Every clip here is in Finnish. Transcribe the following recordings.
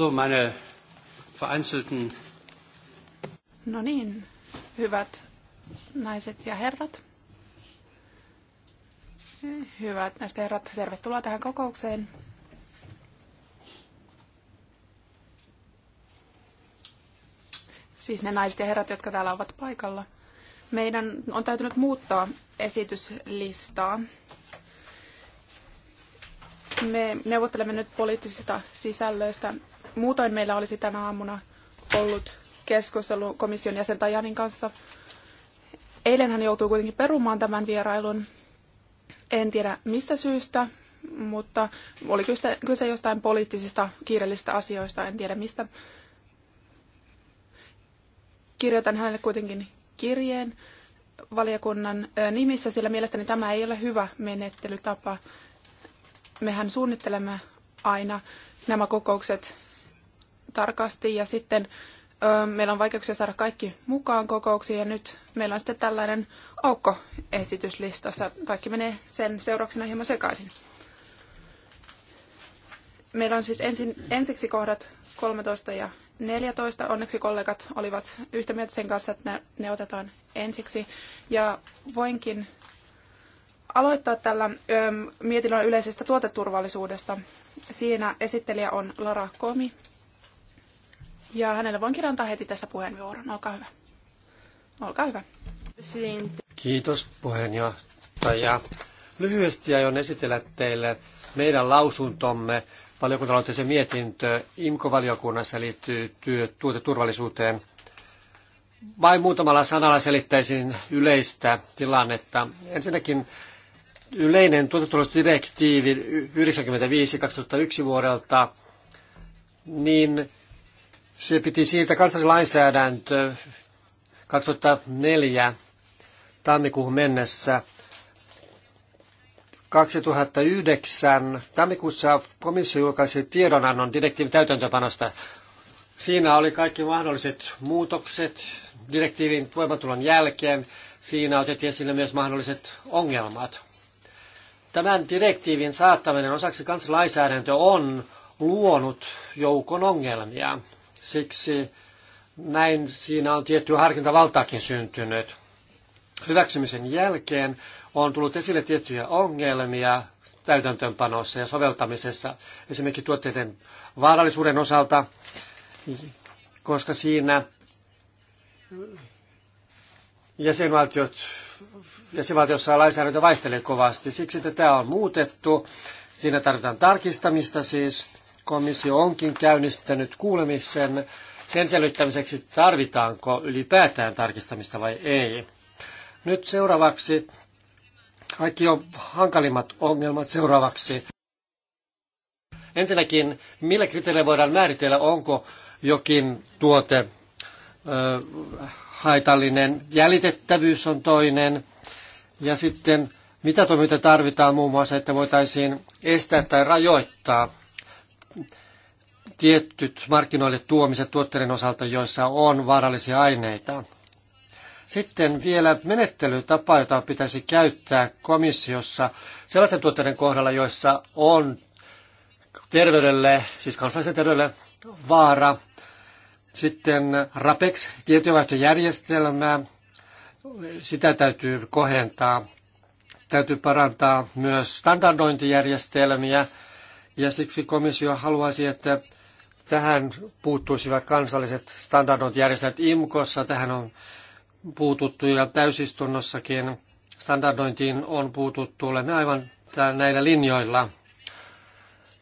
So, meine vereinzelten... No niin, hyvät naiset ja herrat. Hyvät naiset ja herrat, tervetuloa tähän kokoukseen. Siis ne naiset ja herrat, jotka täällä ovat paikalla. Meidän on täytynyt muuttaa esityslistaa me neuvottelemme nyt poliittisista sisällöistä Muutoin meillä olisi tänä aamuna ollut keskustelu komission jäsen Tajanin kanssa. Eilen hän joutui kuitenkin perumaan tämän vierailun. En tiedä mistä syystä, mutta oli kyse, kyse jostain poliittisista kiireellisistä asioista, en tiedä mistä. Kirjoitan hänelle kuitenkin kirjeen valiokunnan nimissä, sillä mielestäni tämä ei ole hyvä menettelytapa. Mehän suunnittelemme aina nämä kokoukset tarkasti ja sitten meillä on vaikeuksia saada kaikki mukaan kokouksiin ja nyt meillä on sitten tällainen aukko esityslistassa. Kaikki menee sen seurauksena hieman sekaisin. Meillä on siis ensin, ensiksi kohdat 13 ja 14. Onneksi kollegat olivat yhtä mieltä sen kanssa, että ne, ne otetaan ensiksi. Ja voinkin aloittaa tällä mietinnön yleisestä tuoteturvallisuudesta. Siinä esittelijä on Lara Komi ja hänelle voinkin antaa heti tässä puheenvuoron. Olkaa hyvä. Olkaa hyvä. Kiitos puheenjohtaja. Lyhyesti aion esitellä teille meidän lausuntomme se mietintö IMKO-valiokunnassa liittyy työ, tuoteturvallisuuteen. Vain muutamalla sanalla selittäisin yleistä tilannetta. Ensinnäkin yleinen tuoteturvallisuusdirektiivi 95-2001 vuodelta, niin se piti siirtää kansallislainsäädäntö 2004 tammikuuhun mennessä. 2009 tammikuussa komissio julkaisi tiedonannon direktiivin täytäntöpanosta. Siinä oli kaikki mahdolliset muutokset direktiivin voimatulon jälkeen. Siinä otettiin esille myös mahdolliset ongelmat. Tämän direktiivin saattaminen osaksi kansalaisäädäntö on luonut joukon ongelmia. Siksi näin siinä on tiettyä harkintavaltaakin syntynyt. Hyväksymisen jälkeen on tullut esille tiettyjä ongelmia täytäntöönpanossa ja soveltamisessa, esimerkiksi tuotteiden vaarallisuuden osalta, koska siinä jäsenvaltiot, jäsenvaltiossa lainsäädäntö vaihtelee kovasti. Siksi tätä on muutettu. Siinä tarvitaan tarkistamista siis komissio onkin käynnistänyt kuulemisen sen selvittämiseksi, tarvitaanko ylipäätään tarkistamista vai ei. Nyt seuraavaksi kaikki on hankalimmat ongelmat seuraavaksi. Ensinnäkin, millä kriteereillä voidaan määritellä, onko jokin tuote ö, haitallinen. Jäljitettävyys on toinen. Ja sitten, mitä toimintaa tarvitaan muun muassa, että voitaisiin estää tai rajoittaa tietyt markkinoille tuomiset tuotteiden osalta, joissa on vaarallisia aineita. Sitten vielä menettelytapa, jota pitäisi käyttää komissiossa sellaisten tuotteiden kohdalla, joissa on terveydelle, siis kansalaisen terveydelle vaara. Sitten RAPEX, tietojenvaihtojärjestelmä, sitä täytyy kohentaa. Täytyy parantaa myös standardointijärjestelmiä, ja siksi komissio haluaisi, että tähän puuttuisivat kansalliset standardot järjestäjät IMKossa. Tähän on puututtu ja täysistunnossakin standardointiin on puututtu. Olemme aivan näillä linjoilla.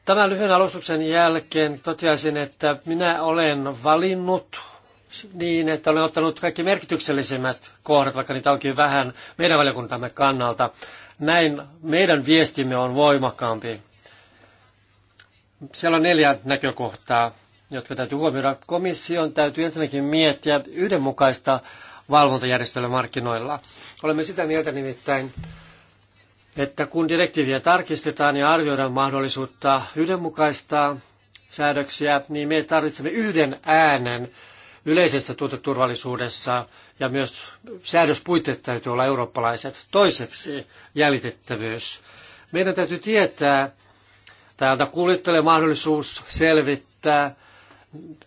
Tämän lyhyen alustuksen jälkeen toteaisin, että minä olen valinnut niin, että olen ottanut kaikki merkityksellisimmät kohdat, vaikka niitä onkin vähän meidän valiokuntamme kannalta. Näin meidän viestimme on voimakkaampi siellä on neljä näkökohtaa, jotka täytyy huomioida. Komission täytyy ensinnäkin miettiä yhdenmukaista valvontajärjestelmää markkinoilla. Olemme sitä mieltä nimittäin, että kun direktiiviä tarkistetaan ja arvioidaan mahdollisuutta yhdenmukaistaa säädöksiä, niin me tarvitsemme yhden äänen yleisessä tuoteturvallisuudessa ja myös säädöspuitteet täytyy olla eurooppalaiset. Toiseksi jäljitettävyys. Meidän täytyy tietää, Täältä kuljettele mahdollisuus selvittää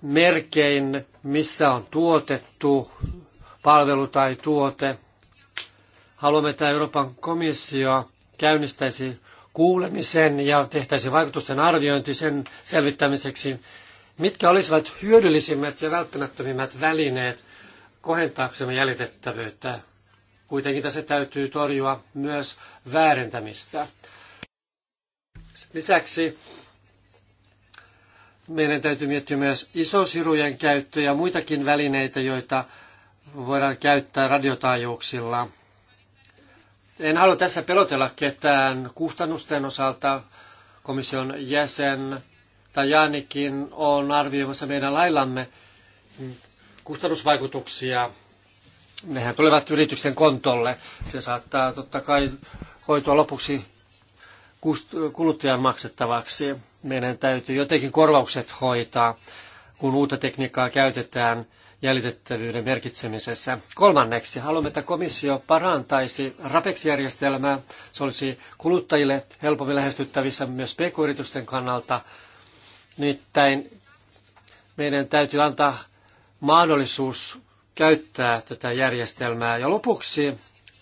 merkein, missä on tuotettu palvelu tai tuote. Haluamme, että Euroopan komissio käynnistäisi kuulemisen ja tehtäisi vaikutusten arviointi sen selvittämiseksi, mitkä olisivat hyödyllisimmät ja välttämättömimmät välineet kohentaaksemme jäljitettävyyttä. Kuitenkin tässä täytyy torjua myös väärentämistä. Lisäksi meidän täytyy miettiä myös isosirujen käyttöä ja muitakin välineitä, joita voidaan käyttää radiotaajuuksilla. En halua tässä pelotella ketään kustannusten osalta. Komission jäsen tai Jaanikin on arvioimassa meidän laillamme kustannusvaikutuksia. Nehän tulevat yrityksen kontolle. Se saattaa totta kai hoitua lopuksi kuluttajan maksettavaksi. Meidän täytyy jotenkin korvaukset hoitaa, kun uutta tekniikkaa käytetään jäljitettävyyden merkitsemisessä. Kolmanneksi haluamme, että komissio parantaisi RAPEX-järjestelmää. Se olisi kuluttajille helpommin lähestyttävissä myös pk-yritysten kannalta. Nimittäin meidän täytyy antaa mahdollisuus käyttää tätä järjestelmää. Ja lopuksi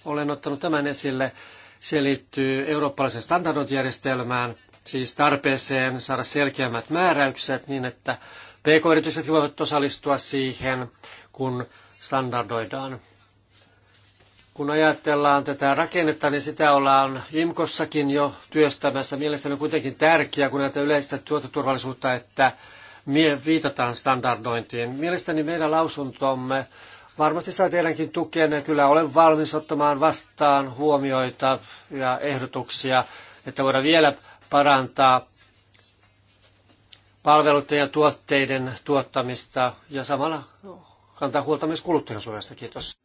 olen ottanut tämän esille se liittyy eurooppalaisen standardointijärjestelmään, siis tarpeeseen saada selkeämmät määräykset niin, että pk yritykset voivat osallistua siihen, kun standardoidaan. Kun ajatellaan tätä rakennetta, niin sitä ollaan IMKossakin jo työstämässä. Mielestäni on kuitenkin tärkeää, kun näitä yleistä tuotaturvallisuutta, että viitataan standardointiin. Mielestäni meidän lausuntomme Varmasti saa teidänkin tukenne. Kyllä olen valmis ottamaan vastaan huomioita ja ehdotuksia, että voidaan vielä parantaa palveluiden ja tuotteiden tuottamista ja samalla kantaa huolta myös kuluttajansuojasta. Kiitos.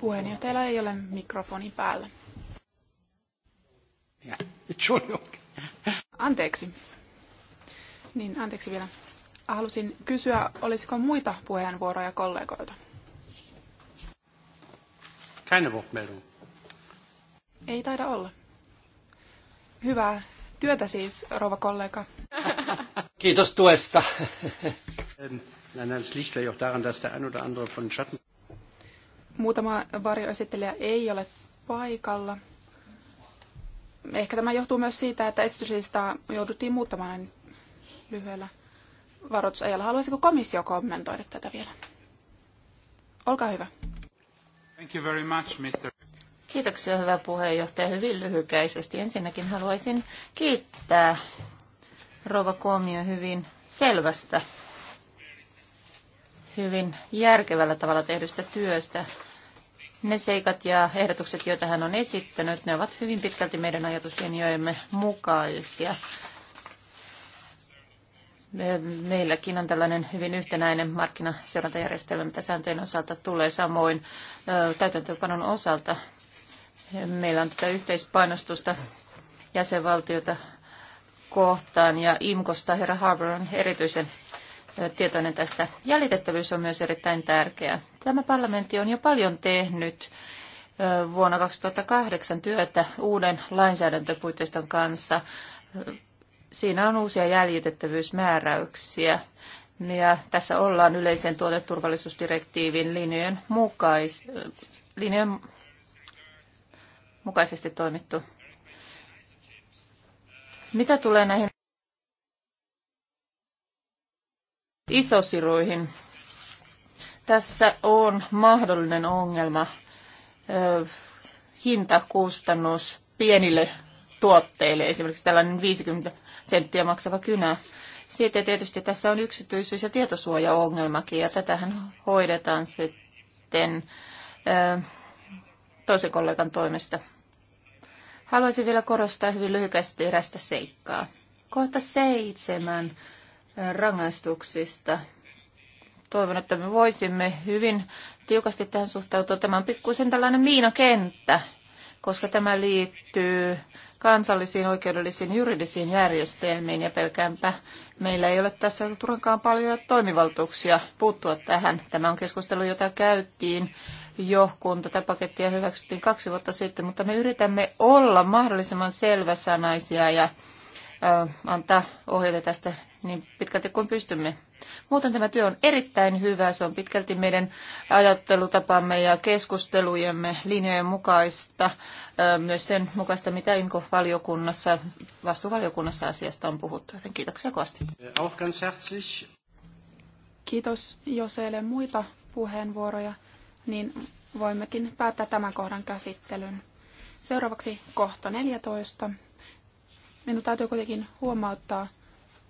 Puheenjohtajalla ei ole mikrofoni päällä. Anteeksi. Niin, anteeksi vielä. Halusin kysyä, olisiko muita puheenvuoroja kollegoilta? Keine Wortmeldung. Ei taida olla. Hyvää työtä siis, rouva kollega. Kiitos tuesta. Ähm, Muutama varjoesittelijä ei ole paikalla. Ehkä tämä johtuu myös siitä, että esityslistaa jouduttiin muuttamaan lyhyellä varoitusajalla. Haluaisiko komissio kommentoida tätä vielä? Olkaa hyvä. Thank you very much, Mr. Kiitoksia, hyvä puheenjohtaja. Hyvin lyhykäisesti. Ensinnäkin haluaisin kiittää Rova Koomia hyvin selvästä, hyvin järkevällä tavalla tehdystä työstä. Ne seikat ja ehdotukset, joita hän on esittänyt, ne ovat hyvin pitkälti meidän ajatuslinjojemme mukaisia. Meilläkin on tällainen hyvin yhtenäinen markkinaseurantajärjestelmä, mitä sääntöjen osalta tulee samoin täytäntöönpanon osalta. Meillä on tätä yhteispainostusta jäsenvaltiota kohtaan ja IMKosta herra Harbour on erityisen tietoinen tästä. Jäljitettävyys on myös erittäin tärkeää. Tämä parlamentti on jo paljon tehnyt vuonna 2008 työtä uuden lainsäädäntöpuitteiston kanssa siinä on uusia jäljitettävyysmääräyksiä. Ja tässä ollaan yleisen tuoteturvallisuusdirektiivin linjojen, mukais, linjojen mukaisesti toimittu. Mitä tulee näihin isosiruihin? Tässä on mahdollinen ongelma hintakustannus pienille tuotteille, esimerkiksi tällainen 50 senttiä maksava kynä. Sitten tietysti tässä on yksityisyys- ja tietosuojaongelmakin, ja tätähän hoidetaan sitten toisen kollegan toimesta. Haluaisin vielä korostaa hyvin lyhykästi erästä seikkaa. Kohta seitsemän rangaistuksista. Toivon, että me voisimme hyvin tiukasti tähän suhtautua. Tämä on pikkuisen tällainen miinakenttä koska tämä liittyy kansallisiin oikeudellisiin juridisiin järjestelmiin ja pelkäänpä meillä ei ole tässä turhankaan paljon toimivaltuuksia puuttua tähän. Tämä on keskustelu, jota käytiin jo, kun tätä pakettia hyväksyttiin kaksi vuotta sitten, mutta me yritämme olla mahdollisimman selväsanaisia ja ö, antaa ohjeita tästä niin pitkälti kuin pystymme. Muuten tämä työ on erittäin hyvä. Se on pitkälti meidän ajattelutapamme ja keskustelujemme linjojen mukaista, myös sen mukaista, mitä INKO-valiokunnassa, vastuuvaliokunnassa asiasta on puhuttu. Joten kiitoksia kovasti. Äh, Kiitos. Jos ei ole muita puheenvuoroja, niin voimmekin päättää tämän kohdan käsittelyn. Seuraavaksi kohta 14. Minun täytyy kuitenkin huomauttaa,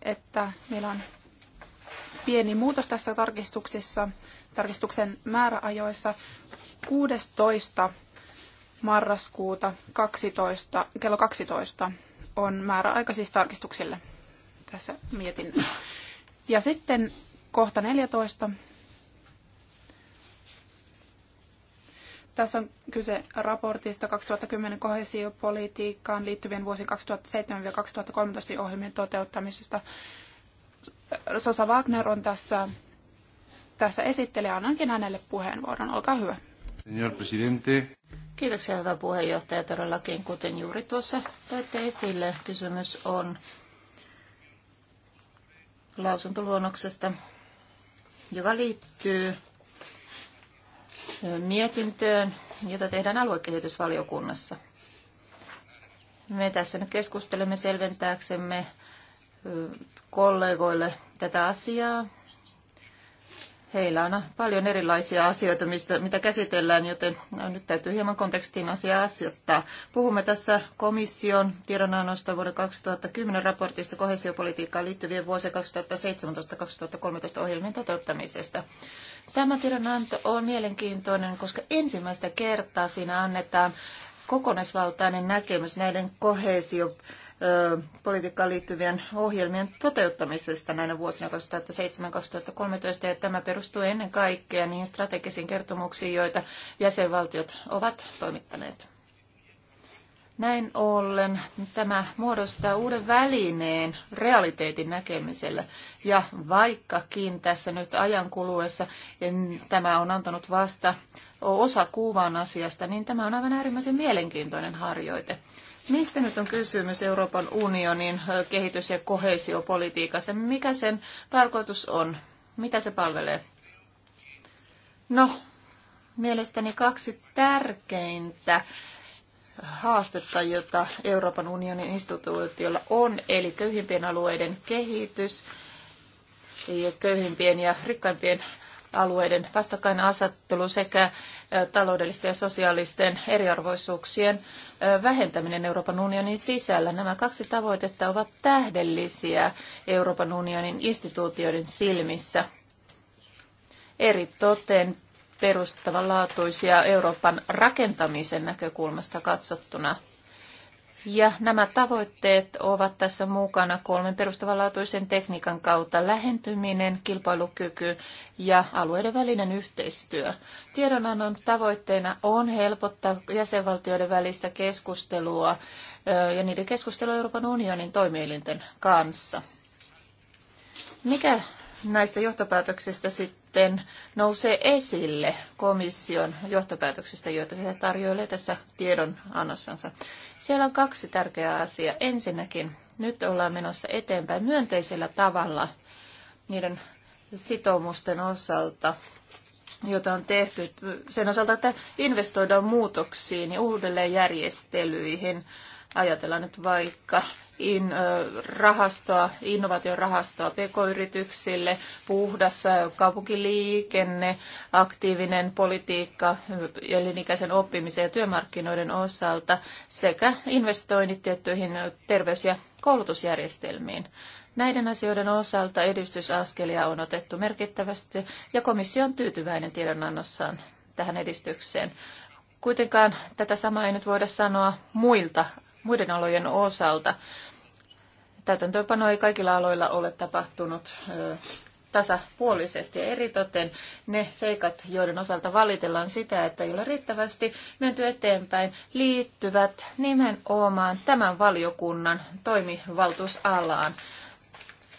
että meillä on pieni muutos tässä tarkistuksessa, tarkistuksen määräajoissa 16. marraskuuta 12, kello 12 on määräaika siis tarkistuksille tässä mietinnössä. Ja sitten kohta 14. Tässä on kyse raportista 2010 kohesiopolitiikkaan liittyvien vuosien 2007-2013 ohjelmien toteuttamisesta. Sosa Wagner on tässä, tässä esittelijä. Annankin hänelle puheenvuoron. Olkaa hyvä. Señor presidente. Kiitoksia, hyvä puheenjohtaja. Todellakin, kuten juuri tuossa toitte esille, kysymys on lausuntoluonnoksesta, joka liittyy mietintöön, jota tehdään aluekehitysvaliokunnassa. Me tässä nyt keskustelemme selventääksemme kollegoille tätä asiaa. Heillä on paljon erilaisia asioita, mistä, mitä käsitellään, joten nyt täytyy hieman kontekstiin asiaa asettaa. Puhumme tässä komission tiedonannosta vuoden 2010 raportista kohesiopolitiikkaan liittyvien vuosien 2017-2013 ohjelmien toteuttamisesta. Tämä tiedonanto on mielenkiintoinen, koska ensimmäistä kertaa siinä annetaan kokonaisvaltainen näkemys näiden kohesiopolitiikkaan politiikkaan liittyvien ohjelmien toteuttamisesta näinä vuosina 2007-2013, ja tämä perustuu ennen kaikkea niihin strategisiin kertomuksiin, joita jäsenvaltiot ovat toimittaneet. Näin ollen tämä muodostaa uuden välineen realiteetin näkemiselle. Ja vaikkakin tässä nyt ajan kuluessa tämä on antanut vasta osa kuvan asiasta, niin tämä on aivan äärimmäisen mielenkiintoinen harjoite. Mistä nyt on kysymys Euroopan unionin kehitys- ja kohesiopolitiikassa? Mikä sen tarkoitus on? Mitä se palvelee? No, mielestäni kaksi tärkeintä haastetta, jota Euroopan unionin instituutiolla on, eli köyhimpien alueiden kehitys, köyhimpien ja rikkaimpien alueiden vastakkainasettelu sekä taloudellisten ja sosiaalisten eriarvoisuuksien vähentäminen Euroopan unionin sisällä. Nämä kaksi tavoitetta ovat tähdellisiä Euroopan unionin instituutioiden silmissä. Eri toteen perustavanlaatuisia Euroopan rakentamisen näkökulmasta katsottuna – ja nämä tavoitteet ovat tässä mukana kolmen perustavanlaatuisen tekniikan kautta lähentyminen, kilpailukyky ja alueiden välinen yhteistyö. Tiedonannon tavoitteena on helpottaa jäsenvaltioiden välistä keskustelua ja niiden keskustelua Euroopan unionin toimielinten kanssa. Mikä näistä johtopäätöksistä sitten? sitten nousee esille komission johtopäätöksistä, joita se tarjoilee tässä tiedon annossansa. Siellä on kaksi tärkeää asiaa. Ensinnäkin nyt ollaan menossa eteenpäin myönteisellä tavalla niiden sitoumusten osalta, jota on tehty sen osalta, että investoidaan muutoksiin ja uudelleenjärjestelyihin Ajatellaan nyt vaikka in, rahastoa, innovaatiorahastoa pk-yrityksille, puhdas kaupunkiliikenne, aktiivinen politiikka elinikäisen oppimisen ja työmarkkinoiden osalta sekä investoinnit tiettyihin terveys- ja koulutusjärjestelmiin. Näiden asioiden osalta edistysaskelia on otettu merkittävästi ja komissio on tyytyväinen tiedonannossaan tähän edistykseen. Kuitenkaan tätä samaa ei nyt voida sanoa muilta muiden alojen osalta. Täytäntöönpano ei kaikilla aloilla ole tapahtunut tasapuolisesti ja eritoten ne seikat, joiden osalta valitellaan sitä, että ei ole riittävästi menty eteenpäin, liittyvät nimenomaan tämän valiokunnan toimivaltuusalaan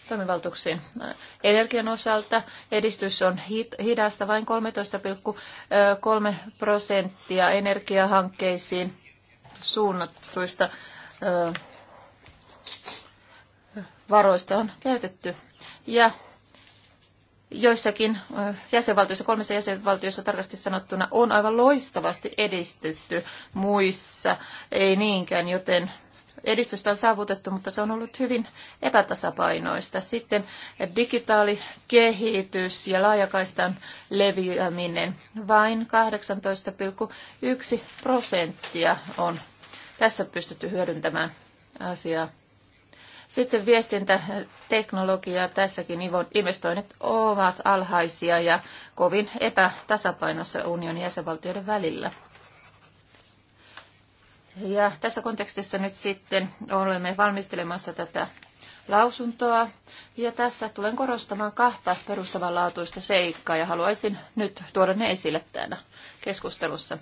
toimivaltuuksiin. Energian osalta edistys on hidasta vain 13,3 prosenttia energiahankkeisiin suunnattuista varoista on käytetty. Ja joissakin jäsenvaltioissa, kolmessa jäsenvaltiossa tarkasti sanottuna, on aivan loistavasti edistytty, muissa ei niinkään, joten edistystä on saavutettu, mutta se on ollut hyvin epätasapainoista. Sitten digitaalikehitys ja laajakaistan leviäminen. Vain 18,1 prosenttia on tässä pystytty hyödyntämään asiaa. Sitten viestintäteknologia, tässäkin investoinnit ovat alhaisia ja kovin epätasapainossa unionin jäsenvaltioiden välillä. Ja tässä kontekstissa nyt sitten olemme valmistelemassa tätä lausuntoa. Ja tässä tulen korostamaan kahta perustavanlaatuista seikkaa ja haluaisin nyt tuoda ne esille täällä keskustelussa.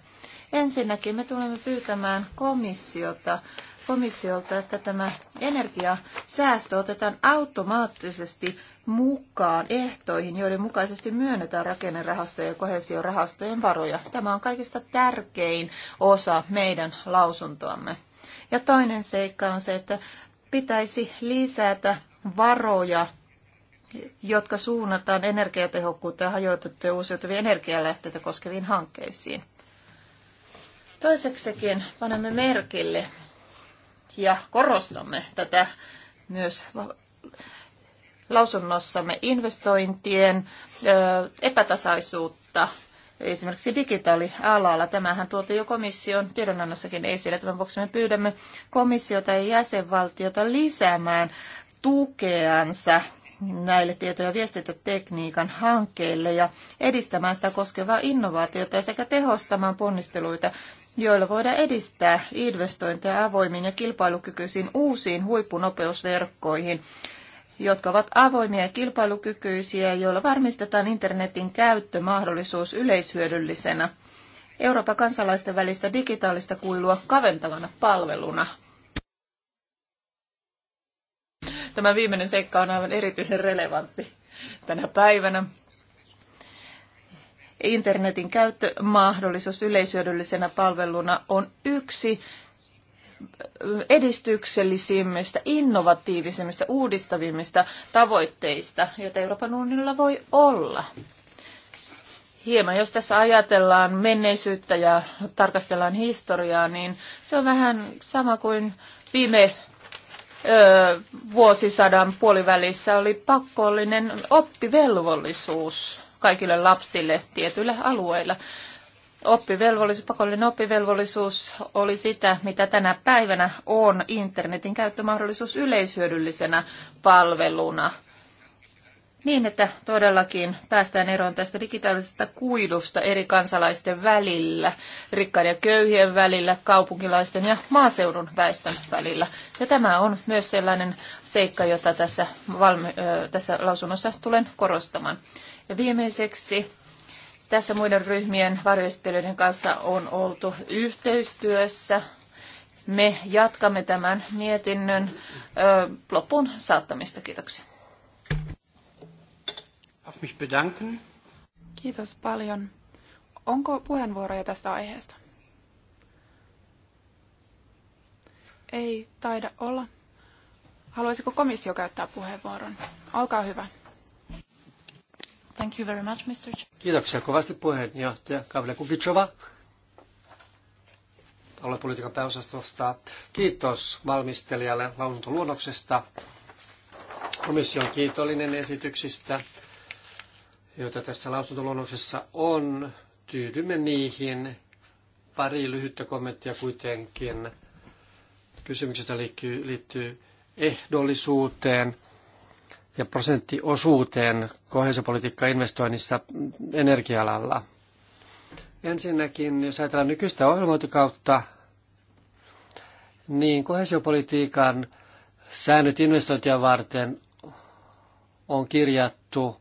Ensinnäkin me tulemme pyytämään komissiota, komissiolta, että tämä energiasäästö otetaan automaattisesti mukaan ehtoihin, joiden mukaisesti myönnetään rakennerahastojen ja kohesiorahastojen varoja. Tämä on kaikista tärkein osa meidän lausuntoamme. Ja toinen seikka on se, että pitäisi lisätä varoja jotka suunnataan energiatehokkuutta ja hajoitettuja uusiutuvia energialähteitä koskeviin hankkeisiin. Toiseksikin panemme merkille ja korostamme tätä myös lausunnossamme investointien epätasaisuutta esimerkiksi digitaalialalla. Tämähän tuotiin jo komission tiedonannossakin esille. Tämän vuoksi me pyydämme komissiota ja jäsenvaltiota lisäämään tukeansa näille tieto- ja viestintätekniikan hankkeille ja edistämään sitä koskevaa innovaatiota sekä tehostamaan ponnisteluita joilla voidaan edistää investointeja avoimiin ja kilpailukykyisiin uusiin huippunopeusverkkoihin, jotka ovat avoimia ja kilpailukykyisiä, joilla varmistetaan internetin käyttömahdollisuus yleishyödyllisenä Euroopan kansalaisten välistä digitaalista kuilua kaventavana palveluna. Tämä viimeinen seikka on aivan erityisen relevantti tänä päivänä, internetin käyttömahdollisuus yleisyödyllisenä palveluna on yksi edistyksellisimmistä, innovatiivisimmista, uudistavimmista tavoitteista, joita Euroopan unionilla voi olla. Hieman, jos tässä ajatellaan menneisyyttä ja tarkastellaan historiaa, niin se on vähän sama kuin viime ö, vuosisadan puolivälissä oli pakollinen oppivelvollisuus kaikille lapsille tietyillä alueilla. Oppivelvollisuus, pakollinen oppivelvollisuus oli sitä, mitä tänä päivänä on internetin käyttömahdollisuus yleishyödyllisenä palveluna. Niin, että todellakin päästään eroon tästä digitaalisesta kuidusta eri kansalaisten välillä, rikkaiden ja köyhien välillä, kaupunkilaisten ja maaseudun väestön välillä. Ja tämä on myös sellainen seikka, jota tässä, valmi- tässä lausunnossa tulen korostamaan. Ja viimeiseksi tässä muiden ryhmien varjostelijoiden kanssa on oltu yhteistyössä. Me jatkamme tämän mietinnön ö, loppuun saattamista. Kiitoksia. Kiitos paljon. Onko puheenvuoroja tästä aiheesta? Ei taida olla. Haluaisiko komissio käyttää puheenvuoron? Olkaa hyvä. Thank you very much, Mr. Kiitoksia kovasti puheenjohtaja Kavle Kukichova aluepolitiikan pääosastosta. Kiitos valmistelijalle lausuntoluonnoksesta. Komissio on kiitollinen esityksistä, joita tässä lausuntoluonnoksessa on. Tyydymme niihin. Pari lyhyttä kommenttia kuitenkin. Kysymyksestä liittyy, liittyy ehdollisuuteen – ja prosenttiosuuteen kohesiopolitiikka investoinnissa energialalla. Ensinnäkin, jos ajatellaan nykyistä ohjelmointikautta, niin kohesiopolitiikan säännöt investointia varten on kirjattu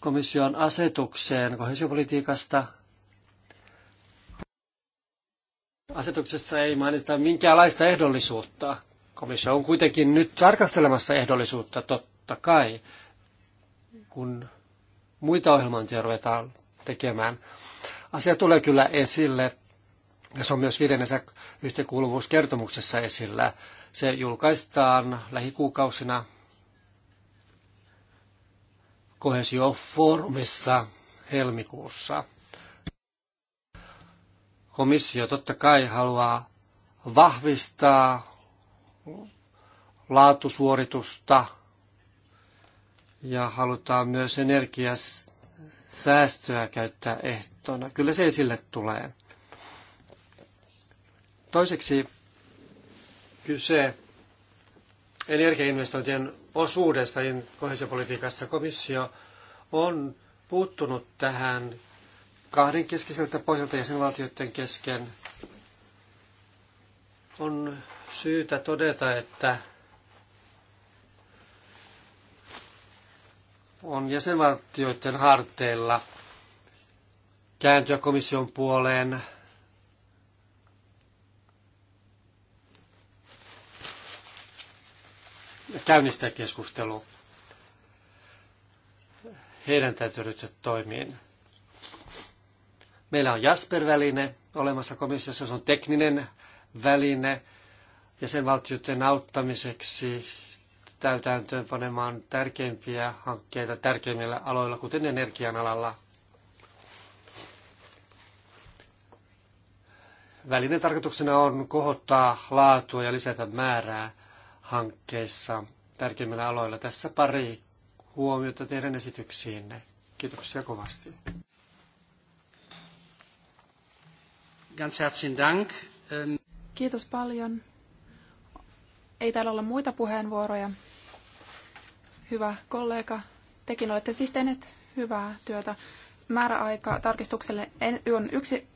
komission asetukseen kohesiopolitiikasta. Asetuksessa ei mainita minkäänlaista ehdollisuutta Komissio on kuitenkin nyt tarkastelemassa ehdollisuutta totta kai, kun muita ohjelmointia ruvetaan tekemään. Asia tulee kyllä esille, ja se on myös viidennessä yhteenkuuluvuuskertomuksessa esillä. Se julkaistaan lähikuukausina Kohesio-foorumissa helmikuussa. Komissio totta kai haluaa vahvistaa laatusuoritusta ja halutaan myös energiasäästöä käyttää ehtona. Kyllä se esille tulee. Toiseksi kyse energiainvestointien osuudesta kohesiopolitiikassa komissio on puuttunut tähän kahdenkeskiseltä pohjalta jäsenvaltioiden kesken. On syytä todeta, että on jäsenvaltioiden harteilla kääntyä komission puoleen ja käynnistää keskustelu. Heidän täytyy ryhtyä toimiin. Meillä on Jasper-väline olemassa komissiossa, se on tekninen väline, jäsenvaltioiden auttamiseksi täytäntöön panemaan tärkeimpiä hankkeita tärkeimmillä aloilla, kuten energian alalla. Välinen tarkoituksena on kohottaa laatua ja lisätä määrää hankkeissa tärkeimmillä aloilla. Tässä pari huomiota teidän esityksiinne. Kiitoksia kovasti. Ganz herzlichen Dank. Ähm, Kiitos paljon. Ei täällä olla muita puheenvuoroja. Hyvä kollega, tekin olette siis tehneet hyvää työtä. Määräaika tarkistukselle on 1,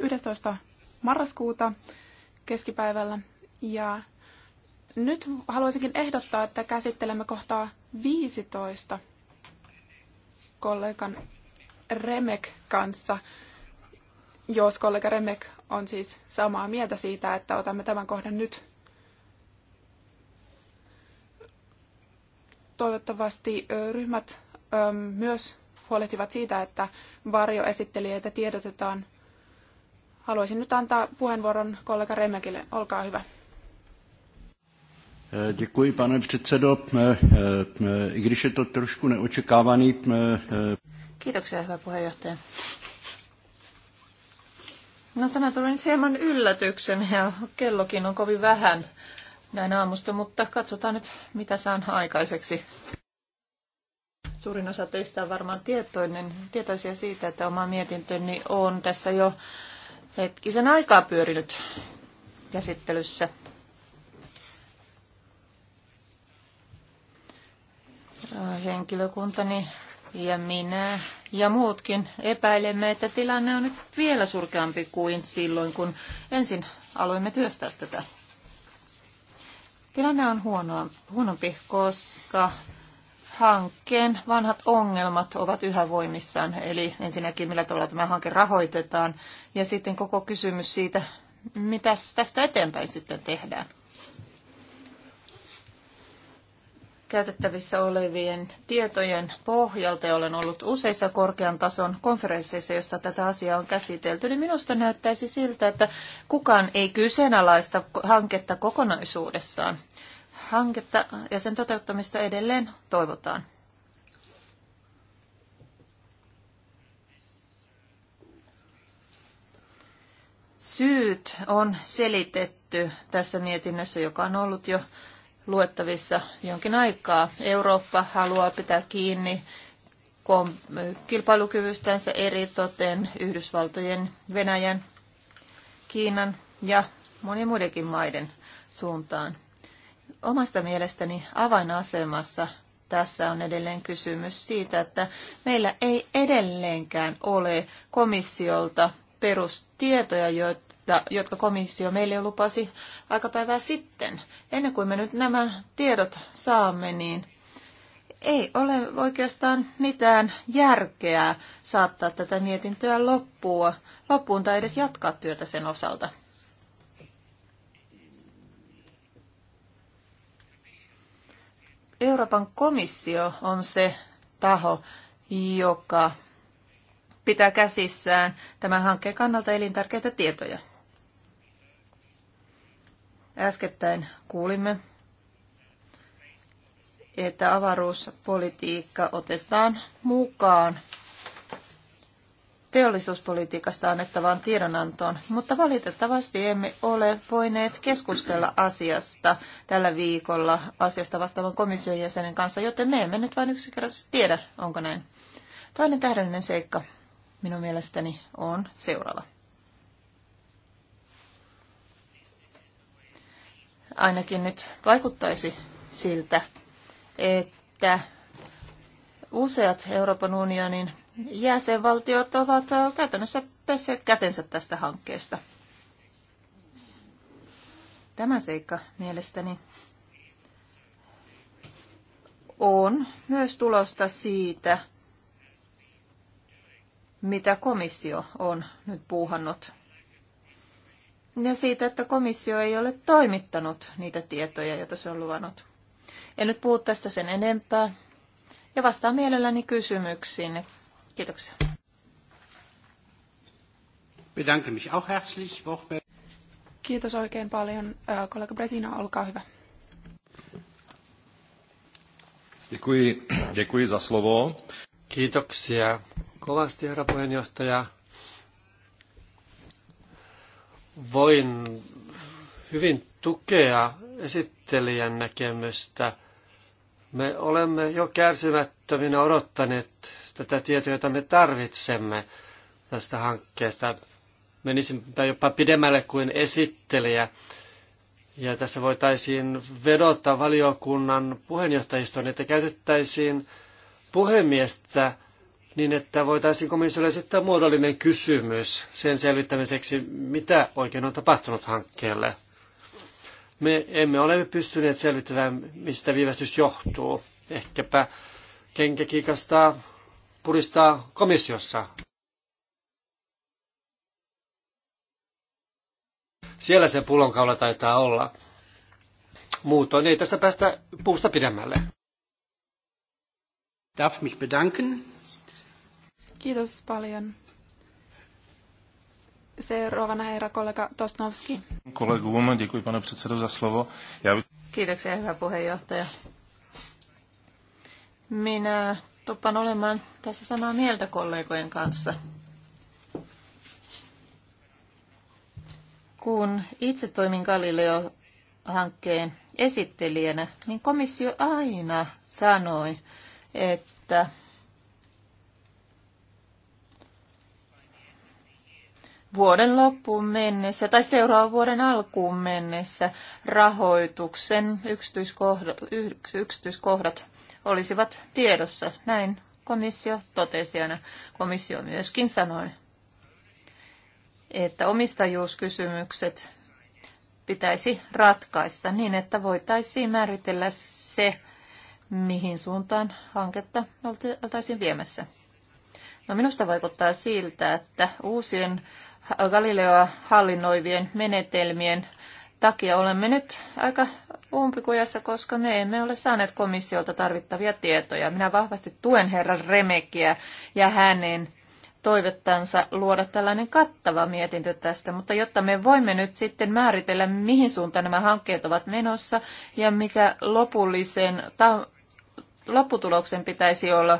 11. marraskuuta keskipäivällä. Ja nyt haluaisinkin ehdottaa, että käsittelemme kohtaa 15 kollegan Remek kanssa, jos kollega Remek on siis samaa mieltä siitä, että otamme tämän kohdan nyt toivottavasti ryhmät myös huolehtivat siitä, että varjoesittelijöitä tiedotetaan. Haluaisin nyt antaa puheenvuoron kollega Remekille. Olkaa hyvä. Děkuji, pane předsedo. I když je to trošku neočekávaný... Kiitoksia, hyvä puheenjohtaja. No tämä tuli nyt hieman yllätyksen ja kellokin on kovin vähän näin aamusta, mutta katsotaan nyt, mitä saan aikaiseksi. Suurin osa teistä on varmaan tietoinen, tietoisia siitä, että oma mietintöni on tässä jo hetkisen aikaa pyörinyt käsittelyssä. Henkilökuntani ja minä ja muutkin epäilemme, että tilanne on nyt vielä surkeampi kuin silloin, kun ensin aloimme työstää tätä Tilanne on huonoa, huonompi, koska hankkeen vanhat ongelmat ovat yhä voimissaan. Eli ensinnäkin, millä tavalla tämä hanke rahoitetaan ja sitten koko kysymys siitä, mitä tästä eteenpäin sitten tehdään. käytettävissä olevien tietojen pohjalta, ja olen ollut useissa korkean tason konferensseissa, joissa tätä asiaa on käsitelty, niin minusta näyttäisi siltä, että kukaan ei kyseenalaista hanketta kokonaisuudessaan. Hanketta ja sen toteuttamista edelleen toivotaan. Syyt on selitetty tässä mietinnössä, joka on ollut jo luettavissa jonkin aikaa. Eurooppa haluaa pitää kiinni kilpailukyvystänsä eri toten Yhdysvaltojen, Venäjän, Kiinan ja monien muidenkin maiden suuntaan. Omasta mielestäni avainasemassa tässä on edelleen kysymys siitä, että meillä ei edelleenkään ole komissiolta perustietoja, jotka komissio meille jo lupasi päivää sitten. Ennen kuin me nyt nämä tiedot saamme, niin ei ole oikeastaan mitään järkeä saattaa tätä mietintöä loppua, loppuun tai edes jatkaa työtä sen osalta. Euroopan komissio on se taho, joka pitää käsissään tämän hankkeen kannalta elintärkeitä tietoja. Äskettäin kuulimme, että avaruuspolitiikka otetaan mukaan teollisuuspolitiikasta annettavaan tiedonantoon, mutta valitettavasti emme ole voineet keskustella asiasta tällä viikolla asiasta vastaavan komission jäsenen kanssa, joten me emme nyt vain yksinkertaisesti tiedä, onko näin. Toinen tähdellinen seikka minun mielestäni on seuraava. ainakin nyt vaikuttaisi siltä, että useat Euroopan unionin jäsenvaltiot ovat käytännössä pesseet kätensä tästä hankkeesta. Tämä seikka mielestäni on myös tulosta siitä, mitä komissio on nyt puuhannut ja siitä, että komissio ei ole toimittanut niitä tietoja, joita se on luvannut. En nyt puhu tästä sen enempää ja vastaan mielelläni kysymyksiin. Kiitoksia. Bedanke mich auch herzlich. Kiitos oikein paljon. Kollega Bresina, olkaa hyvä. Děkuji, děkuji za slovo. Kiitoksia kovasti, herra puheenjohtaja. Voin hyvin tukea esittelijän näkemystä. Me olemme jo kärsimättöminä odottaneet tätä tietoa, jota me tarvitsemme tästä hankkeesta. Menisimme jopa pidemmälle kuin esittelijä. Ja tässä voitaisiin vedota valiokunnan puheenjohtajistoon, että käytettäisiin puhemiestä niin että voitaisiin komissiolle esittää muodollinen kysymys sen selvittämiseksi, mitä oikein on tapahtunut hankkeelle. Me emme ole pystyneet selvittämään, mistä viivästys johtuu. Ehkäpä kenkä kiikastaa, puristaa komissiossa. Siellä se pullonkaula taitaa olla. Muutoin ei tästä päästä puusta pidemmälle. Darf mich bedanken. Kiitos paljon. Seuraavana herra kollega Tosnovski. Kolleguun, děkuji pane předsedo za slovo. Kiitoksia hyvä puheenjohtaja. Minä tuppan olemaan tässä samaa mieltä kollegojen kanssa. Kun itse toimin Galileo-hankkeen esittelijänä, niin komissio aina sanoi, että vuoden loppuun mennessä tai seuraavan vuoden alkuun mennessä rahoituksen yksityiskohdat, yksityiskohdat olisivat tiedossa. Näin komissio totesi aina. Komissio myöskin sanoi, että omistajuuskysymykset pitäisi ratkaista niin, että voitaisiin määritellä se, mihin suuntaan hanketta oltaisiin viemässä. No minusta vaikuttaa siltä, että uusien Galileoa hallinnoivien menetelmien takia olemme nyt aika umpikujassa, koska me emme ole saaneet komissiolta tarvittavia tietoja. Minä vahvasti tuen herran Remekiä ja hänen toivettansa luoda tällainen kattava mietintö tästä, mutta jotta me voimme nyt sitten määritellä, mihin suuntaan nämä hankkeet ovat menossa ja mikä lopullisen ta- lopputuloksen pitäisi olla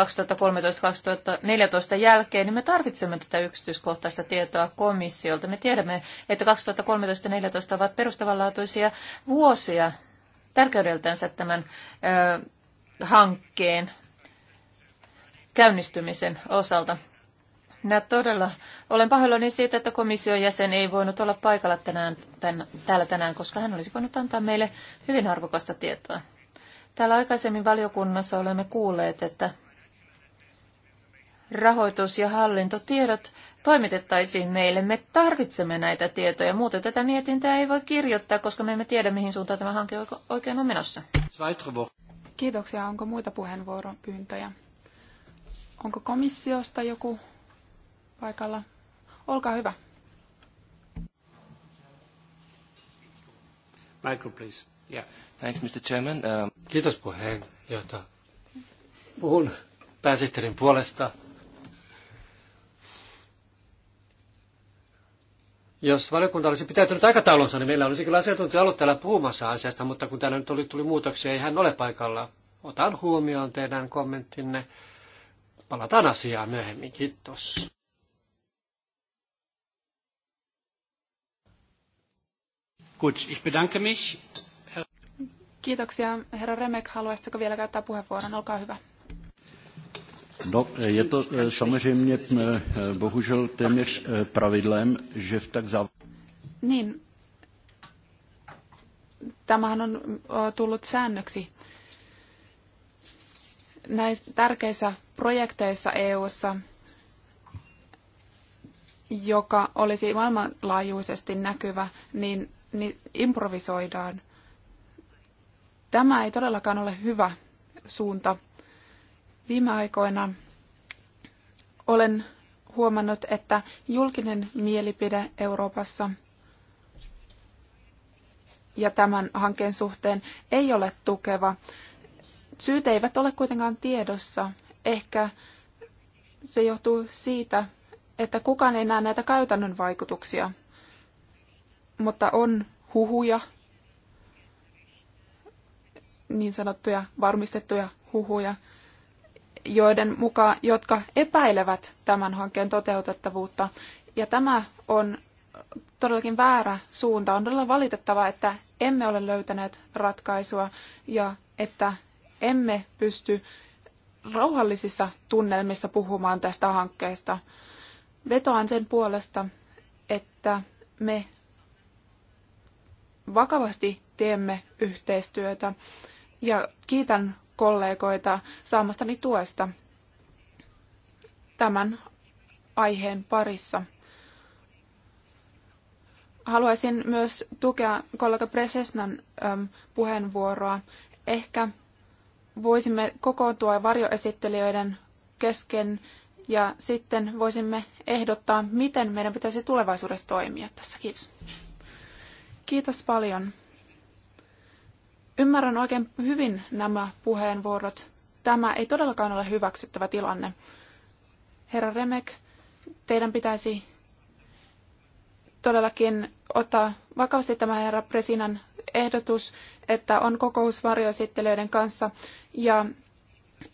2013-2014 jälkeen, niin me tarvitsemme tätä yksityiskohtaista tietoa komissiolta. Me tiedämme, että 2013-2014 ovat perustavanlaatuisia vuosia tärkeydeltänsä tämän ö, hankkeen käynnistymisen osalta. Minä todella olen pahoillani siitä, että komission jäsen ei voinut olla paikalla tänään, tän, täällä tänään, koska hän olisi voinut antaa meille hyvin arvokasta tietoa. Täällä aikaisemmin valiokunnassa olemme kuulleet, että rahoitus- ja hallintotiedot toimitettaisiin meille. Me tarvitsemme näitä tietoja, muuten tätä mietintää ei voi kirjoittaa, koska me emme tiedä, mihin suuntaan tämä hanke oikein on menossa. Kiitoksia. Onko muita puheenvuoropyyntöjä? Onko komissiosta joku paikalla? Olkaa hyvä. Michael, please. Yeah. Thanks, Mr. Chairman. Um... Kiitos puheenjohtaja. Puhun pääsihteerin puolesta. Jos valiokunta olisi pitäytynyt aikataulunsa, niin meillä olisi kyllä asiantuntija ollut täällä puhumassa asiasta, mutta kun täällä nyt oli, tuli muutoksia, ei hän ole paikalla. Otan huomioon teidän kommenttinne. Palataan asiaan myöhemmin. Kiitos. Gut, ich bedanke mich. Kiitoksia. Herra Remek, haluaisitko vielä käyttää puheenvuoron? Olkaa hyvä. No, eh, je to eh, samozřejmě eh, bohužel téměř pravidlem, že v tak záv... Niin, tämähän on tullut säännöksi. Näissä tärkeissä projekteissa EU:ssa, joka olisi maailmanlaajuisesti näkyvä, niin, niin improvisoidaan. Tämä ei todellakaan ole hyvä suunta Viime aikoina olen huomannut, että julkinen mielipide Euroopassa ja tämän hankkeen suhteen ei ole tukeva. Syyt eivät ole kuitenkaan tiedossa. Ehkä se johtuu siitä, että kukaan ei näe näitä käytännön vaikutuksia. Mutta on huhuja, niin sanottuja varmistettuja huhuja, joiden mukaan, jotka epäilevät tämän hankkeen toteutettavuutta. Ja tämä on todellakin väärä suunta. On todella valitettavaa, että emme ole löytäneet ratkaisua ja että emme pysty rauhallisissa tunnelmissa puhumaan tästä hankkeesta. Vetoan sen puolesta, että me vakavasti teemme yhteistyötä ja kiitän kollegoita saamastani tuesta tämän aiheen parissa. Haluaisin myös tukea kollega Presesnan puheenvuoroa. Ehkä voisimme kokoontua varjoesittelijöiden kesken ja sitten voisimme ehdottaa, miten meidän pitäisi tulevaisuudessa toimia tässä. Kiitos. Kiitos paljon. Ymmärrän oikein hyvin nämä puheenvuorot. Tämä ei todellakaan ole hyväksyttävä tilanne. Herra Remek, teidän pitäisi todellakin ottaa vakavasti tämä herra Presinan ehdotus, että on kokous varjoesittelijöiden kanssa. Ja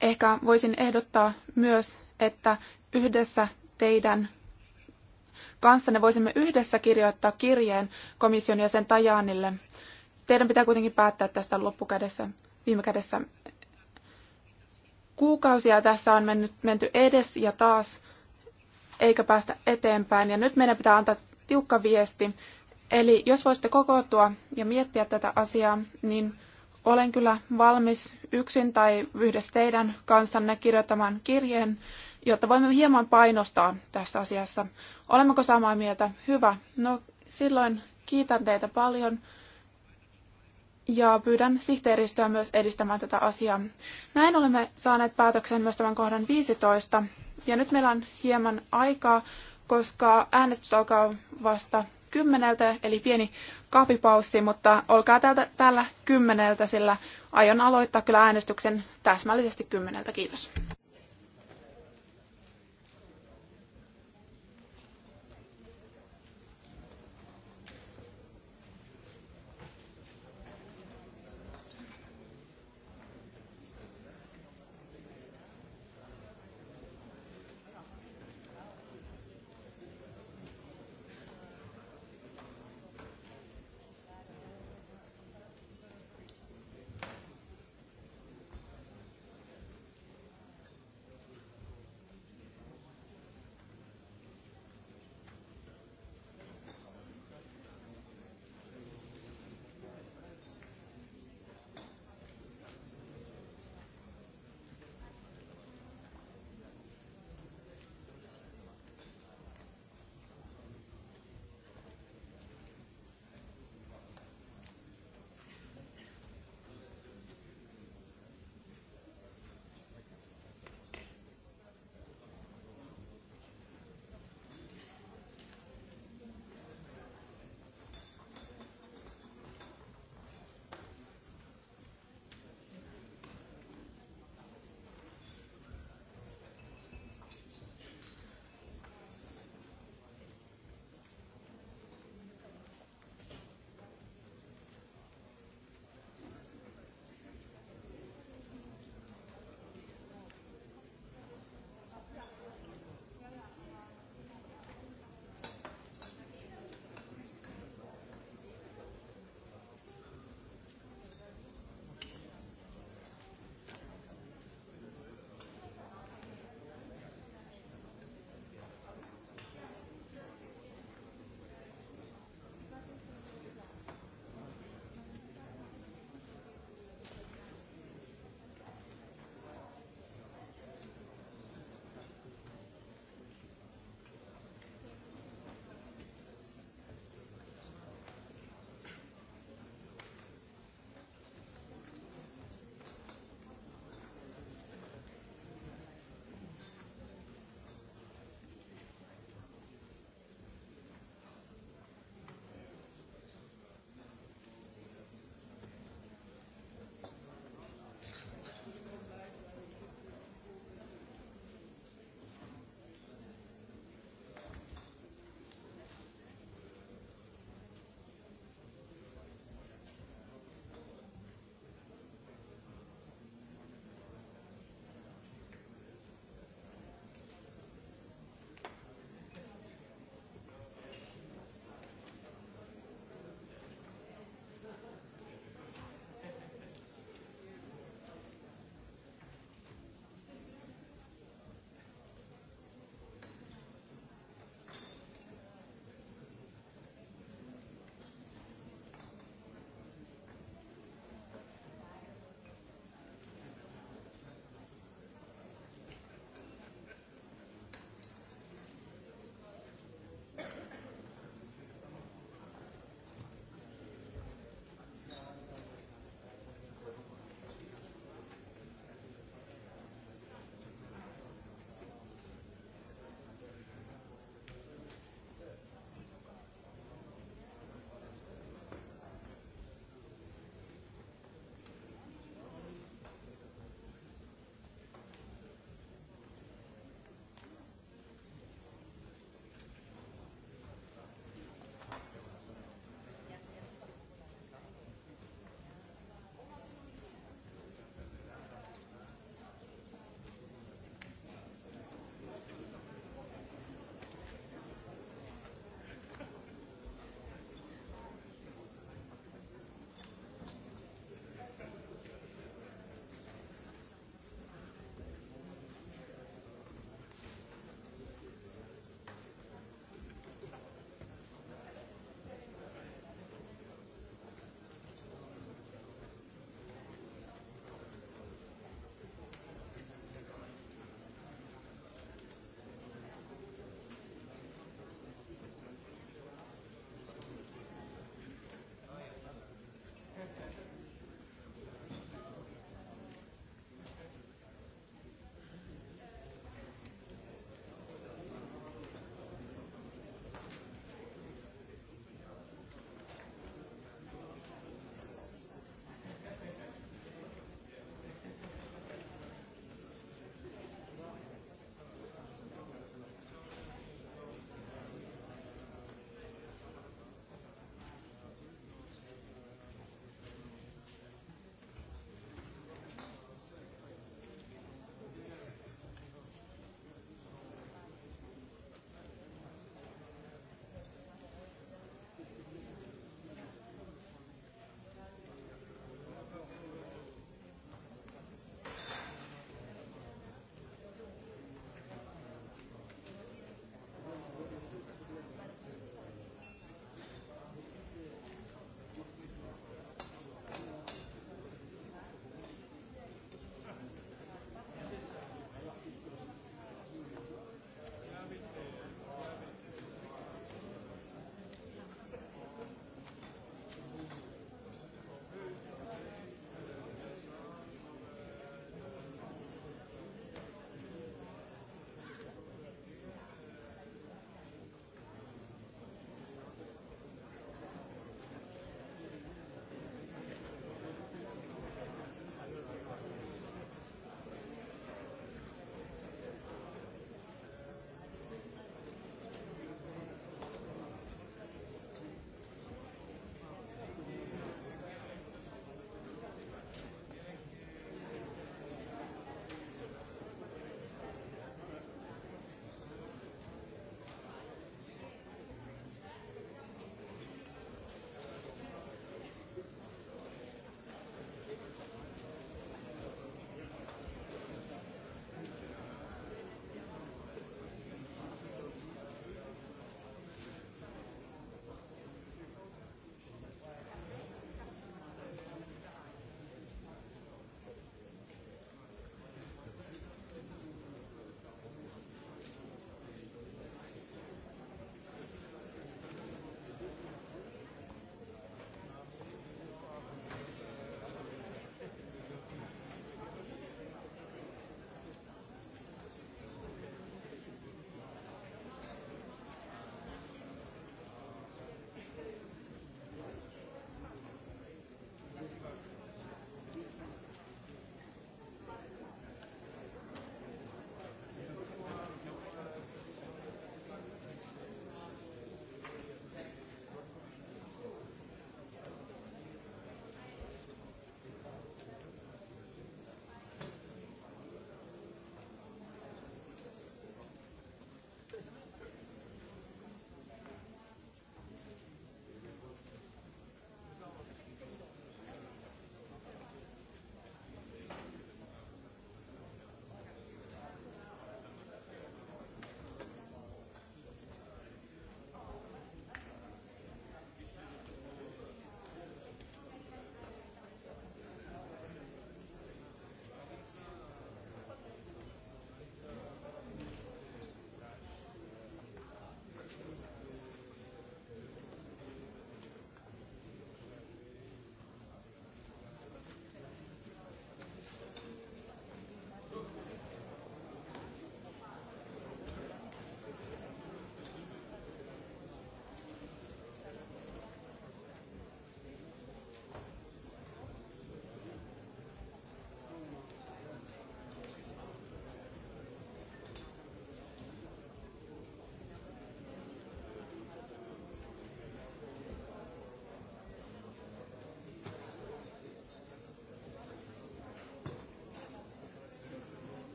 ehkä voisin ehdottaa myös, että yhdessä teidän kanssanne voisimme yhdessä kirjoittaa kirjeen komission jäsen Tajanille teidän pitää kuitenkin päättää tästä loppukädessä, viime kädessä. Kuukausia tässä on mennyt, menty edes ja taas, eikä päästä eteenpäin. Ja nyt meidän pitää antaa tiukka viesti. Eli jos voisitte kokoontua ja miettiä tätä asiaa, niin olen kyllä valmis yksin tai yhdessä teidän kanssanne kirjoittamaan kirjeen, jotta voimme hieman painostaa tässä asiassa. Olemmeko samaa mieltä? Hyvä. No silloin kiitän teitä paljon ja pyydän sihteeristöä myös edistämään tätä asiaa. Näin olemme saaneet päätöksen myös tämän kohdan 15. Ja nyt meillä on hieman aikaa, koska äänestys alkaa vasta kymmeneltä, eli pieni kahvipaussi, mutta olkaa täältä, täällä kymmeneltä, sillä aion aloittaa kyllä äänestyksen täsmällisesti kymmeneltä. Kiitos.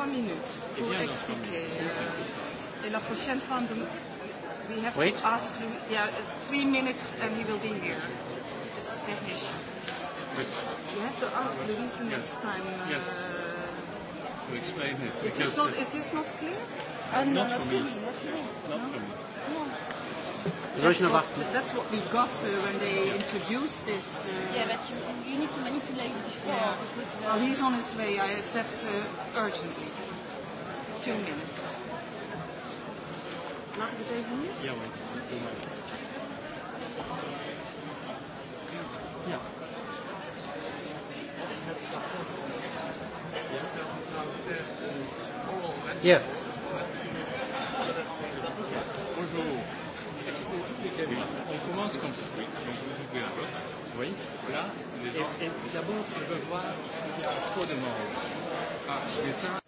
trois minutes eh pour expliquer. Euh, et la prochaine fois, we have to ask Louis. Yeah, three minutes and he will be here. It's technician. You have to ask Louis the next time. Uh, to explain it. Is this not, clear? Uh, no, not, for me. That's what, that's what we got uh, when they introduced this. Uh, yeah, but you, you need to manipulate before. Yeah. Because, uh, well, he's on his way. I accept uh, urgently few minutes. Laat ik het even nu? Ja hoor. Ja. Yeah. Bonjour. On commence comme ça. Oui. Donc vous ouvrez la porte. Oui. Voilà. Les gens. Et, et d'abord, tu peux voir s'il y a trop de monde. Ah, mais ça,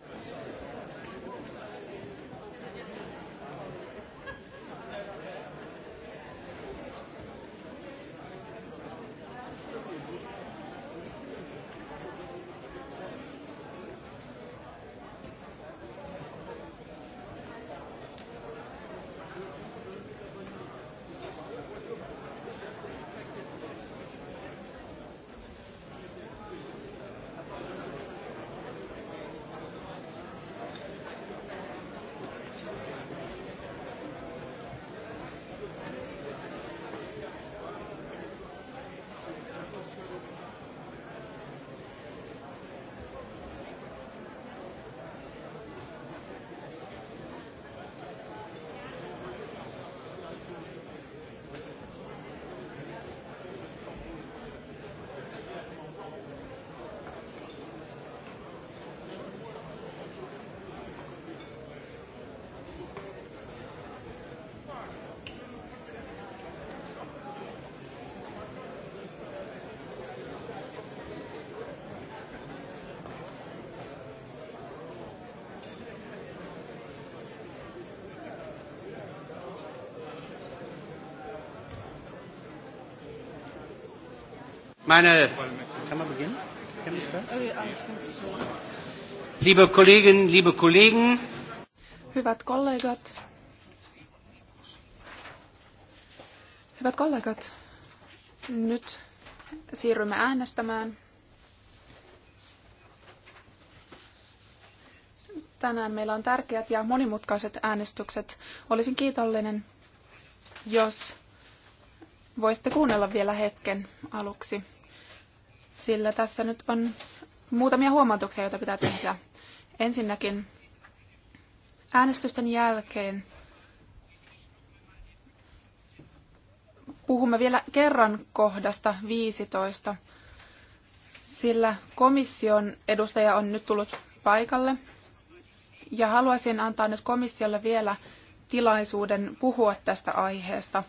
Meine, kann man beginnen? Äh, liebe Kolleginnen, liebe Kollegen. Hyvät kollegat. Hyvät kollegat, nyt siirrymme äänestämään. Tänään meillä on tärkeät ja monimutkaiset äänestykset. Olisin kiitollinen, jos voisitte kuunnella vielä hetken aluksi, sillä tässä nyt on muutamia huomautuksia, joita pitää tehdä. Ensinnäkin äänestysten jälkeen puhumme vielä kerran kohdasta 15, sillä komission edustaja on nyt tullut paikalle. Ja haluaisin antaa nyt komissiolle vielä tilaisuuden puhua tästä aiheesta.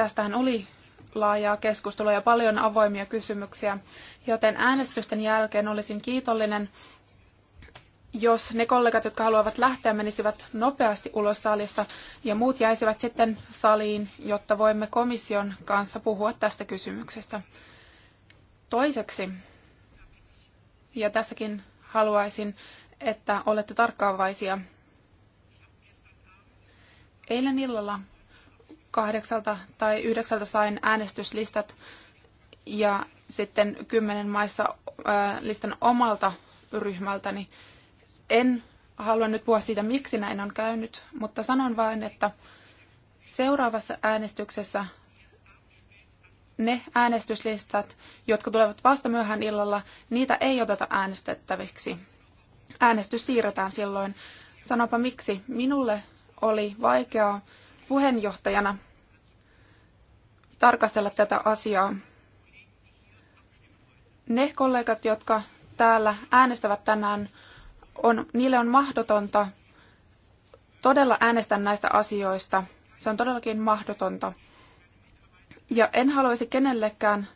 Tästähän oli laajaa keskustelua ja paljon avoimia kysymyksiä, joten äänestysten jälkeen olisin kiitollinen, jos ne kollegat, jotka haluavat lähteä, menisivät nopeasti ulos salista ja muut jäisivät sitten saliin, jotta voimme komission kanssa puhua tästä kysymyksestä. Toiseksi, ja tässäkin haluaisin, että olette tarkkaavaisia. Eilen illalla kahdeksalta tai yhdeksältä sain äänestyslistat ja sitten kymmenen maissa listan omalta ryhmältäni. En halua nyt puhua siitä, miksi näin on käynyt, mutta sanon vain, että seuraavassa äänestyksessä ne äänestyslistat, jotka tulevat vasta myöhään illalla, niitä ei oteta äänestettäviksi. Äänestys siirretään silloin. Sanopa miksi. Minulle oli vaikeaa puheenjohtajana tarkastella tätä asiaa. Ne kollegat, jotka täällä äänestävät tänään, on, niille on mahdotonta todella äänestää näistä asioista. Se on todellakin mahdotonta. Ja en haluaisi kenellekään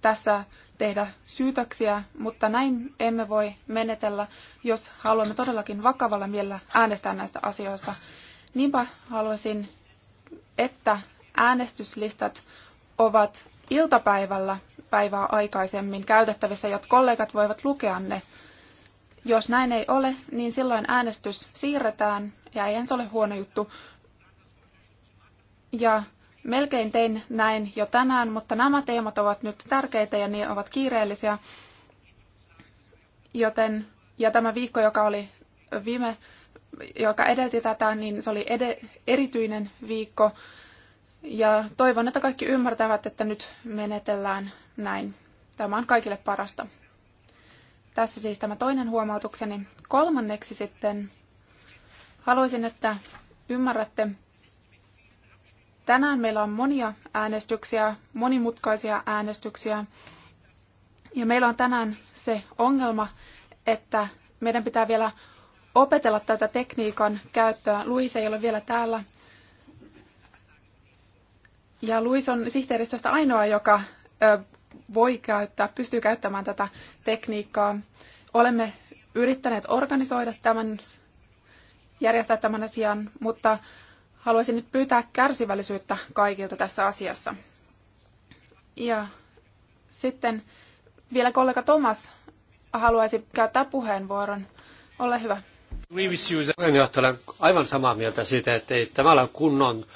tässä tehdä syytöksiä, mutta näin emme voi menetellä, jos haluamme todellakin vakavalla mielellä äänestää näistä asioista. Niinpä haluaisin että äänestyslistat ovat iltapäivällä päivää aikaisemmin käytettävissä, jotta kollegat voivat lukea ne. Jos näin ei ole, niin silloin äänestys siirretään, ja ei se ole huono juttu. Ja melkein tein näin jo tänään, mutta nämä teemat ovat nyt tärkeitä ja ne ovat kiireellisiä. Joten, ja tämä viikko, joka oli viime joka edelti tätä, niin se oli ed- erityinen viikko. Ja toivon, että kaikki ymmärtävät, että nyt menetellään näin. Tämä on kaikille parasta. Tässä siis tämä toinen huomautukseni. Kolmanneksi sitten haluaisin, että ymmärrätte, tänään meillä on monia äänestyksiä, monimutkaisia äänestyksiä. Ja meillä on tänään se ongelma, että meidän pitää vielä opetella tätä tekniikan käyttöä. Luis ei ole vielä täällä. Ja Luis on sihteeristöstä ainoa, joka voi käyttää, pystyy käyttämään tätä tekniikkaa. Olemme yrittäneet organisoida tämän, järjestää tämän asian, mutta haluaisin nyt pyytää kärsivällisyyttä kaikilta tässä asiassa. Ja sitten vielä kollega Thomas haluaisi käyttää puheenvuoron. Ole hyvä. Puheenjohtaja, olen aivan samaa mieltä siitä, että ei tämä ole kunnon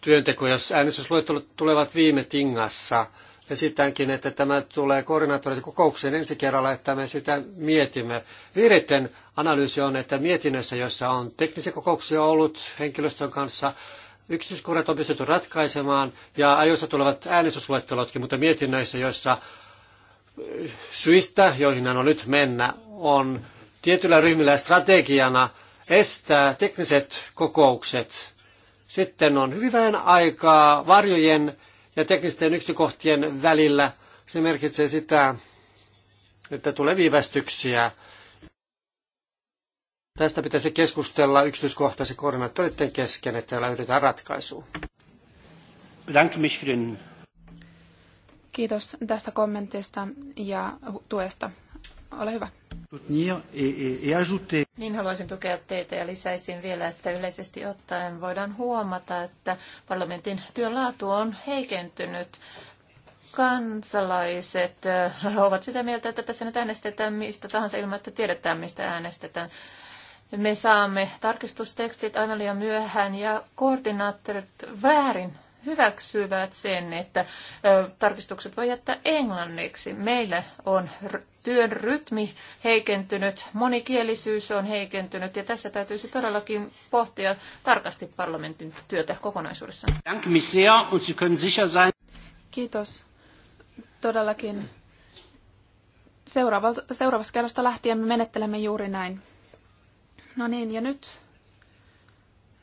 työnteko, jos äänestysluettelot tulevat viime tingassa. Esitänkin, että tämä tulee koordinaattorit kokoukseen ensi kerralla, että me sitä mietimme. Vihreiden analyysi on, että mietinnössä, jossa on teknisiä kokouksia ollut henkilöstön kanssa, yksityiskohdat on pystytty ratkaisemaan ja ajoissa tulevat äänestysluettelotkin, mutta mietinnöissä, joissa syistä, joihin on nyt mennä, on tietyllä ryhmillä strategiana estää tekniset kokoukset. Sitten on hyvin vähän aikaa varjojen ja teknisten yksityiskohtien välillä. Se merkitsee sitä, että tulee viivästyksiä. Tästä pitäisi keskustella yksityiskohtaisen koordinaattoreiden kesken, että löydetään ratkaisu. Kiitos tästä kommentista ja tuesta ole hyvä. Niin haluaisin tukea teitä ja lisäisin vielä, että yleisesti ottaen voidaan huomata, että parlamentin työlaatu on heikentynyt kansalaiset äh, ovat sitä mieltä, että tässä nyt äänestetään mistä tahansa ilman, että tiedetään, mistä äänestetään. Me saamme tarkistustekstit aina liian myöhään ja koordinaattorit väärin hyväksyvät sen, että äh, tarkistukset voi jättää englanniksi. Meillä on työn rytmi heikentynyt, monikielisyys on heikentynyt ja tässä täytyisi todellakin pohtia tarkasti parlamentin työtä kokonaisuudessaan. Kiitos. Todellakin seuraavasta kerrosta lähtien me menettelemme juuri näin. No niin, ja nyt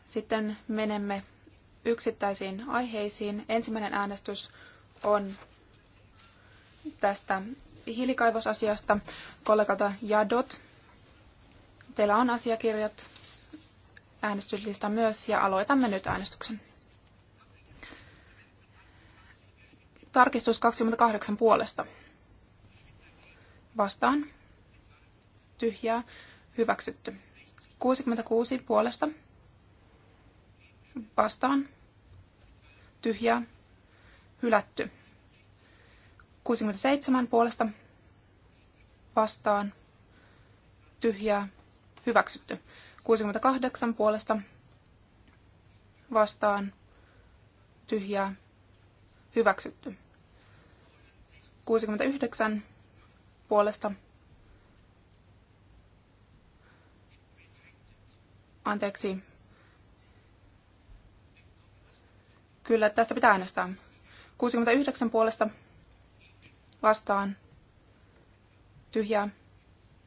sitten menemme yksittäisiin aiheisiin. Ensimmäinen äänestys on tästä hiilikaivosasiasta kollegalta Jadot. Teillä on asiakirjat, äänestyslista myös ja aloitamme nyt äänestyksen. Tarkistus 28 puolesta. Vastaan. Tyhjää. Hyväksytty. 66 puolesta. Vastaan. Tyhjää. Hylätty. 67 puolesta vastaan tyhjää hyväksytty. 68 puolesta vastaan tyhjää hyväksytty. 69 puolesta anteeksi. Kyllä, tästä pitää äänestää. 69 puolesta vastaan tyhjää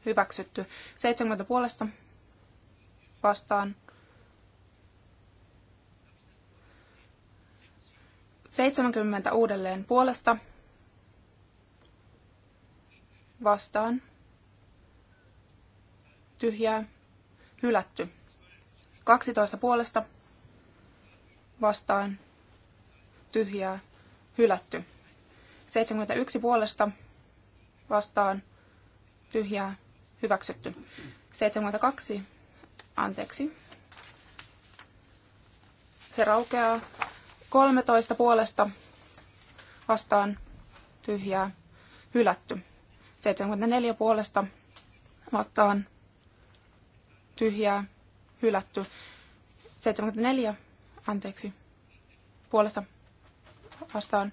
hyväksytty. 70 puolesta vastaan 70 uudelleen puolesta vastaan tyhjää hylätty. 12 puolesta vastaan tyhjää hylätty. 71 puolesta vastaan tyhjää hyväksytty. 72, anteeksi. Se raukeaa 13 puolesta vastaan tyhjää hylätty. 74 puolesta vastaan tyhjää hylätty. 74, anteeksi, puolesta vastaan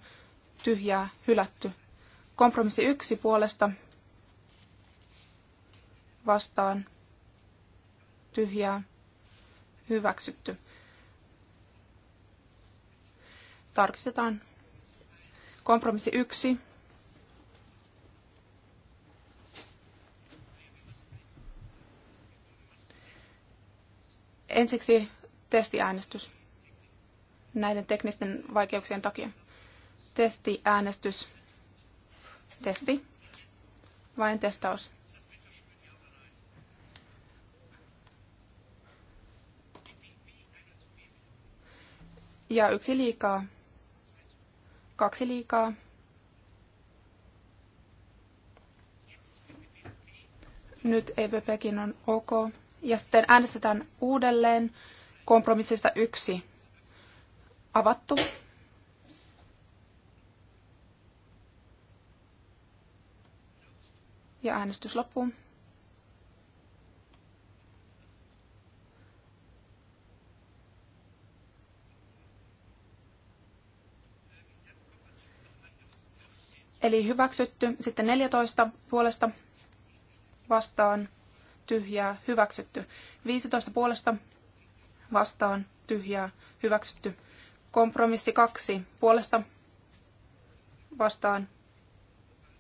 tyhjää hylätty. Kompromissi yksi puolesta vastaan tyhjää hyväksytty. Tarkistetaan. Kompromissi yksi. Ensiksi testiäänestys näiden teknisten vaikeuksien takia. Testi, äänestys, testi, vain testaus. Ja yksi liikaa. Kaksi liikaa. Nyt EPPkin on ok. Ja sitten äänestetään uudelleen kompromissista yksi. Avattu. Ja äänestys loppuu. Eli hyväksytty. Sitten 14 puolesta vastaan tyhjää hyväksytty. 15 puolesta vastaan tyhjää hyväksytty. Kompromissi 2 puolesta vastaan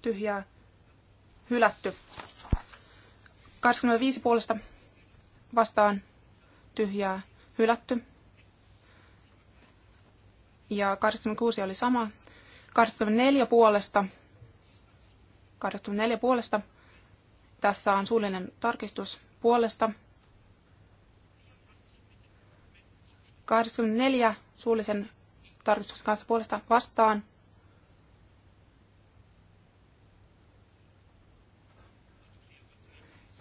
tyhjää hylätty. 25 puolesta vastaan tyhjää hylätty. Ja 26 oli sama. 24 puolesta. 24 puolesta. Tässä on suullinen tarkistus puolesta. 24 suullisen tarkistuksen kanssa puolesta vastaan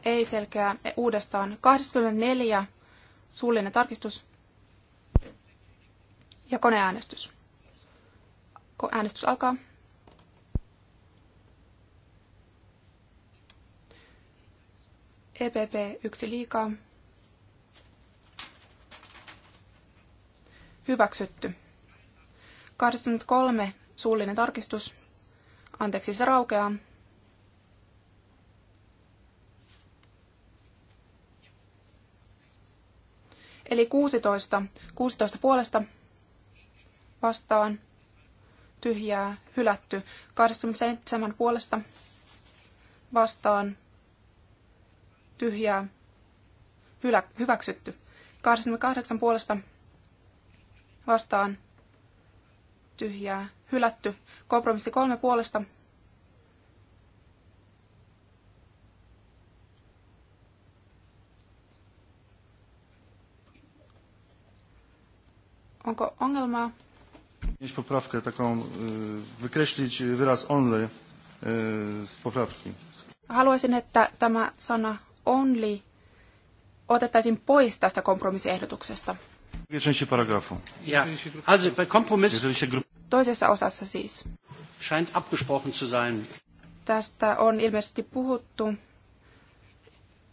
ei selkeää e, uudestaan. 24 suullinen tarkistus ja koneäänestys. Äänestys alkaa. EPP yksi liikaa. Hyväksytty. 23 suullinen tarkistus. Anteeksi, se raukeaa. Eli 16, 16 puolesta vastaan tyhjää hylätty. 27 puolesta vastaan tyhjää hylä, hyväksytty. 28 puolesta vastaan tyhjää hylätty. Kompromissi 3 puolesta Onko ongelma? Mieć poprawkę taką, wykreślić wyraz only z poprawki. Haluaisin, että tämä sana only otettaisiin pois tästä kompromissiehdotuksesta. Drugiej części paragrafu. Ja, also bei Kompromiss... Toisessa osassa siis. Scheint abgesprochen zu sein. Tästä on ilmeisesti puhuttu,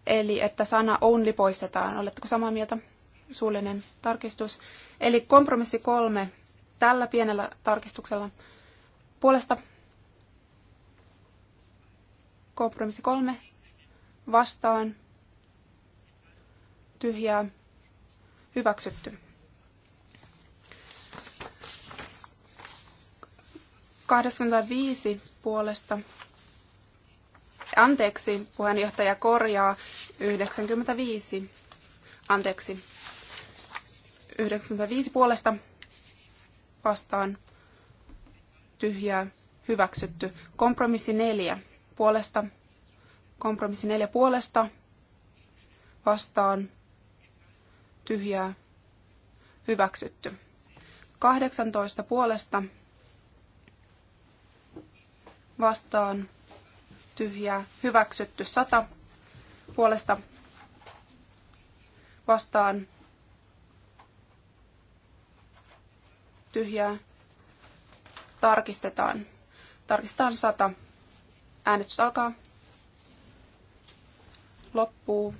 eli että sana only poistetaan. Oletteko samaa mieltä? suullinen tarkistus. Eli kompromissi kolme tällä pienellä tarkistuksella puolesta. Kompromissi kolme vastaan tyhjää hyväksytty. viisi puolesta. Anteeksi, puheenjohtaja korjaa 95. Anteeksi, 95 puolesta vastaan tyhjää hyväksytty. Kompromissi 4 puolesta. Kompromissi 4 puolesta vastaan tyhjää hyväksytty. 18 puolesta vastaan tyhjää hyväksytty. 100 puolesta vastaan tyhjää. Tarkistetaan. Tarkistetaan sata, Äänestys alkaa. Loppuu.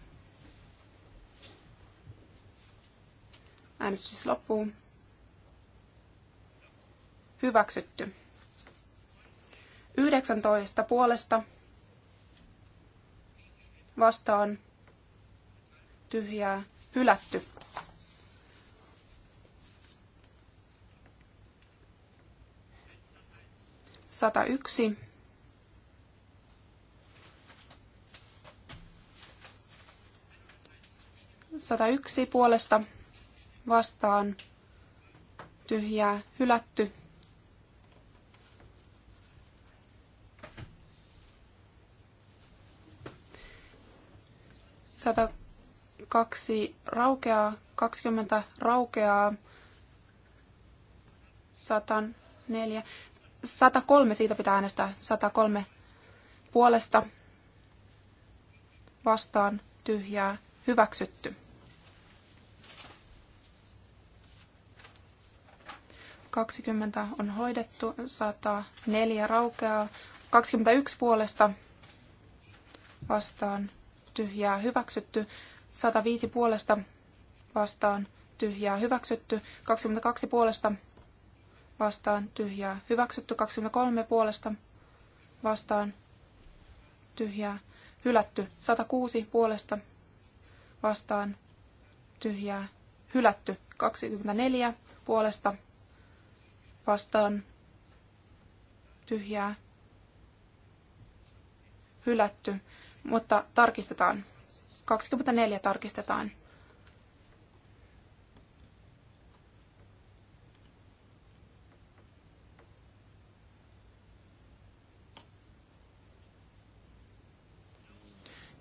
Äänestys siis loppuu. Hyväksytty. 19 puolesta vastaan tyhjää hylätty. 101. Sata yksi puolesta vastaan tyhjää hylätty. Sata kaksi raukeaa, 20 raukeaa, Sata neljä. 103, siitä pitää äänestää 103 puolesta vastaan tyhjää hyväksytty. kaksikymmentä on hoidettu, 104 raukeaa, 21 puolesta vastaan tyhjää hyväksytty, 105 puolesta vastaan tyhjää hyväksytty, 22 puolesta vastaan tyhjää hyväksytty. 23 puolesta vastaan tyhjää hylätty. 106 puolesta vastaan tyhjää hylätty. 24 puolesta vastaan tyhjää hylätty, mutta tarkistetaan. 24 tarkistetaan.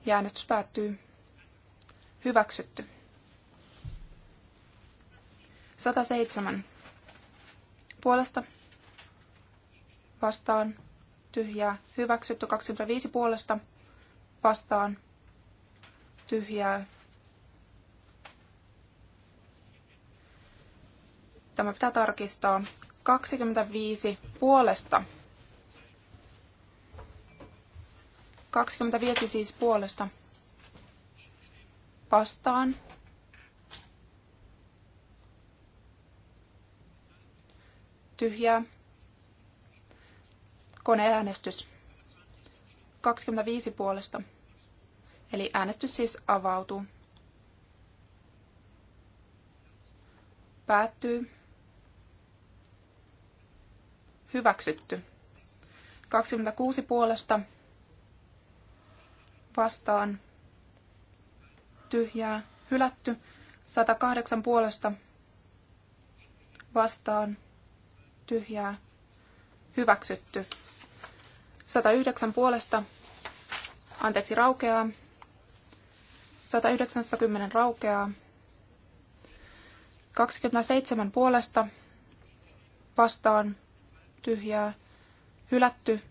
Ja äänestys päättyy. Hyväksytty. 107. Puolesta. Vastaan. Tyhjää. Hyväksytty. 25 puolesta. Vastaan. Tyhjää. Tämä pitää tarkistaa. 25 puolesta 25 siis puolesta vastaan. Tyhjää. Koneäänestys. 25 puolesta. Eli äänestys siis avautuu. Päättyy. Hyväksytty. 26 puolesta vastaan tyhjää hylätty. 108 puolesta vastaan tyhjää hyväksytty. 109 puolesta anteeksi raukeaa. 190 raukeaa. 27 puolesta vastaan tyhjää hylätty.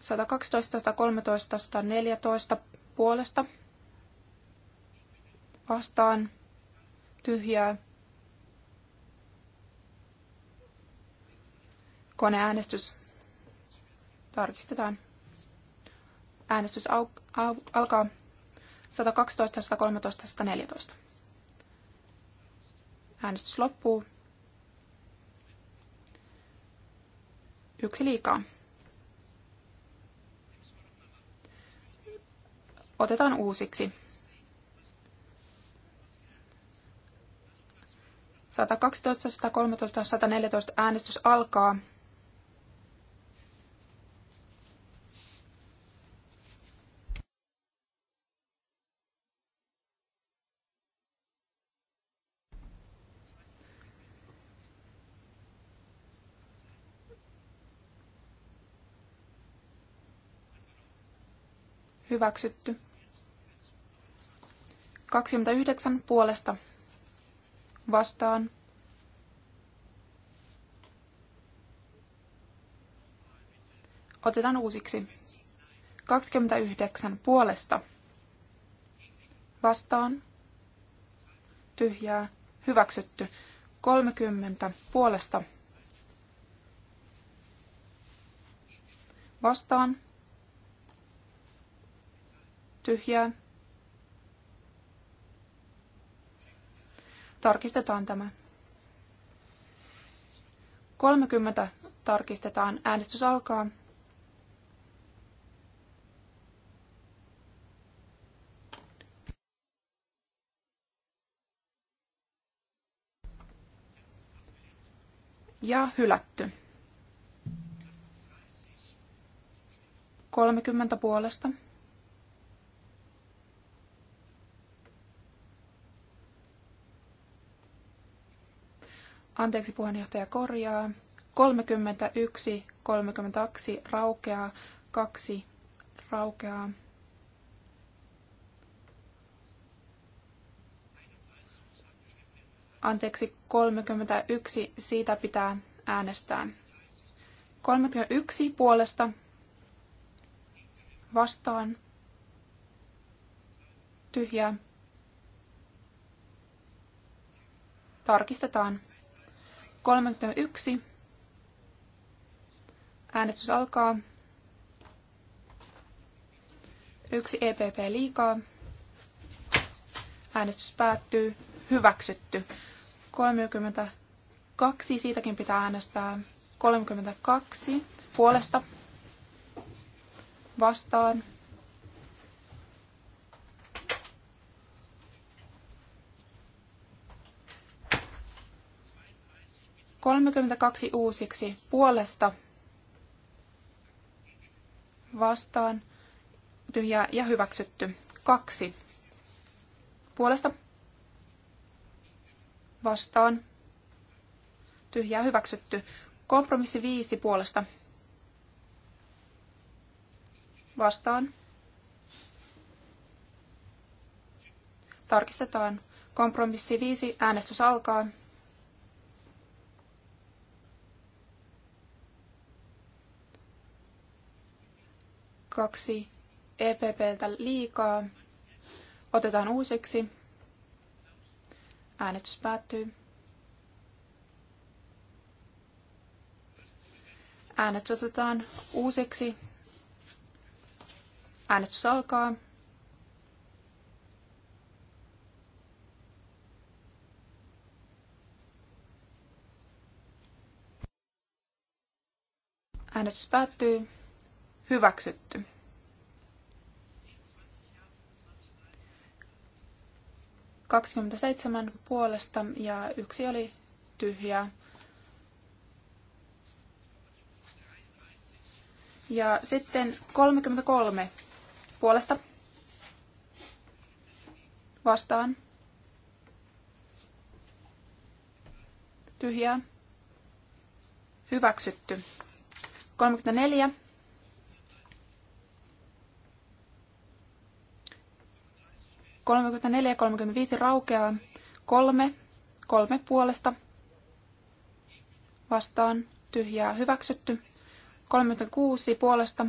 112, 113, 114 puolesta vastaan tyhjää. Koneäänestys tarkistetaan. Äänestys au, au, alkaa 112, 113, 114. Äänestys loppuu. Yksi liikaa. otetaan uusiksi. 112, 113, 114 äänestys alkaa. Hyväksytty. 29 puolesta vastaan. Otetaan uusiksi. 29 puolesta vastaan. Tyhjää. Hyväksytty. 30 puolesta vastaan. Tyhjää Tarkistetaan tämä. 30 tarkistetaan. Äänestys alkaa. Ja hylätty. 30 puolesta. Anteeksi, puheenjohtaja korjaa. 31, 32 raukeaa, kaksi raukeaa. Anteeksi, 31, siitä pitää äänestää. 31 puolesta vastaan tyhjää. Tarkistetaan. 31. Äänestys alkaa. Yksi EPP liikaa. Äänestys päättyy. Hyväksytty. 32. Siitäkin pitää äänestää. 32 puolesta vastaan 32 uusiksi puolesta vastaan tyhjää ja hyväksytty. Kaksi puolesta vastaan tyhjää hyväksytty. Kompromissi viisi puolesta vastaan. Tarkistetaan. Kompromissi 5. Äänestys alkaa. Kaksi EPPltä liikaa. Otetaan uusiksi. Äänestys päättyy. Äänestys otetaan uusiksi. Äänestys alkaa. Äänestys päättyy. Hyväksytty. Kaksikymmentäseitsemän puolesta ja yksi oli tyhjä. Ja sitten 33 puolesta vastaan. Tyhjää. Hyväksytty. 34 34 ja 35 raukeaa. 3, 3 puolesta vastaan tyhjää hyväksytty. 36 puolesta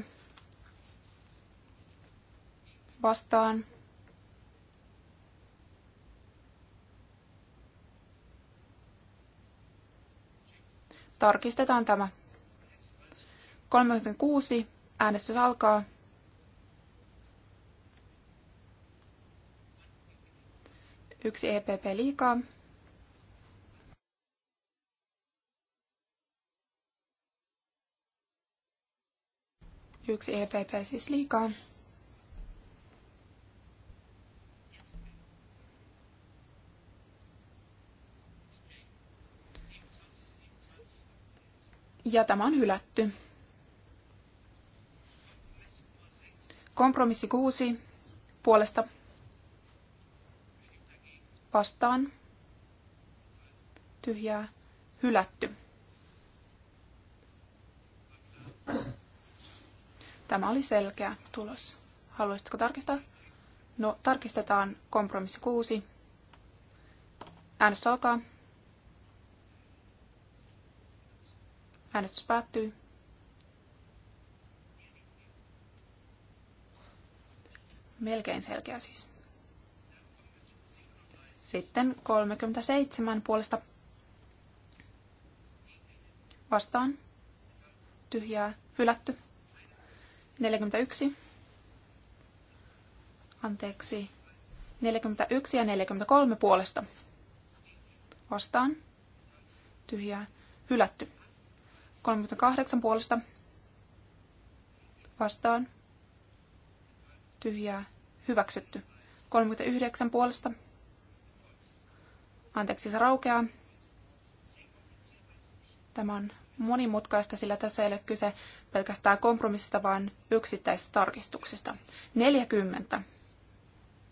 vastaan Tarkistetaan tämä. 36. Äänestys alkaa. Yksi EPP liikaa. Yksi EPP siis liikaa. Ja tämä on hylätty. Kompromissi kuusi puolesta vastaan tyhjää hylätty. Tämä oli selkeä tulos. Haluaisitko tarkistaa? No, tarkistetaan kompromissi 6. Äänestys alkaa. Äänestys päättyy. Melkein selkeä siis. Sitten 37 puolesta vastaan. Tyhjää hylätty. 41. Anteeksi. 41 ja 43 puolesta. Vastaan. Tyhjää hylätty. 38 puolesta. Vastaan. Tyhjää hyväksytty. 39 puolesta Anteeksi, se raukeaa. Tämä on monimutkaista, sillä tässä ei ole kyse pelkästään kompromissista, vaan yksittäisistä tarkistuksista. 40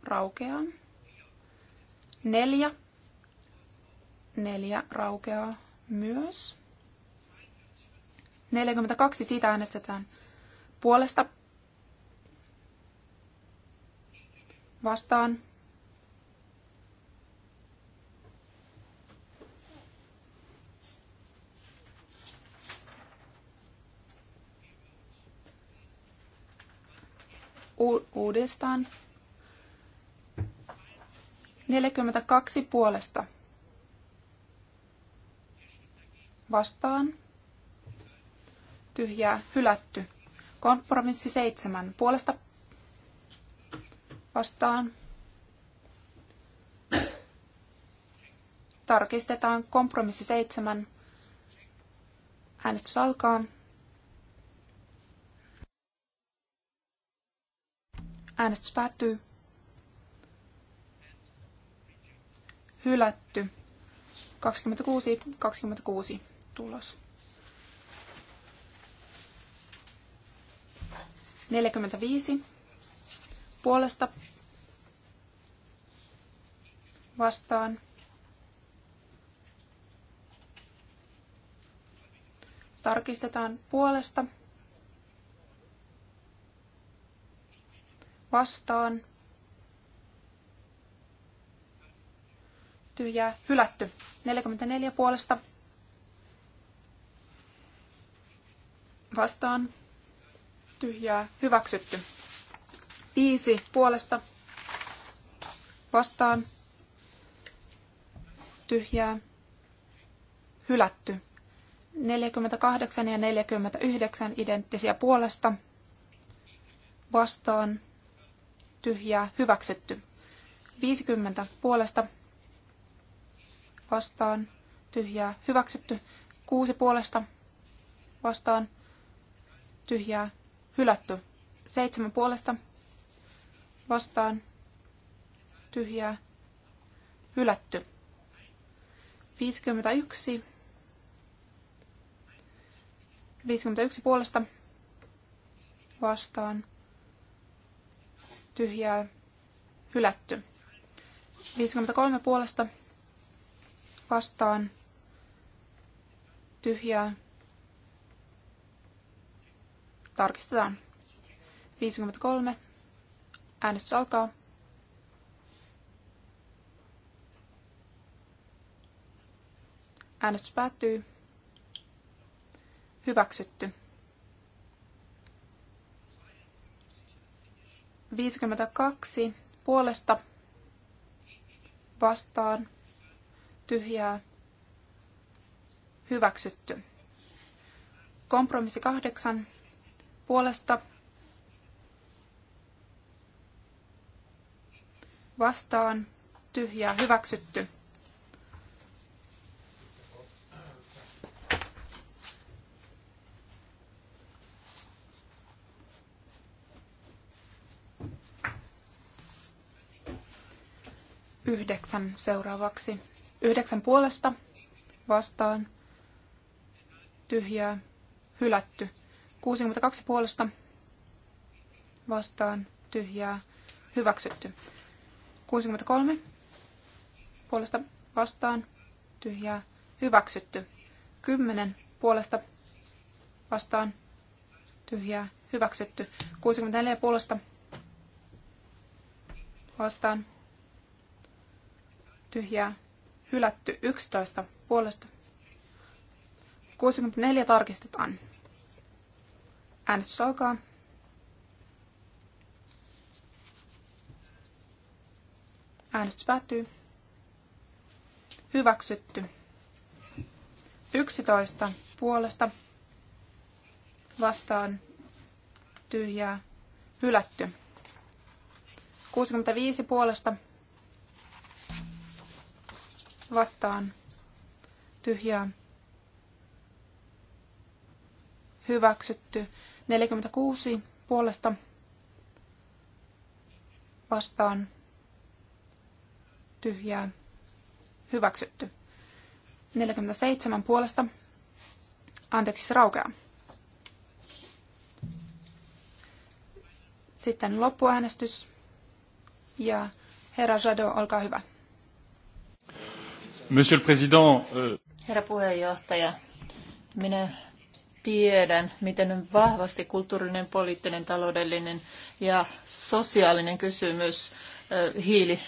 raukeaa. 4. 4 raukeaa myös. 42, siitä äänestetään puolesta. Vastaan. uudestaan. 42 puolesta. Vastaan. Tyhjää. Hylätty. Kompromissi 7. Puolesta. Vastaan. Tarkistetaan kompromissi 7. Äänestys alkaa. Äänestys päättyy. Hylätty. 26, 26 tulos. 45 puolesta vastaan. Tarkistetaan puolesta. vastaan. Tyhjää hylätty. 44 puolesta vastaan. Tyhjää hyväksytty. 5 puolesta vastaan. Tyhjää hylätty. 48 ja 49 identtisiä puolesta vastaan tyhjää hyväksytty. 50 puolesta vastaan tyhjää hyväksytty. 6 puolesta vastaan tyhjää hylätty. 7 puolesta vastaan tyhjää hylätty. 51 51 puolesta vastaan tyhjää, hylätty. 53 puolesta vastaan, tyhjää, tarkistetaan. 53, äänestys alkaa. Äänestys päättyy. Hyväksytty. 52 puolesta vastaan tyhjää hyväksytty. Kompromissi 8 puolesta vastaan tyhjää hyväksytty. yhdeksän seuraavaksi. Yhdeksän puolesta vastaan tyhjää hylätty. 62 puolesta vastaan tyhjää hyväksytty. 63 puolesta vastaan tyhjää hyväksytty. 10 puolesta vastaan tyhjää hyväksytty. 64 puolesta vastaan tyhjää, hylätty 11 puolesta. 64 tarkistetaan. Äänestys alkaa. Äänestys päättyy. Hyväksytty. 11 puolesta vastaan tyhjää hylätty. 65 puolesta vastaan tyhjää hyväksytty. 46 puolesta vastaan tyhjää hyväksytty. 47 puolesta anteeksi se raukeaa. Sitten loppuäänestys ja herra Jado, olkaa hyvä. Monsieur le Président. Euh, Herra puheenjohtaja, minä tiedän, miten vahvasti kulttuurinen, poliittinen, taloudellinen ja sosiaalinen kysymys hiili,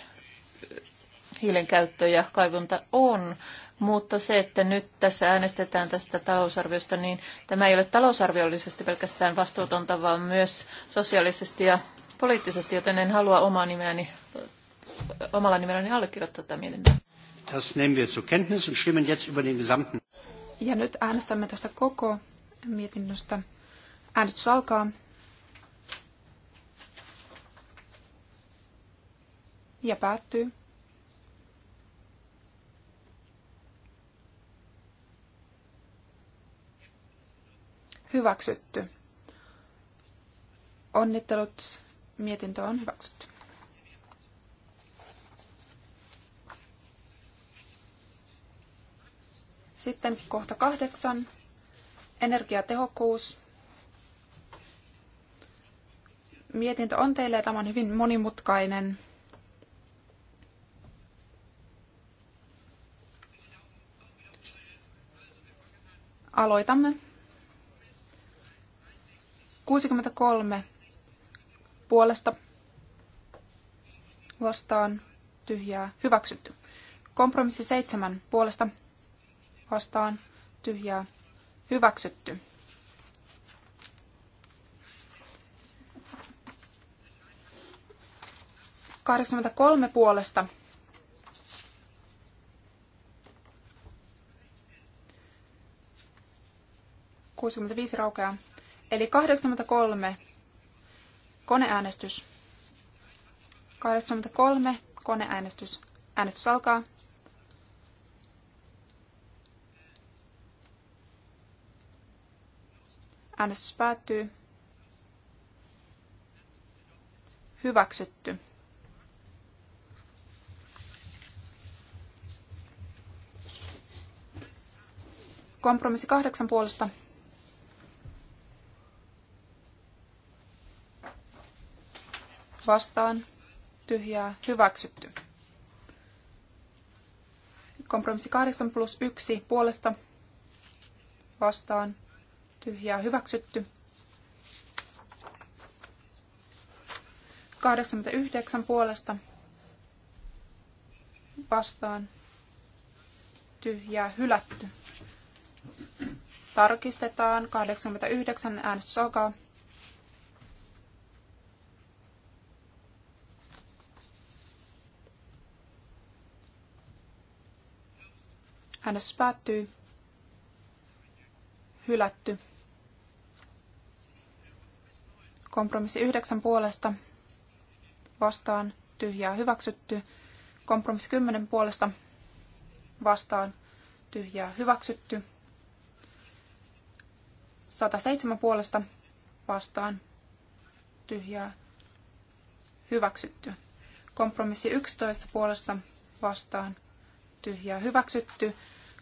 hiilen käyttö ja kaivonta on. Mutta se, että nyt tässä äänestetään tästä talousarviosta, niin tämä ei ole talousarviollisesti pelkästään vastuutonta, vaan myös sosiaalisesti ja poliittisesti, joten en halua omaa nimeäni, omalla nimelläni allekirjoittaa tätä mietintöä. Das nehmen wir zur Kenntnis und stimmen jetzt über den gesamten. Ja nyt äänestämme tästä koko mietinnöstä. Äänestys alkaa. Ja päättyy. Hyväksytty. Onnittelut. Mietintö on hyväksytty. Sitten kohta kahdeksan, energiatehokkuus. Mietintö on teille ja tämä on hyvin monimutkainen. Aloitamme. 63 puolesta vastaan tyhjää hyväksytty. Kompromissi 7 puolesta vastaan tyhjää hyväksytty. kolme puolesta viisi raukeaa. Eli 83 koneäänestys. 83 koneäänestys. Äänestys alkaa. Äänestys päättyy. Hyväksytty. Kompromissi kahdeksan puolesta. Vastaan. Tyhjää. Hyväksytty. Kompromissi 8 plus 1 puolesta vastaan tyhjää hyväksytty. 89 puolesta vastaan tyhjää hylätty. Tarkistetaan 89 äänestys alkaa. Äänestys päättyy. Hylätty. Kompromissi yhdeksän puolesta vastaan tyhjää hyväksytty. Kompromissi kymmenen puolesta vastaan tyhjää hyväksytty. 107 puolesta vastaan tyhjää hyväksytty. Kompromissi 11 puolesta vastaan tyhjää hyväksytty.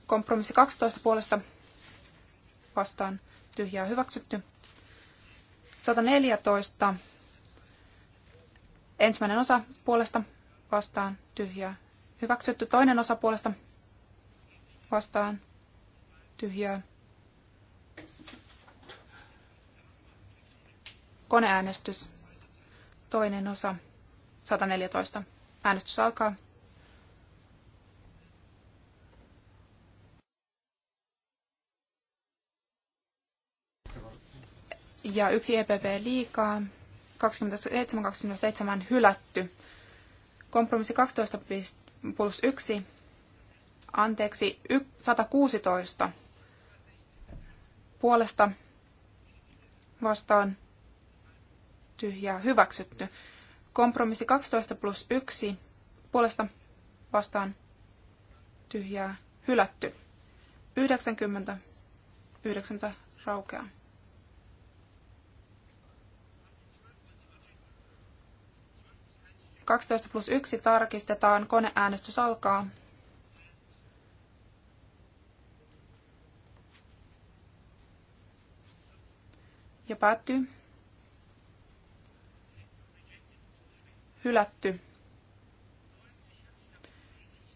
Kompromissi 12 puolesta vastaan tyhjää hyväksytty. 114. Ensimmäinen osa puolesta vastaan tyhjää. Hyväksytty toinen osa puolesta vastaan tyhjää. Koneäänestys. Toinen osa. 114. Äänestys alkaa. ja yksi EPP liikaa, 27-27 hylätty. Kompromissi 12 plus 1, anteeksi, 116 puolesta vastaan tyhjää hyväksytty. Kompromissi 12 plus 1 puolesta vastaan tyhjää hylätty. 90, 90 raukeaa. 12 plus 1 tarkistetaan. Koneäänestys alkaa. Ja päättyy. Hylätty.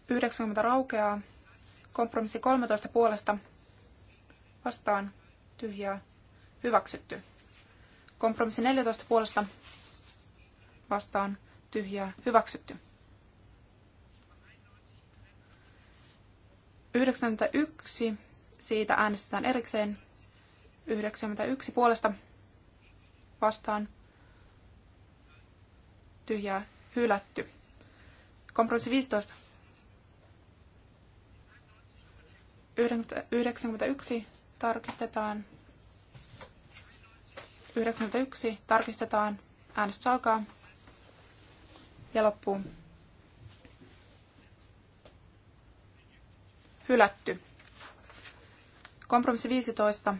90 raukeaa. Kompromissi 13 puolesta. Vastaan. Tyhjää. Hyväksytty. Kompromissi 14 puolesta. Vastaan ja hyväksytty. 91, siitä äänestetään erikseen. 91 puolesta vastaan tyhjää hylätty. Kompromissi 15. 91 tarkistetaan. 91 tarkistetaan. Äänestys alkaa ja loppuun. Hylätty. Kompromissi 15.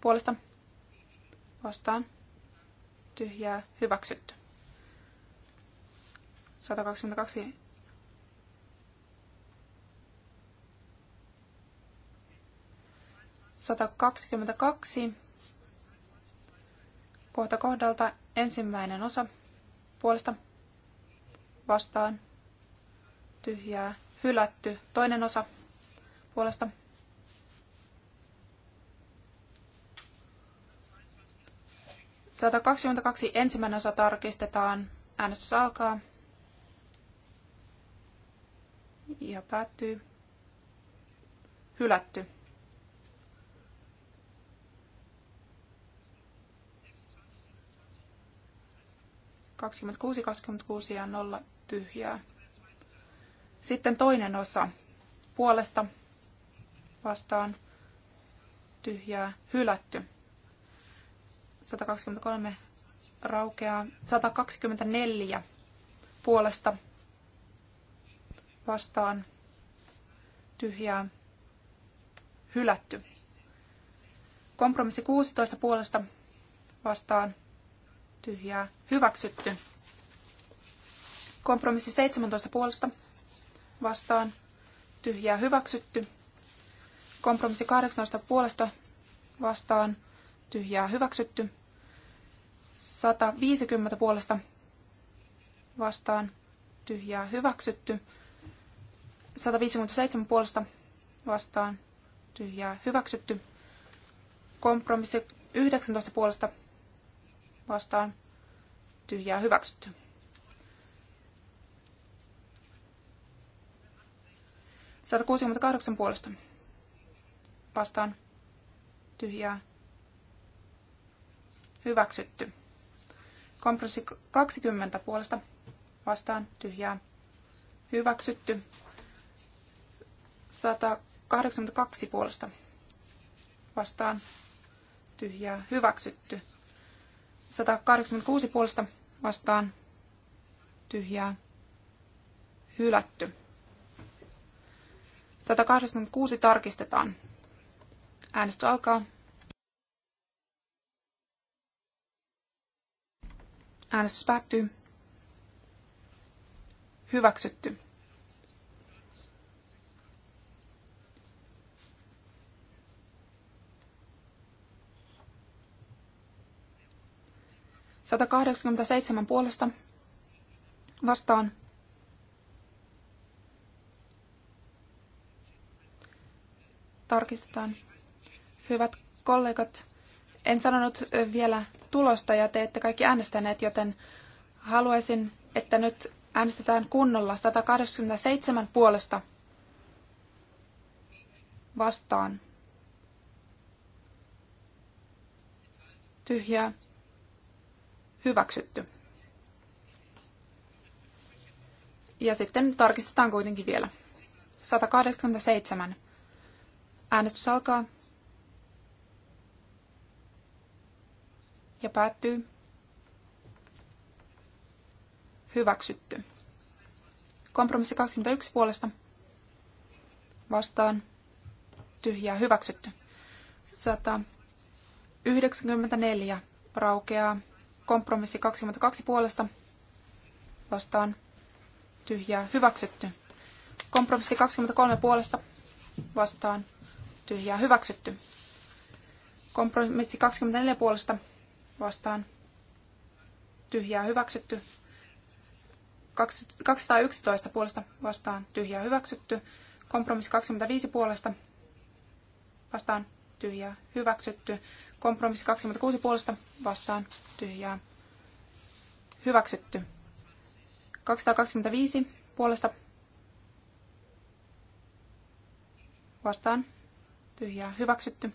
Puolesta. Vastaan. Tyhjää. Hyväksytty. 122. kaksi. kohta kohdalta ensimmäinen osa puolesta vastaan tyhjää hylätty. Toinen osa puolesta Sata ensimmäinen osa tarkistetaan. Äänestys alkaa. Ja päättyy. Hylätty. 26, 26 ja 0 tyhjää. Sitten toinen osa puolesta vastaan tyhjää hylätty. 123 raukeaa. 124 puolesta vastaan tyhjää hylätty. Kompromissi 16 puolesta vastaan tyhjää hyväksytty. Kompromissi 17 puolesta vastaan tyhjää hyväksytty. Kompromissi 18 puolesta vastaan tyhjää hyväksytty. 150 puolesta vastaan tyhjää hyväksytty. 157 puolesta vastaan tyhjää hyväksytty. Kompromissi 19 puolesta vastaan tyhjää hyväksytty. kahdeksan puolesta vastaan tyhjää hyväksytty. Kompressi 20 puolesta vastaan tyhjää hyväksytty. 182 puolesta vastaan tyhjää hyväksytty. 186 puolesta vastaan tyhjää hylätty. 186 tarkistetaan. Äänestys alkaa. Äänestys päättyy. Hyväksytty. 187 puolesta vastaan. Tarkistetaan. Hyvät kollegat, en sanonut vielä tulosta ja te ette kaikki äänestäneet, joten haluaisin, että nyt äänestetään kunnolla 187 puolesta vastaan. Tyhjää hyväksytty. Ja sitten tarkistetaan kuitenkin vielä. 187. Äänestys alkaa. Ja päättyy. Hyväksytty. Kompromissi 21 puolesta. Vastaan. Tyhjää. Hyväksytty. 194 raukeaa. Kompromissi 22 puolesta vastaan tyhjää hyväksytty. Kompromissi 23 puolesta vastaan tyhjää hyväksytty. Kompromissi 24 puolesta vastaan tyhjää hyväksytty. 211 puolesta vastaan tyhjää hyväksytty. Kompromissi 25 puolesta vastaan tyhjää hyväksytty. Kompromissi 26 puolesta vastaan tyhjää. Hyväksytty. 225 puolesta vastaan tyhjää. Hyväksytty.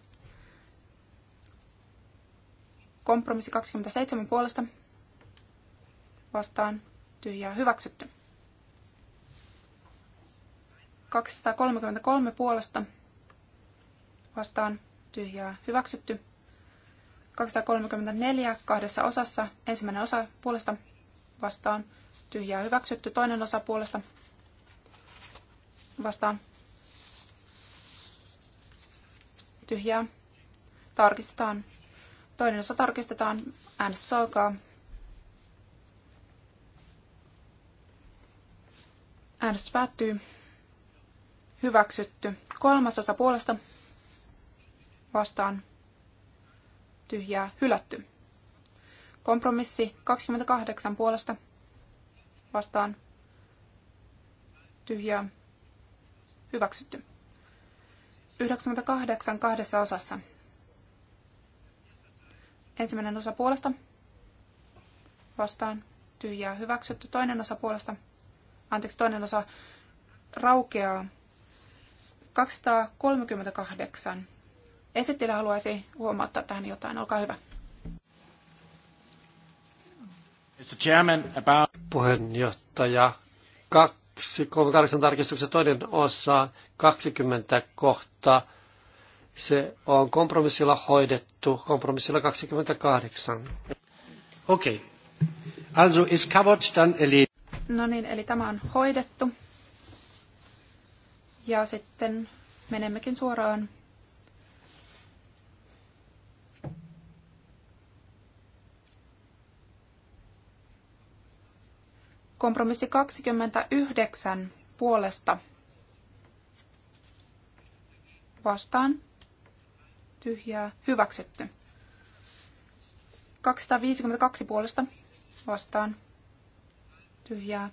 Kompromissi 27 puolesta vastaan tyhjää. Hyväksytty. 233 puolesta vastaan tyhjää hyväksytty. 234 kahdessa osassa. Ensimmäinen osa puolesta vastaan tyhjää hyväksytty. Toinen osa puolesta vastaan tyhjää. Tarkistetaan. Toinen osa tarkistetaan. Äänestys alkaa. Äänestys päättyy. Hyväksytty. Kolmas osa puolesta vastaan tyhjää, hylätty. Kompromissi 28 puolesta vastaan tyhjää, hyväksytty. 98 kahdessa osassa. Ensimmäinen osa puolesta vastaan tyhjää, hyväksytty. Toinen osa puolesta, anteeksi, toinen osa raukeaa 238 Esittelijä haluaisi huomauttaa tähän jotain. Olkaa hyvä. Puheenjohtaja, kaksi, kahdeksan tarkistuksen toinen osa, 20 kohta. Se on kompromissilla hoidettu, kompromissilla 28. Okei. Okay. Also is covered, dann eli... No niin, eli tämä on hoidettu. Ja sitten menemmekin suoraan Kompromissi 29 puolesta vastaan tyhjää hyväksytty. 252 puolesta vastaan tyhjää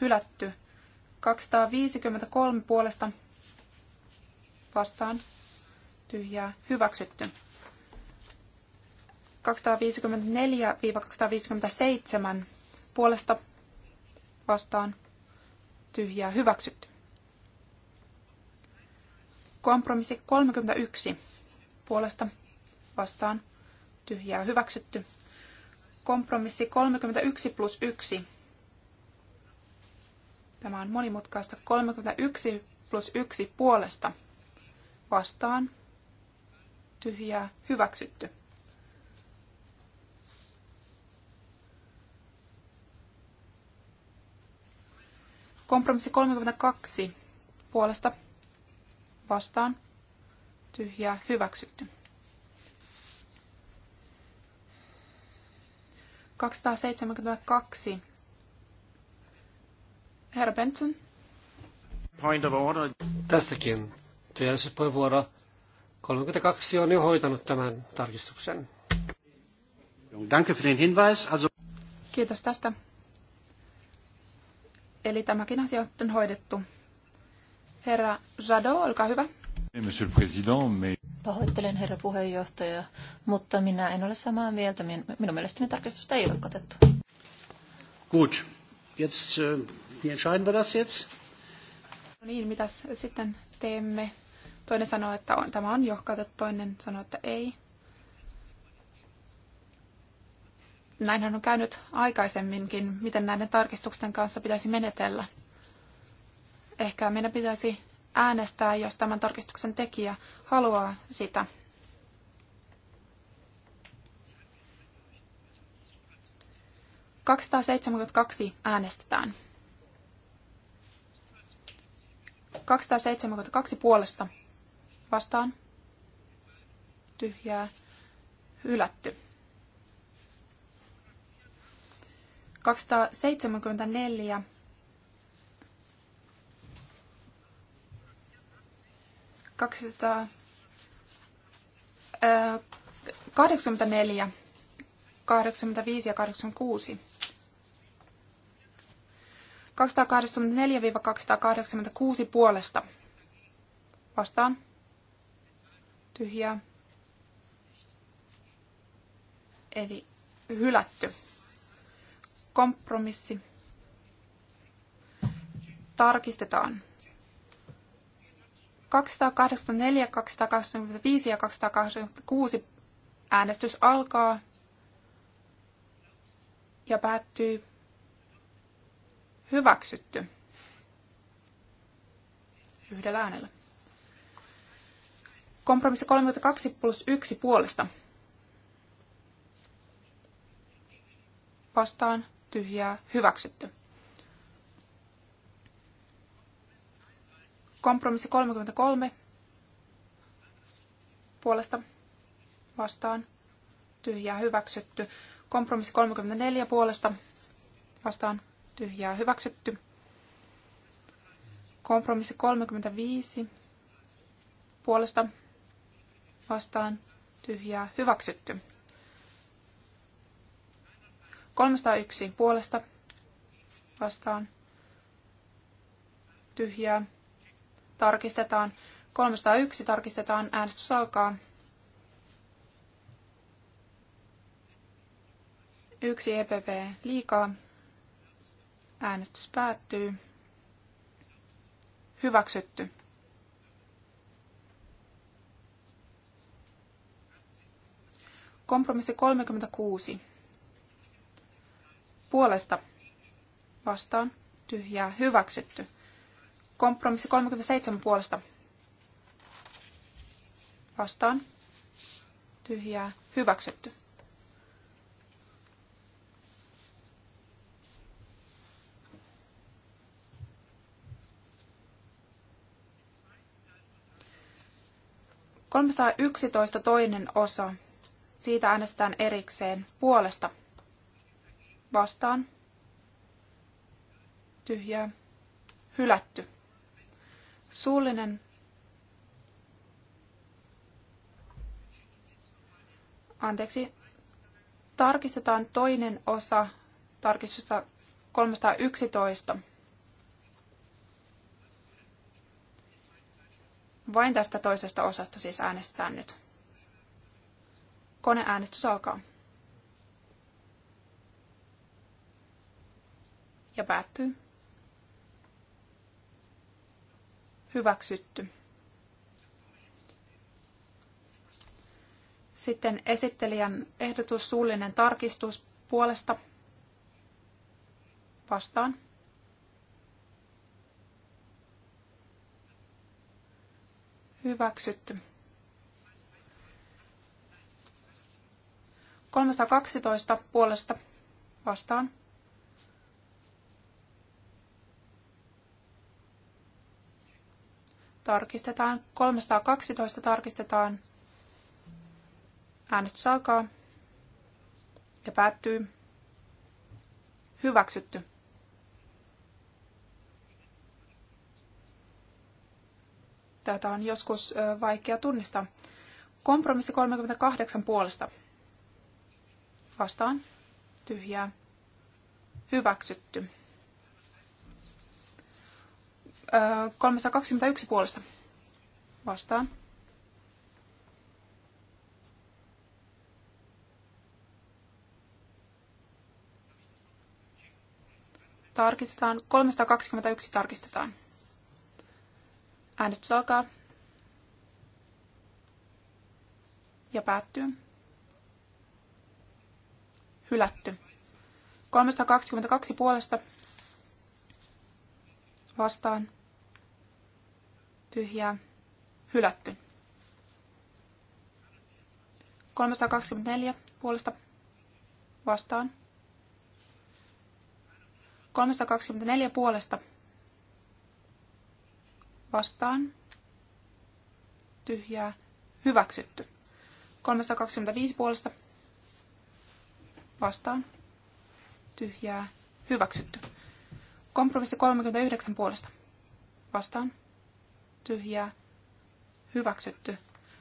hylätty. 253 puolesta vastaan tyhjää hyväksytty. 254-257 puolesta vastaan tyhjää hyväksytty. Kompromissi 31 puolesta vastaan tyhjää hyväksytty. Kompromissi 31 plus 1. Tämä on monimutkaista. 31 plus 1 puolesta vastaan tyhjää hyväksytty. Kompromissi 32 puolesta vastaan tyhjää hyväksytty. 272. Herra Benson. Point of order. Tästäkin työjärjestyspuheenvuoro 32 on jo hoitanut tämän tarkistuksen. Danke für den Hinweis. Also... Kiitos tästä Eli tämäkin asia on hoidettu. Herra Jadot, olkaa hyvä. Monsieur le Président, Pahoittelen, herra puheenjohtaja, mutta minä en ole samaa mieltä. Minun mielestäni tarkistusta ei ole katettu. Gut, jetzt, äh, wie entscheiden wir das jetzt? No niin, mitäs sitten teemme? Toinen sanoo, että on, tämä on jo katettu, toinen sanoo, että ei. Näinhän on käynyt aikaisemminkin, miten näiden tarkistusten kanssa pitäisi menetellä. Ehkä meidän pitäisi äänestää, jos tämän tarkistuksen tekijä haluaa sitä. kaksi äänestetään. 272 puolesta vastaan. Tyhjää. Hylätty. 274. kahdeksankymmentäneljä, kahdeksankymmentä viisi ja kahdeksan kuusi. kaksisataakahdeksankymmentäneljä viiva kaksisataakahdeksankymmentä kuusi puolesta. Vastaan. Tyhjää. Eli hylätty kompromissi. Tarkistetaan. 284, 225 ja 286 äänestys alkaa ja päättyy hyväksytty yhdellä äänellä. Kompromissi 32 plus 1 puolesta. Vastaan ja hyväksytty. Kompromissi 33 puolesta vastaan tyhjää hyväksytty. Kompromissi 34 puolesta vastaan tyhjää hyväksytty. Kompromissi 35 puolesta vastaan tyhjää hyväksytty. 301 puolesta vastaan tyhjää. Tarkistetaan. 301 tarkistetaan. Äänestys alkaa. Yksi EPP liikaa. Äänestys päättyy. Hyväksytty. Kompromissi 36 puolesta vastaan tyhjää hyväksytty. Kompromissi 37 puolesta vastaan tyhjää hyväksytty. yksitoista toinen osa. Siitä äänestetään erikseen puolesta vastaan, tyhjää, hylätty. Suullinen anteeksi, tarkistetaan toinen osa tarkistusta 311. Vain tästä toisesta osasta siis äänestetään nyt. Koneäänestys alkaa. ja päättyy. Hyväksytty. Sitten esittelijän ehdotus suullinen tarkistus puolesta vastaan. Hyväksytty. 312 puolesta vastaan. tarkistetaan. 312 tarkistetaan. Äänestys alkaa ja päättyy. Hyväksytty. Tätä on joskus vaikea tunnistaa. Kompromissi 38 puolesta. Vastaan. Tyhjää. Hyväksytty. 321 puolesta. Vastaan. Tarkistetaan. 321 tarkistetaan. Äänestys alkaa. Ja päättyy. Hylätty. 322 puolesta vastaan tyhjää, hylätty. 324 puolesta vastaan. 324 puolesta vastaan. Tyhjää. Hyväksytty. 325 puolesta vastaan. Tyhjää. Hyväksytty. Kompromissi 39 puolesta vastaan tyhjää, hyväksytty.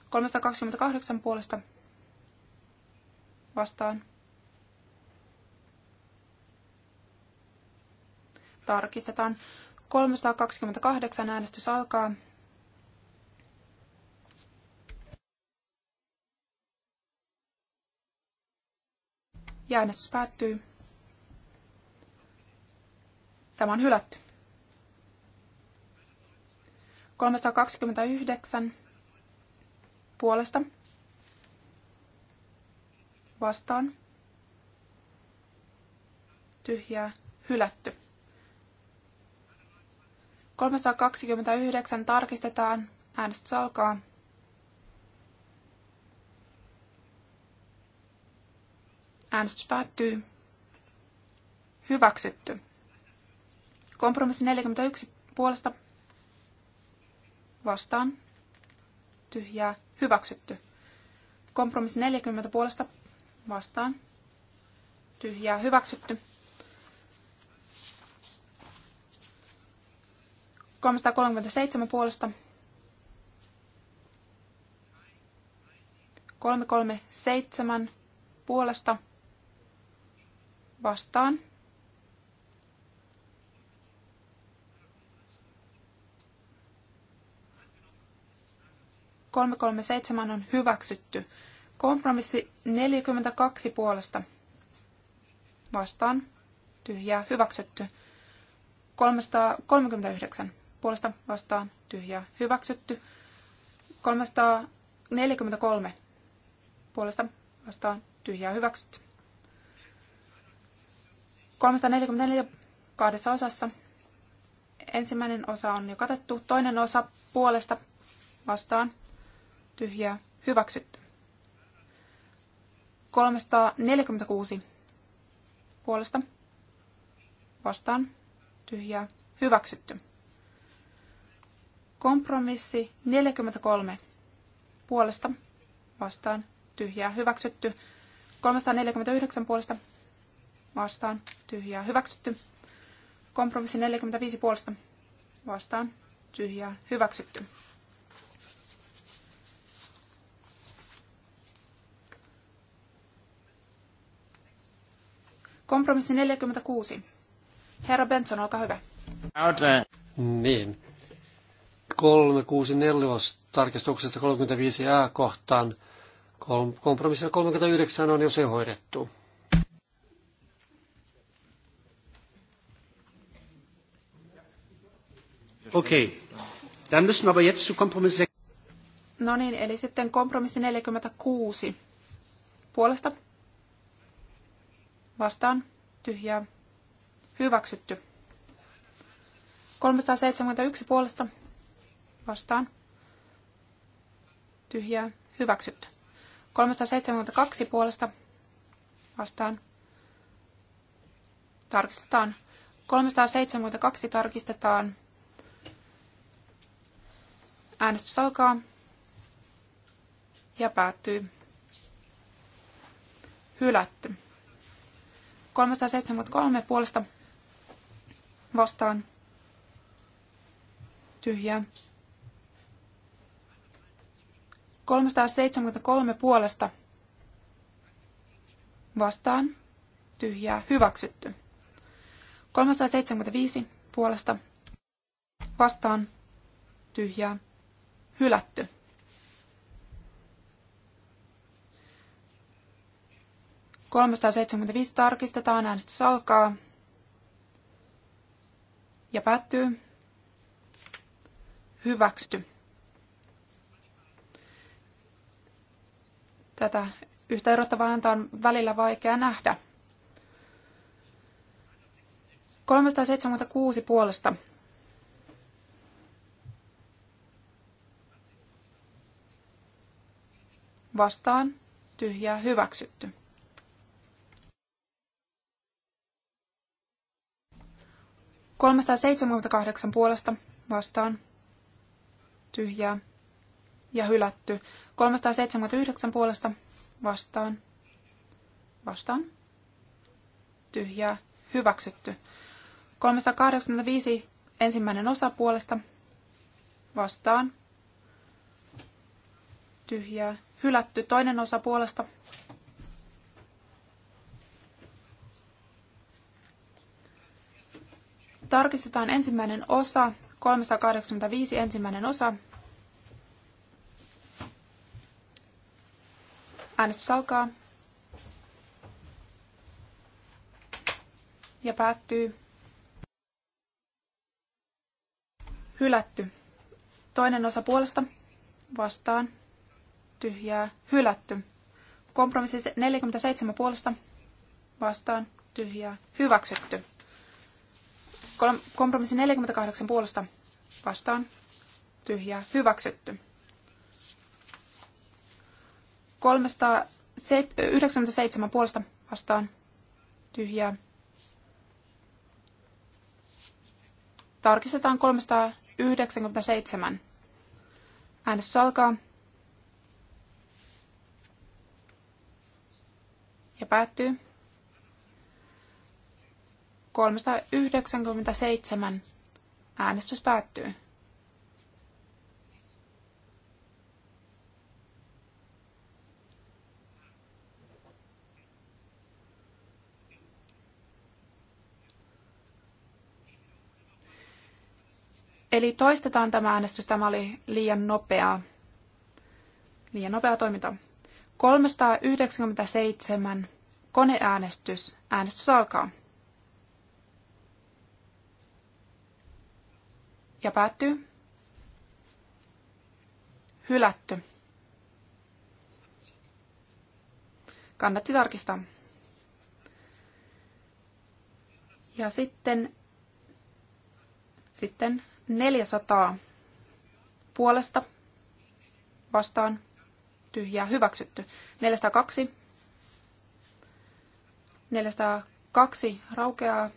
328 puolesta vastaan. Tarkistetaan. 328 äänestys alkaa. Ja äänestys päättyy. Tämä on hylätty. 329 puolesta vastaan tyhjää hylätty. 329 tarkistetaan. Äänestys alkaa. Äänestys päättyy. Hyväksytty. Kompromissi 41 puolesta vastaan tyhjää hyväksytty. Kompromissi 40 puolesta vastaan tyhjää hyväksytty. 337 puolesta 337 puolesta vastaan 337 on hyväksytty. Kompromissi 42 puolesta. Vastaan. Tyhjää. Hyväksytty. 339 puolesta vastaan. Tyhjää. Hyväksytty. 343 puolesta vastaan. Tyhjää. Hyväksytty. 344 kahdessa osassa. Ensimmäinen osa on jo katettu. Toinen osa puolesta vastaan tyhjää, hyväksytty. 346 puolesta vastaan tyhjää, hyväksytty. Kompromissi 43 puolesta vastaan tyhjää, hyväksytty. 349 puolesta vastaan tyhjää, hyväksytty. Kompromissi 45 puolesta vastaan tyhjää, hyväksytty. Kompromissi 46. Herra Benson, olkaa hyvä. Niin. 364 tarkistuksesta 35a kohtaan. Kompromissi 39 on jo se hoidettu. Okei. Okay. Dann müssen nyt aber No niin, eli sitten kompromissi 46. Puolesta Vastaan. Tyhjää. Hyväksytty. 371 puolesta. Vastaan. Tyhjää. Hyväksytty. 372 puolesta. Vastaan. Tarkistetaan. 372 tarkistetaan. Äänestys alkaa ja päättyy. Hylätty. 373 puolesta vastaan tyhjää. 373 puolesta vastaan tyhjää hyväksytty. 375 puolesta vastaan tyhjää hylätty. 375 tarkistetaan, äänestys alkaa ja päättyy. Hyväksytty. Tätä yhtä erottavaa ääntä on välillä vaikea nähdä. 376 puolesta. Vastaan tyhjää hyväksytty. 378 puolesta vastaan tyhjää ja hylätty. 379 puolesta vastaan vastaan tyhjää hyväksytty. 385 ensimmäinen osa puolesta vastaan tyhjää hylätty. Toinen osa puolesta Tarkistetaan ensimmäinen osa, 385 ensimmäinen osa. Äänestys alkaa. Ja päättyy. Hylätty. Toinen osa puolesta. Vastaan. Tyhjää. Hylätty. Kompromissi 47 puolesta. Vastaan. Tyhjää. Hyväksytty. Kompromissi 48 puolesta vastaan. Tyhjää. Hyväksytty. 397 puolesta vastaan. Tyhjää. Tarkistetaan 397. Äänestys alkaa. Ja päättyy. 397. Äänestys päättyy. Eli toistetaan tämä äänestys. Tämä oli liian nopea, Liian nopea toiminta. 397. Koneäänestys. Äänestys alkaa. ja päättyy. Hylätty. Kannatti tarkistaa. Ja sitten, sitten 400 puolesta vastaan tyhjää hyväksytty. 402. 402 raukeaa.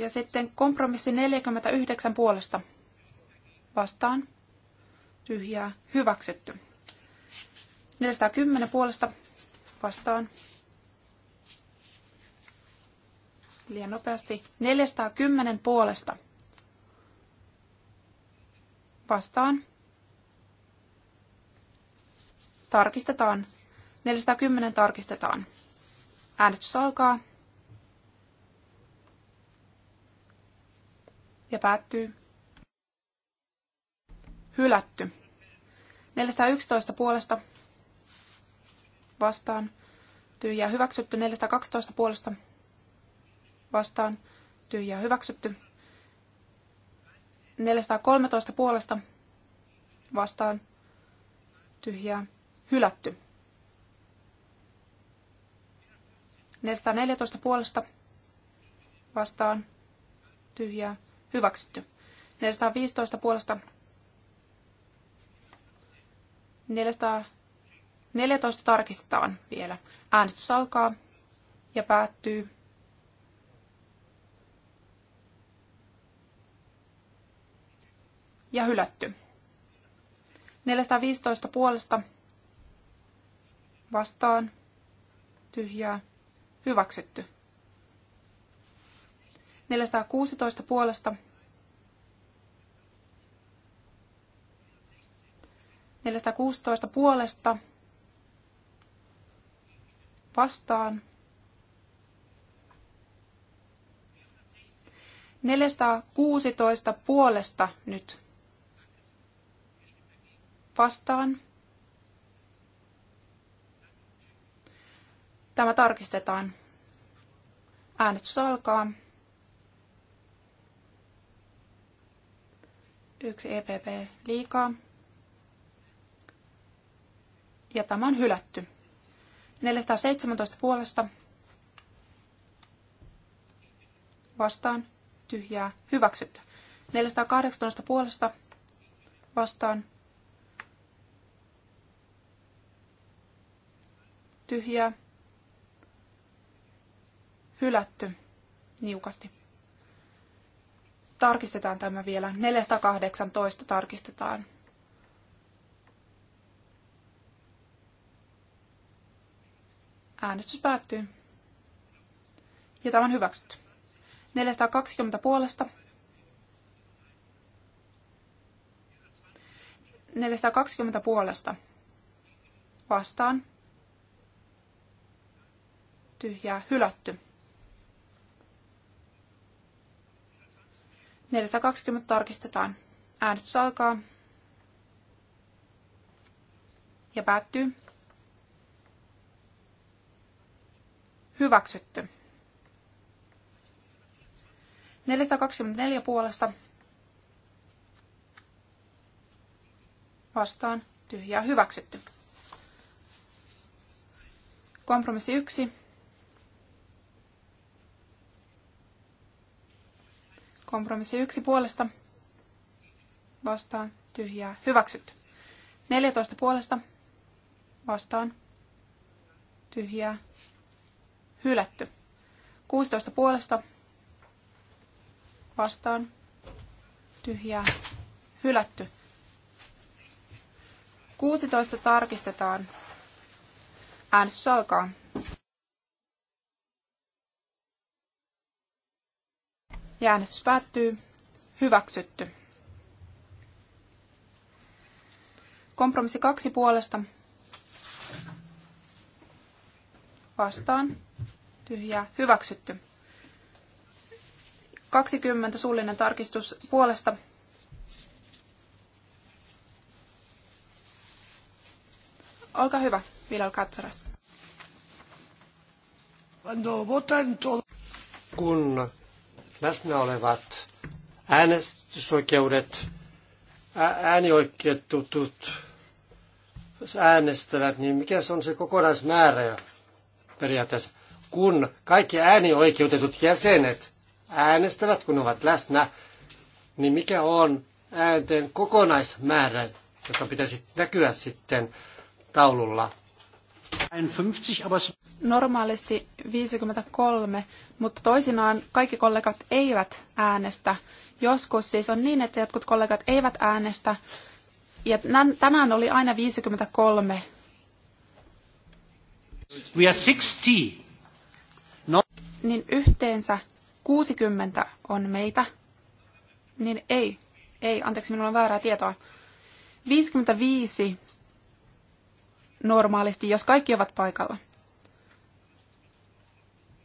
Ja sitten kompromissi 49 puolesta vastaan tyhjää hyväksytty. 410 puolesta vastaan. Liian nopeasti. 410 puolesta vastaan. Tarkistetaan. 410 tarkistetaan. Äänestys alkaa. ja päättyy. Hylätty. 411 puolesta vastaan tyhjää hyväksytty. 412 puolesta vastaan tyhjää hyväksytty. 413 puolesta vastaan tyhjää hylätty. 414 puolesta vastaan tyhjää Hyväksytty. 415 puolesta. 414 tarkistetaan vielä. Äänestys alkaa ja päättyy. Ja hylätty. 415 puolesta vastaan tyhjää hyväksytty. 416 puolesta. 416 puolesta vastaan. 416 puolesta nyt vastaan. Tämä tarkistetaan. Äänestys alkaa. Yksi EPP liikaa. Ja tämä on hylätty. 417 puolesta vastaan tyhjää hyväksytty. 418 puolesta vastaan tyhjää hylätty niukasti tarkistetaan tämä vielä. 418 tarkistetaan. Äänestys päättyy. Ja tämä on hyväksytty. 420 puolesta. 420 puolesta. Vastaan. Tyhjää hylätty. 420 tarkistetaan. Äänestys alkaa ja päättyy. Hyväksytty. 424 puolesta vastaan tyhjää hyväksytty. Kompromissi 1 Kompromissi yksi puolesta vastaan tyhjää hyväksytty. 14 puolesta vastaan tyhjää hylätty. 16 puolesta vastaan tyhjää hylätty. 16 tarkistetaan. Äänestys alkaa. Ja äänestys päättyy. Hyväksytty. Kompromissi kaksi puolesta. Vastaan. Tyhjää. Hyväksytty. 20 suullinen tarkistus puolesta. Olkaa hyvä, Vilal Katsaras. Kun läsnä olevat äänestysoikeudet, äänioikeututut äänestävät, niin mikä se on se kokonaismäärä periaatteessa, kun kaikki äänioikeutetut jäsenet äänestävät, kun ovat läsnä, niin mikä on äänten kokonaismäärä, joka pitäisi näkyä sitten taululla. Normaalisti 53, mutta toisinaan kaikki kollegat eivät äänestä. Joskus siis on niin, että jotkut kollegat eivät äänestä. Ja tänään oli aina 53. We are 60. No. Niin yhteensä 60 on meitä. Niin ei, ei, anteeksi, minulla on väärää tietoa. 55 normaalisti, jos kaikki ovat paikalla.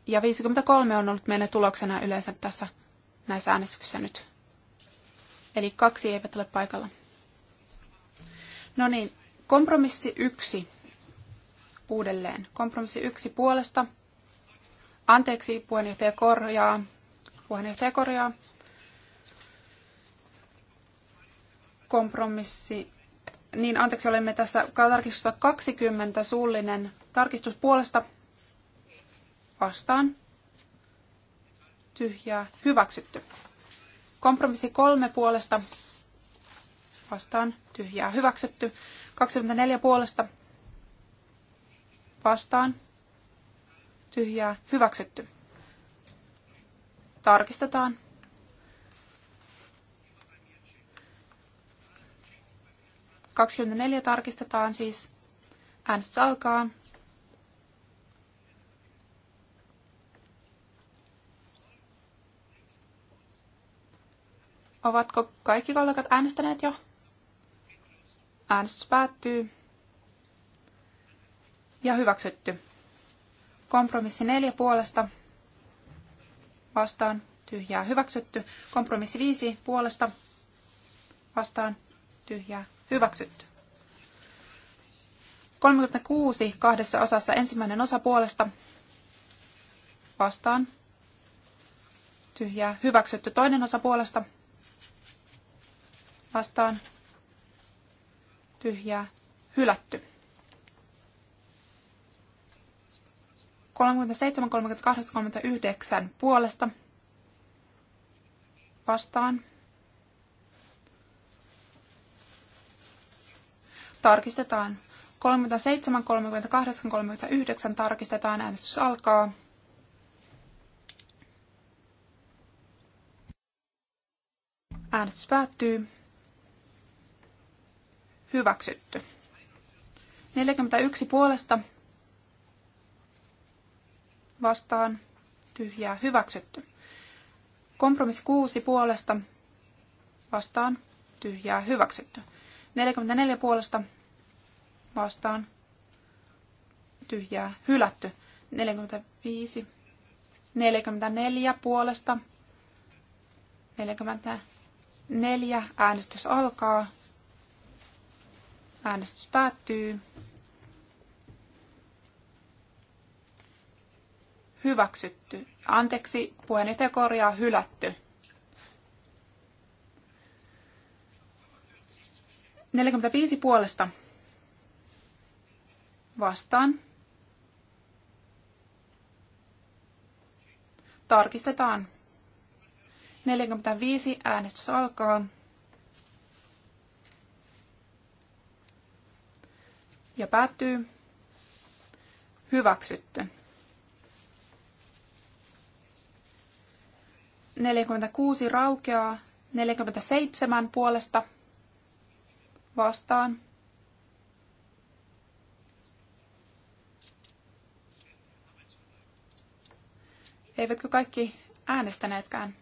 Ja 53 on ollut meidän tuloksena yleensä tässä näissä äänestyksissä nyt. Eli kaksi eivät ole paikalla. No niin, kompromissi yksi uudelleen. Kompromissi yksi puolesta. Anteeksi, puheenjohtaja korjaa. Puheenjohtaja korjaa. Kompromissi niin anteeksi, olemme tässä tarkistusta 20 suullinen tarkistus puolesta vastaan. Tyhjää. Hyväksytty. Kompromissi kolme puolesta vastaan. Tyhjää. Hyväksytty. 24 puolesta vastaan. Tyhjää. Hyväksytty. Tarkistetaan. 24 tarkistetaan siis. Äänestys alkaa. Ovatko kaikki kollegat äänestäneet jo? Äänestys päättyy. Ja hyväksytty. Kompromissi neljä puolesta. Vastaan. Tyhjää. Hyväksytty. Kompromissi viisi puolesta. Vastaan. Tyhjää. Hyväksytty. 36 kahdessa osassa ensimmäinen osa puolesta vastaan. Tyhjää. Hyväksytty toinen osa puolesta vastaan. Tyhjää. Hylätty. 37, 38, 39 puolesta vastaan Tarkistetaan. 37, 38, 39 tarkistetaan. Äänestys alkaa. Äänestys päättyy. Hyväksytty. 41 puolesta vastaan tyhjää hyväksytty. Kompromissi 6 puolesta vastaan tyhjää hyväksytty. 44 puolesta vastaan vastaan tyhjää hylätty. 45, 44 puolesta, 44 äänestys alkaa, äänestys päättyy. Hyväksytty. Anteeksi, puheenjohtaja korjaa hylätty. 45 puolesta vastaan. Tarkistetaan. 45 äänestys alkaa. Ja päättyy. Hyväksytty. 46 raukeaa, 47 puolesta vastaan Eivätkö kaikki äänestäneetkään?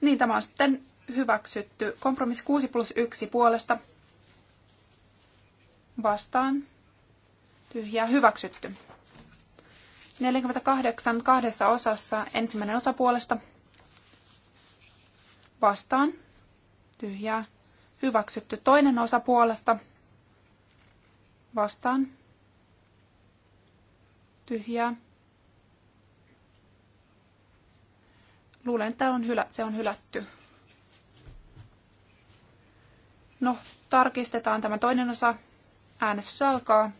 Niin, tämä on sitten hyväksytty. Kompromissi 6 plus 1 puolesta. Vastaan. Tyhjää hyväksytty. 48 kahdessa osassa ensimmäinen osa puolesta. Vastaan. Tyhjää hyväksytty. Toinen osa puolesta. Vastaan. Tyhjää Luulen, että on hylä, se on hylätty. No, tarkistetaan tämä toinen osa. Äänestys alkaa.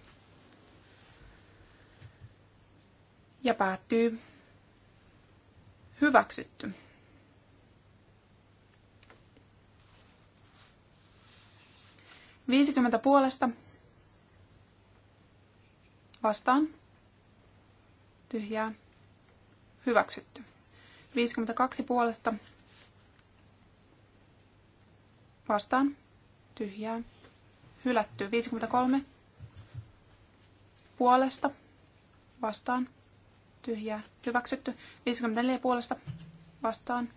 Ja päättyy. Hyväksytty. Viisikymmentä puolesta. Vastaan. Tyhjää. Hyväksytty. 52 puolesta vastaan tyhjää hylätty. 53 puolesta vastaan tyhjää hyväksytty. 54 puolesta vastaan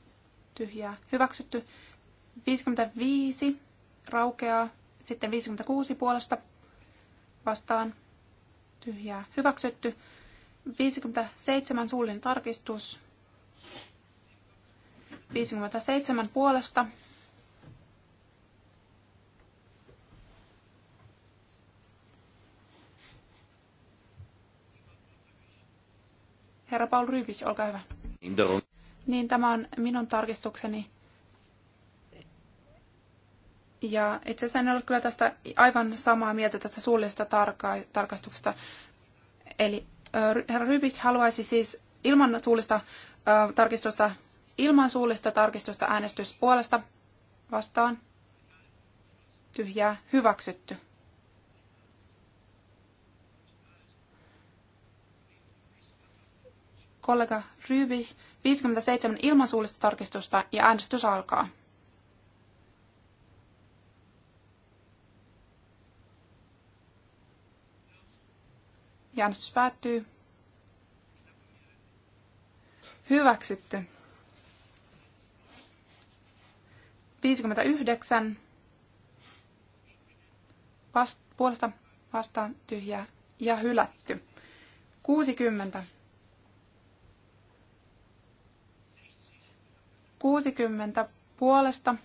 tyhjää hyväksytty. 55 raukeaa. Sitten 56 puolesta vastaan tyhjää hyväksytty. 57 suullinen tarkistus 57 puolesta. Herra Paul Rybich, olkaa hyvä. Niin, tämä on minun tarkistukseni. Ja itse asiassa en ole kyllä tästä aivan samaa mieltä tästä suullisesta tarka- tarkastuksesta. Eli herra Rybich haluaisi siis ilman suullista tarkistusta Ilman suullista tarkistusta äänestys puolesta vastaan. Tyhjää hyväksytty. Kollega Ryby 57 ilman suullista tarkistusta ja äänestys alkaa. Ja äänestys päättyy. Hyväksytty. 59 vast, puolesta vastaan tyhjää ja hylätty. 60. 60 puolesta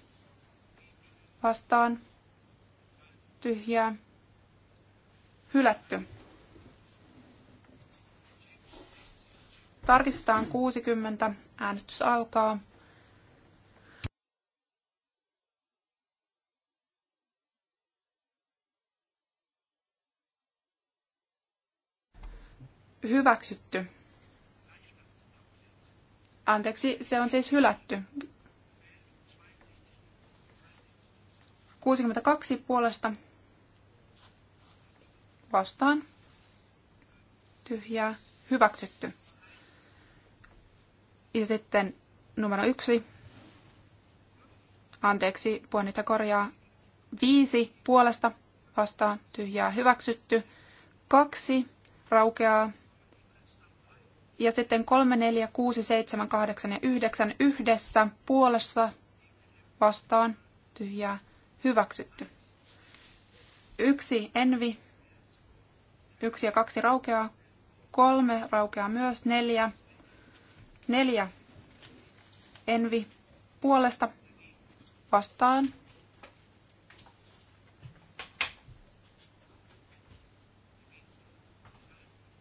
vastaan tyhjää hylätty. Tarkistetaan 60. Äänestys alkaa. hyväksytty. Anteeksi, se on siis hylätty. 62 puolesta vastaan. Tyhjää. Hyväksytty. Ja sitten numero yksi. Anteeksi, puonita korjaa. Viisi puolesta vastaan. Tyhjää. Hyväksytty. Kaksi raukeaa ja sitten 3, 4, 6, 7, 8 ja 9 yhdessä puolessa vastaan tyhjää hyväksytty. Yksi envi, yksi ja kaksi raukeaa, kolme raukeaa myös, neljä, neljä envi puolesta vastaan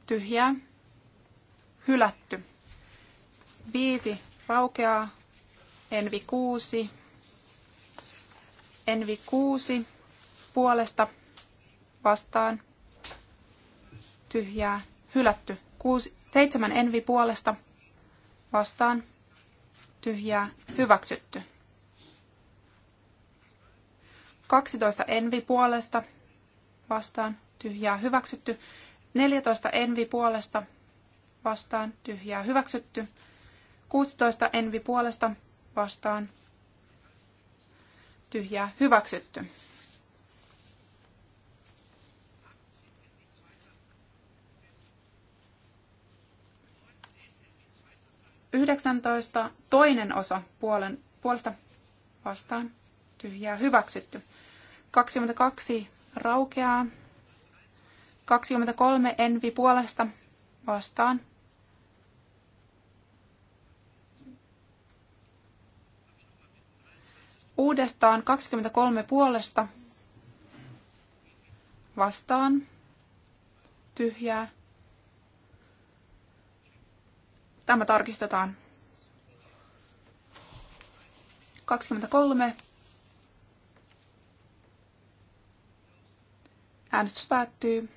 tyhjää hylätty. viisi raukeaa, Envi kuusi. Envi kuusi, puolesta vastaan, tyhjää, hylätty. Kuusi, seitsemän Envi puolesta vastaan, tyhjää, hyväksytty. 12 Envi puolesta vastaan, tyhjää, hyväksytty. 14 Envi puolesta vastaan, tyhjää hyväksytty. 16 envi puolesta vastaan, tyhjää hyväksytty. Yhdeksäntoista toinen osa puolen, puolesta vastaan, tyhjää hyväksytty. 22 raukeaa. 23 envi puolesta vastaan, uudestaan 23 puolesta vastaan tyhjää. Tämä tarkistetaan. 23. Äänestys päättyy.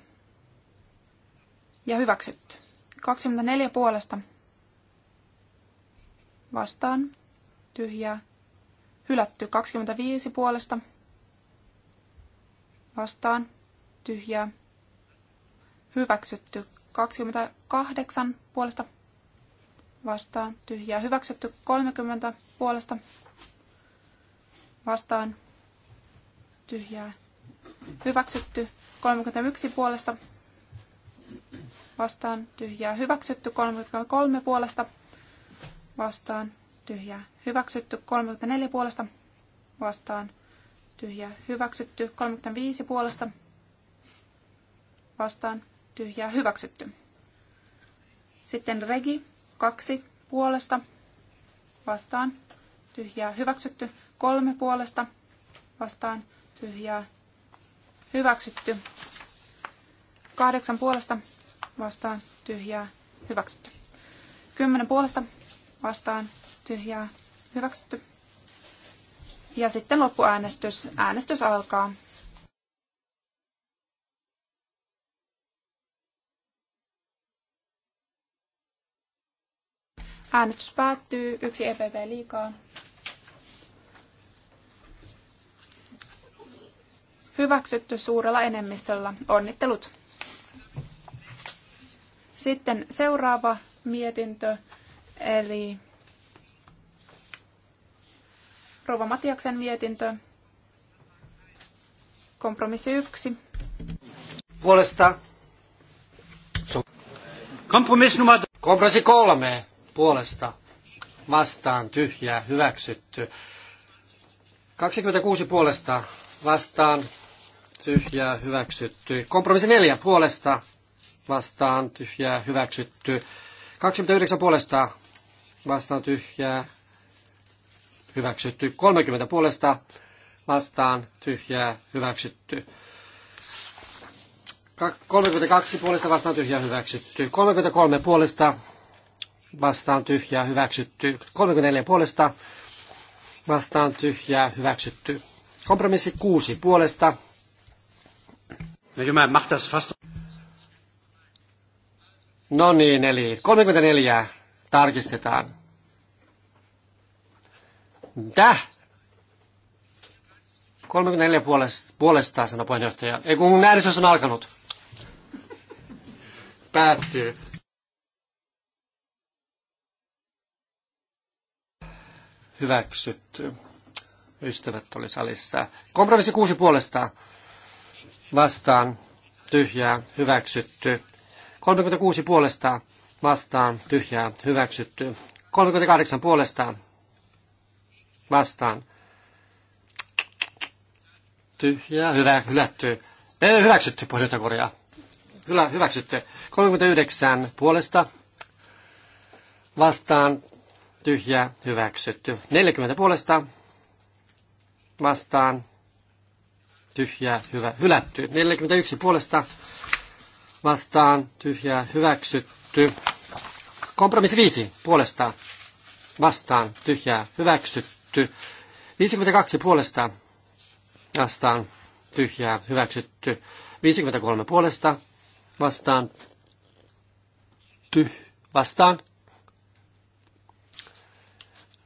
Ja hyväksytty. 24 puolesta. Vastaan. Tyhjää. Hylätty 25 puolesta. Vastaan. Tyhjää. Hyväksytty 28 puolesta. Vastaan. Tyhjää. Hyväksytty 30 puolesta. Vastaan. Tyhjää. Hyväksytty 31 puolesta. Vastaan. Tyhjää. Hyväksytty 33 puolesta. Vastaan. Tyhjää hyväksytty 34 puolesta vastaan tyhjä. hyväksytty 35 puolesta vastaan tyhjä. hyväksytty. Sitten regi 2 puolesta vastaan tyhjää hyväksytty 3 puolesta vastaan tyhjää hyväksytty 8 puolesta vastaan tyhjää hyväksytty. 10 puolesta vastaan tyhjää Hyväksytty. Ja sitten loppuäänestys. Äänestys alkaa. Äänestys päättyy. Yksi EPP liikaa. Hyväksytty suurella enemmistöllä. Onnittelut. Sitten seuraava mietintö, eli Rouva Matiaksen mietintö. Kompromissi yksi. Puolesta. Kompromissi numero... Kompromissi kolme. Puolesta. Vastaan tyhjää. Hyväksytty. 26 puolesta. Vastaan tyhjää. Hyväksytty. Kompromissi neljä. Puolesta. Vastaan tyhjää. Hyväksytty. 29 puolesta. Vastaan tyhjää hyväksytty. 30 puolesta vastaan tyhjää hyväksytty. 32 puolesta vastaan tyhjää hyväksytty. 33 puolesta vastaan tyhjää hyväksytty. 34 puolesta vastaan tyhjää hyväksytty. Kompromissi 6 puolesta. No, no niin, eli 34 tarkistetaan. Täh! 34 puolesta, puolestaan, sanoi puheenjohtaja. Ei kun äänestys on alkanut. Päättyy. Hyväksytty. Ystävät oli salissa. Kompromissi kuusi puolesta. Vastaan. Tyhjää. Hyväksytty. 36 puolesta. Vastaan. Tyhjää. Hyväksytty. 38 puolestaan vastaan. Tyhjää, hyvä, hylätty. Ei, hyväksytty korjaa. Hyvä, hyväksytty. 39 puolesta vastaan tyhjä hyväksytty. 40 puolesta vastaan tyhjä hyvä, hylätty. 41 puolesta vastaan tyhjä hyväksytty. Kompromissi 5 puolesta vastaan tyhjä hyväksytty hyväksytty. 52 puolesta vastaan tyhjää hyväksytty. 53 puolesta vastaan tyh vastaan.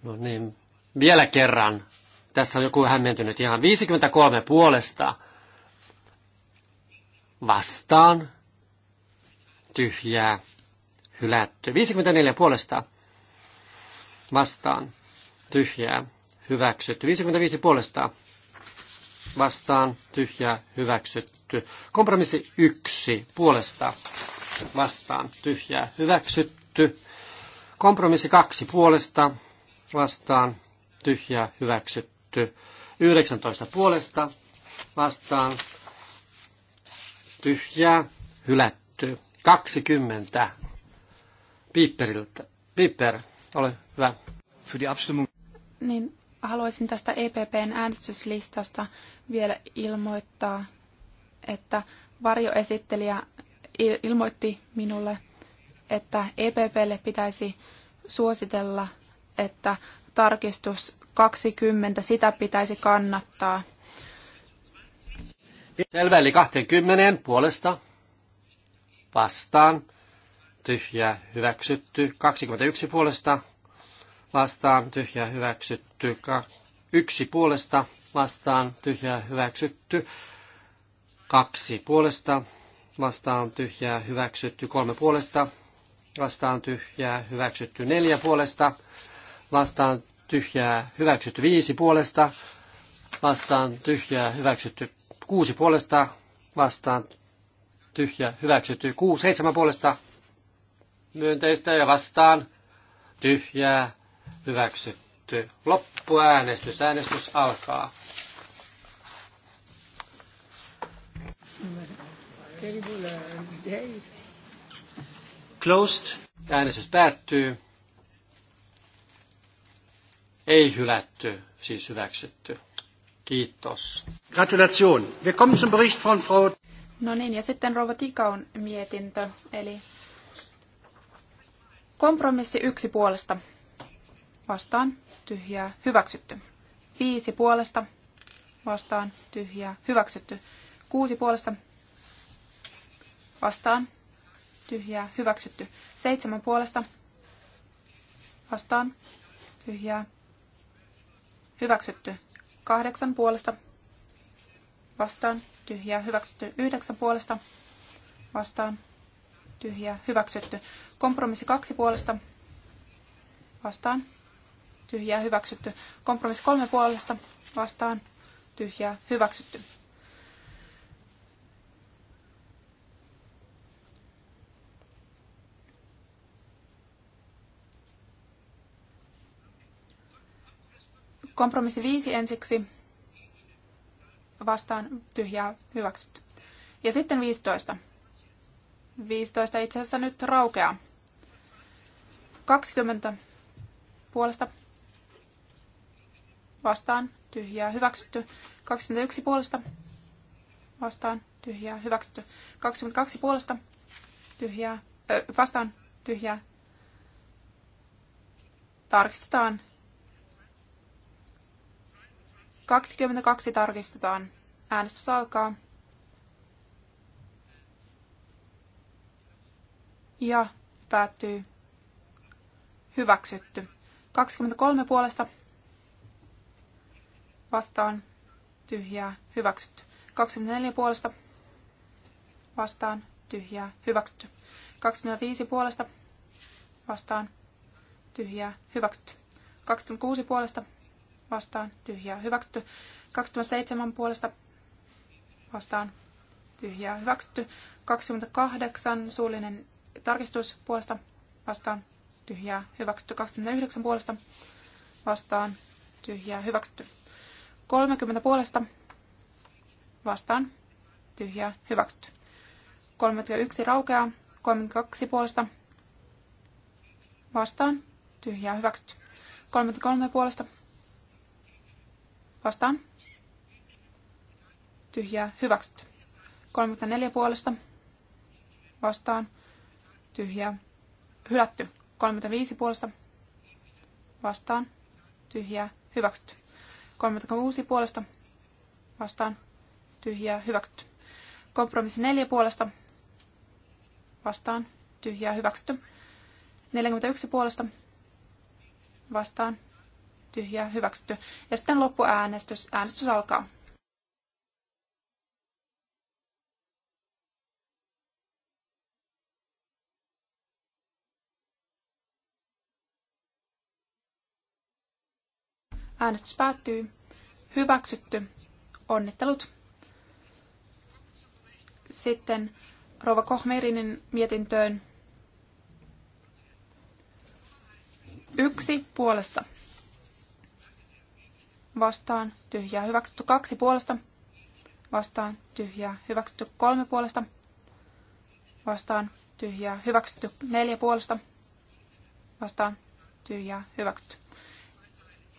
No niin, vielä kerran. Tässä on joku hämmentynyt ihan. 53 puolesta vastaan tyhjää hylätty. 54 puolesta vastaan tyhjää hyväksytty. 55 puolesta vastaan tyhjä hyväksytty. Kompromissi 1 puolesta vastaan tyhjä hyväksytty. Kompromissi 2 puolesta vastaan tyhjä hyväksytty. 19 puolesta vastaan tyhjä hylätty. 20 Piipperiltä. Piipper, ole hyvä. Für die Abstimmung. Niin, haluaisin tästä EPPn äänestyslistasta vielä ilmoittaa, että varjoesittelijä ilmoitti minulle, että EPPlle pitäisi suositella, että tarkistus 20, sitä pitäisi kannattaa. Selvä, eli 20 puolesta vastaan, tyhjä hyväksytty, 21 puolesta vastaan tyhjää hyväksytty. Yksi puolesta vastaan tyhjää hyväksytty. Kaksi puolesta vastaan tyhjää hyväksytty. Kolme puolesta vastaan tyhjää hyväksytty. Neljä puolesta vastaan tyhjää hyväksytty. Viisi puolesta vastaan tyhjää hyväksytty. Kuusi puolesta vastaan tyhjä hyväksytty. Kuusi seitsemän puolesta myönteistä ja vastaan tyhjää hyväksytty. Loppuäänestys. Äänestys alkaa. Closed. Äänestys päättyy. Ei hylätty, siis hyväksytty. Kiitos. Gratulation. Wir kommen zum Bericht von Frau... No niin, ja sitten Rouva on mietintö, eli kompromissi yksi puolesta vastaan tyhjää hyväksytty. Viisi puolesta vastaan tyhjää hyväksytty. Kuusi puolesta vastaan tyhjää hyväksytty. Seitsemän puolesta vastaan tyhjää hyväksytty. Kahdeksan puolesta vastaan tyhjää hyväksytty. Yhdeksän puolesta vastaan tyhjää hyväksytty. Kompromissi kaksi puolesta vastaan tyhjää hyväksytty. Kompromissi kolme puolesta vastaan tyhjää hyväksytty. Kompromissi viisi ensiksi vastaan tyhjää hyväksytty. Ja sitten 15. 15 itse asiassa nyt raukeaa. 20 puolesta vastaan, tyhjää, hyväksytty. 21 puolesta, vastaan, tyhjää, hyväksytty. 22 puolesta, tyhjää, ö, vastaan, tyhjää. Tarkistetaan. 22 tarkistetaan. Äänestys alkaa. Ja päättyy. Hyväksytty. 23 puolesta vastaan tyhjää hyväksytty. 24 puolesta vastaan tyhjää hyväksytty. 25 puolesta vastaan tyhjää hyväksytty. 26 puolesta vastaan tyhjää hyväksytty. 27 puolesta vastaan tyhjää hyväksytty. 28 suullinen tarkistus puolesta vastaan tyhjää hyväksytty. 29 puolesta vastaan tyhjää hyväksytty. 30 puolesta vastaan tyhjää hyväksytty. 31 raukeaa, 32 puolesta vastaan tyhjää hyväksytty. 33 puolesta vastaan tyhjää hyväksytty. 34 puolesta vastaan tyhjää hylätty. 35 puolesta vastaan tyhjää hyväksytty. 36 puolesta vastaan tyhjää hyväksytty. Kompromissi 4 puolesta vastaan tyhjää hyväksytty. 41 puolesta vastaan tyhjää hyväksytty. Ja sitten loppuäänestys. Äänestys alkaa. Äänestys päättyy. Hyväksytty. Onnittelut. Sitten Rova kohmerinen mietintöön. Yksi puolesta. Vastaan tyhjää hyväksytty kaksi puolesta. Vastaan tyhjää hyväksytty kolme puolesta. Vastaan tyhjää hyväksytty neljä puolesta. Vastaan tyhjää hyväksytty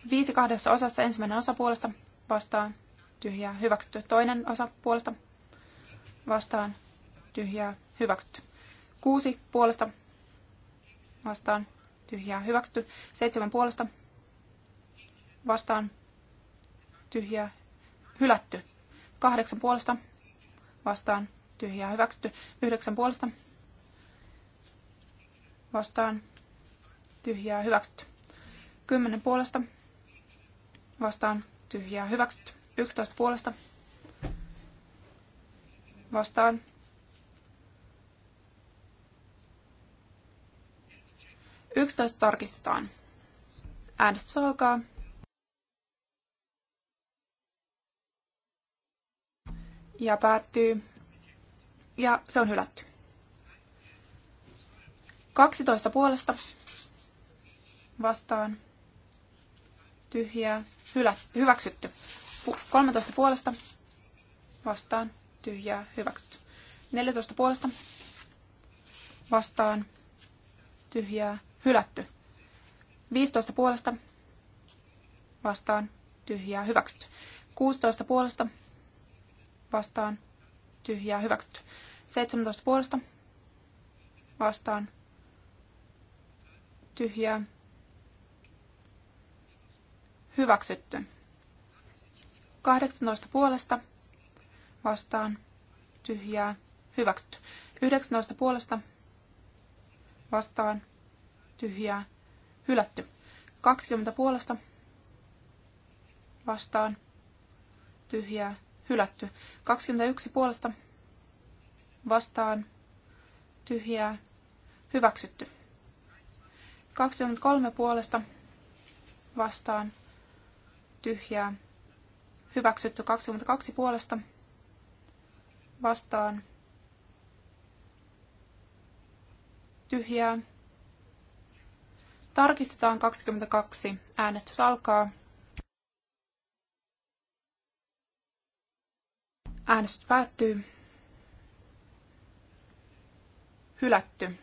Viisi kahdessa osassa ensimmäinen osa puolesta vastaan tyhjää hyväksytty. Toinen osa puolesta vastaan tyhjää hyväksytty. Kuusi puolesta vastaan tyhjää hyväksytty. Seitsemän puolesta vastaan tyhjää hylätty. Kahdeksan puolesta vastaan tyhjää hyväksytty. Yhdeksän puolesta vastaan tyhjää hyväksytty. Kymmenen puolesta vastaan, vastaan tyhjää hyväksytty. 11 puolesta vastaan Yksitoista tarkistetaan. Äänestys alkaa. Ja päättyy. Ja se on hylätty. 12 puolesta vastaan tyhjää, hylä, hyväksytty. 13 puolesta vastaan, tyhjää, hyväksytty. 14 puolesta vastaan, tyhjää, hylätty. 15 puolesta vastaan, tyhjää, hyväksytty. 16 puolesta vastaan, tyhjää, hyväksytty. 17 puolesta vastaan, tyhjää, Hyväksytty. 18 puolesta vastaan tyhjää. Hyväksytty. 19 puolesta vastaan tyhjää. Hylätty. 20 puolesta vastaan tyhjää. Hylätty. 21 puolesta vastaan tyhjää. Hyväksytty. 23 puolesta vastaan tyhjää, hyväksytty 22 puolesta, vastaan, tyhjää. Tarkistetaan 22, äänestys alkaa. Äänestys päättyy. Hylätty.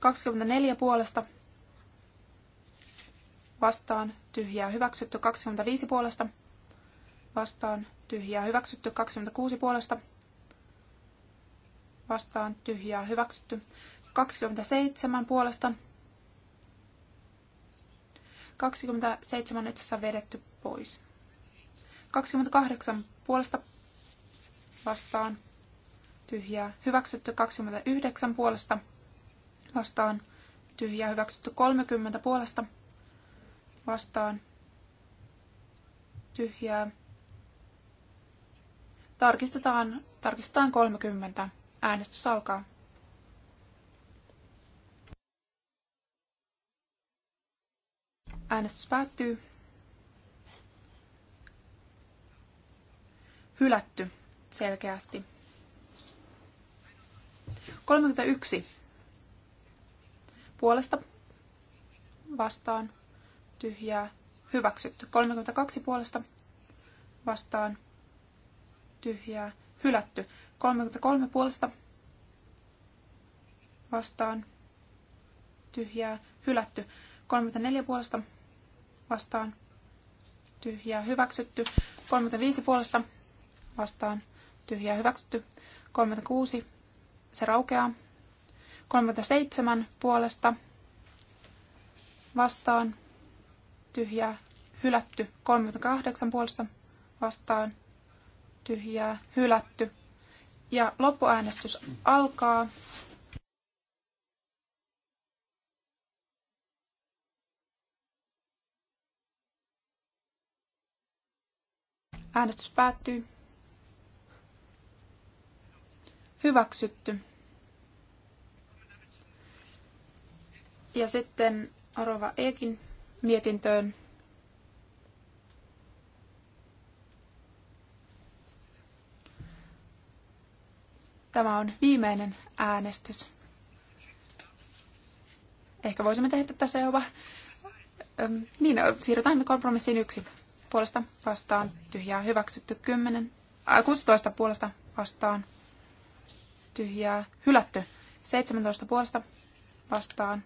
24 puolesta vastaan tyhjää hyväksytty 25 puolesta, vastaan tyhjää hyväksytty 26 puolesta, vastaan tyhjää hyväksytty 27 puolesta, 27 itse asiassa vedetty pois. 28 puolesta vastaan tyhjää hyväksytty 29 puolesta vastaan tyhjää hyväksytty 30 puolesta vastaan tyhjää. Tarkistetaan, tarkistetaan 30. Äänestys alkaa. Äänestys päättyy. Hylätty selkeästi. 31. Puolesta vastaan tyhjää, hyväksytty. 32 puolesta vastaan, tyhjää, hylätty. 33 puolesta vastaan, tyhjää, hylätty. 34 puolesta vastaan, tyhjää, hyväksytty. 35 puolesta vastaan, tyhjää, hyväksytty. 36, se raukeaa. 37 puolesta vastaan, tyhjää, hylätty. 38 puolesta vastaan, tyhjää, hylätty. Ja loppuäänestys alkaa. Äänestys päättyy. Hyväksytty. Ja sitten Arova Ekin mietintöön. Tämä on viimeinen äänestys. Ehkä voisimme tehdä tätä seuraava. Niin, siirrytään kompromissiin yksi. Puolesta vastaan tyhjää hyväksytty 10. Äh, 16 puolesta vastaan tyhjää hylätty. 17 puolesta vastaan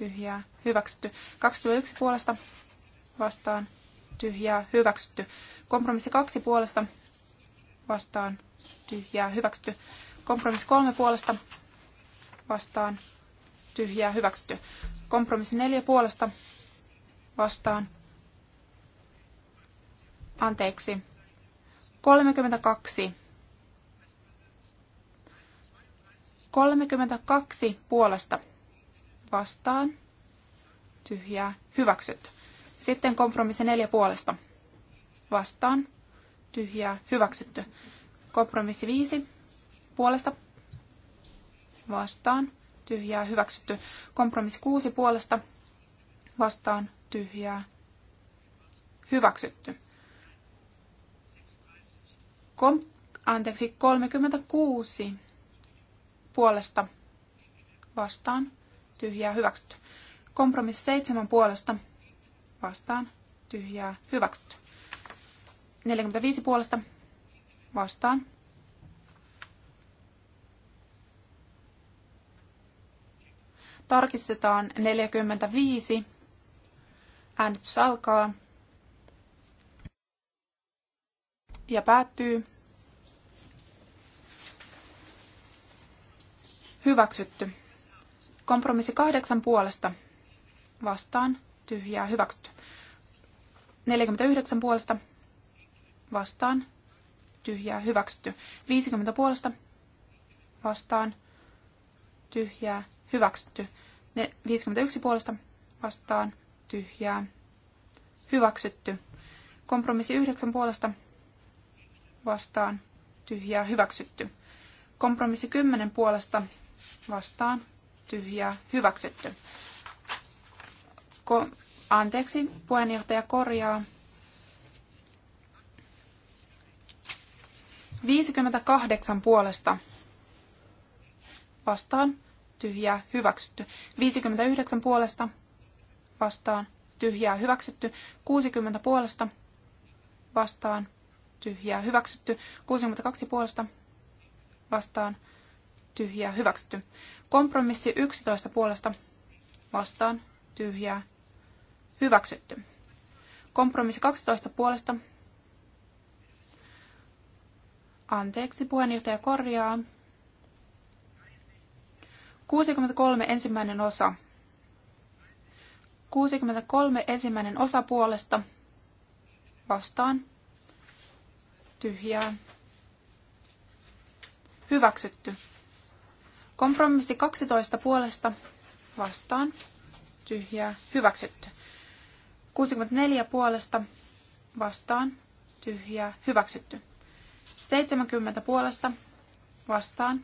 tyhjää, hyväksytty. 21 puolesta vastaan, tyhjää, hyväksytty. Kompromissi 2 puolesta vastaan, tyhjää, hyväksytty. Kompromissi 3 puolesta vastaan, tyhjää, hyväksytty. Kompromissi 4 puolesta vastaan, anteeksi, 32 32 puolesta vastaan, tyhjää, hyväksytty. Sitten kompromissi neljä puolesta, vastaan, tyhjää, hyväksytty. Kompromissi viisi puolesta, vastaan, tyhjää, hyväksytty. Kompromissi kuusi puolesta, vastaan, tyhjää, hyväksytty. Kom- anteeksi, 36 puolesta vastaan, tyhjää hyväksytty. Kompromissi seitsemän puolesta vastaan tyhjää hyväksytty. 45 puolesta vastaan Tarkistetaan 45. Äänestys alkaa. Ja päättyy. Hyväksytty. Kompromissi kahdeksan puolesta vastaan tyhjää hyväksytty. 49 puolesta vastaan tyhjää hyväksytty. 50 puolesta vastaan tyhjää hyväksytty. 51 puolesta vastaan tyhjää hyväksytty. Kompromissi 9 puolesta vastaan tyhjää hyväksytty. Kompromissi 10 puolesta vastaan tyhjää hyväksytty. Ko- Anteeksi, puheenjohtaja korjaa. 58 puolesta vastaan tyhjää hyväksytty. 59 puolesta vastaan tyhjää hyväksytty. 60 puolesta vastaan tyhjää hyväksytty. 62 puolesta vastaan tyhjää hyväksytty. Kompromissi 11 puolesta vastaan tyhjää hyväksytty. Kompromissi 12 puolesta anteeksi puheenjohtaja korjaa. 63 ensimmäinen osa. 63 ensimmäinen osa puolesta vastaan tyhjää hyväksytty. Kompromissi 12 puolesta vastaan tyhjää hyväksytty. 64 puolesta vastaan tyhjää hyväksytty. 70 puolesta vastaan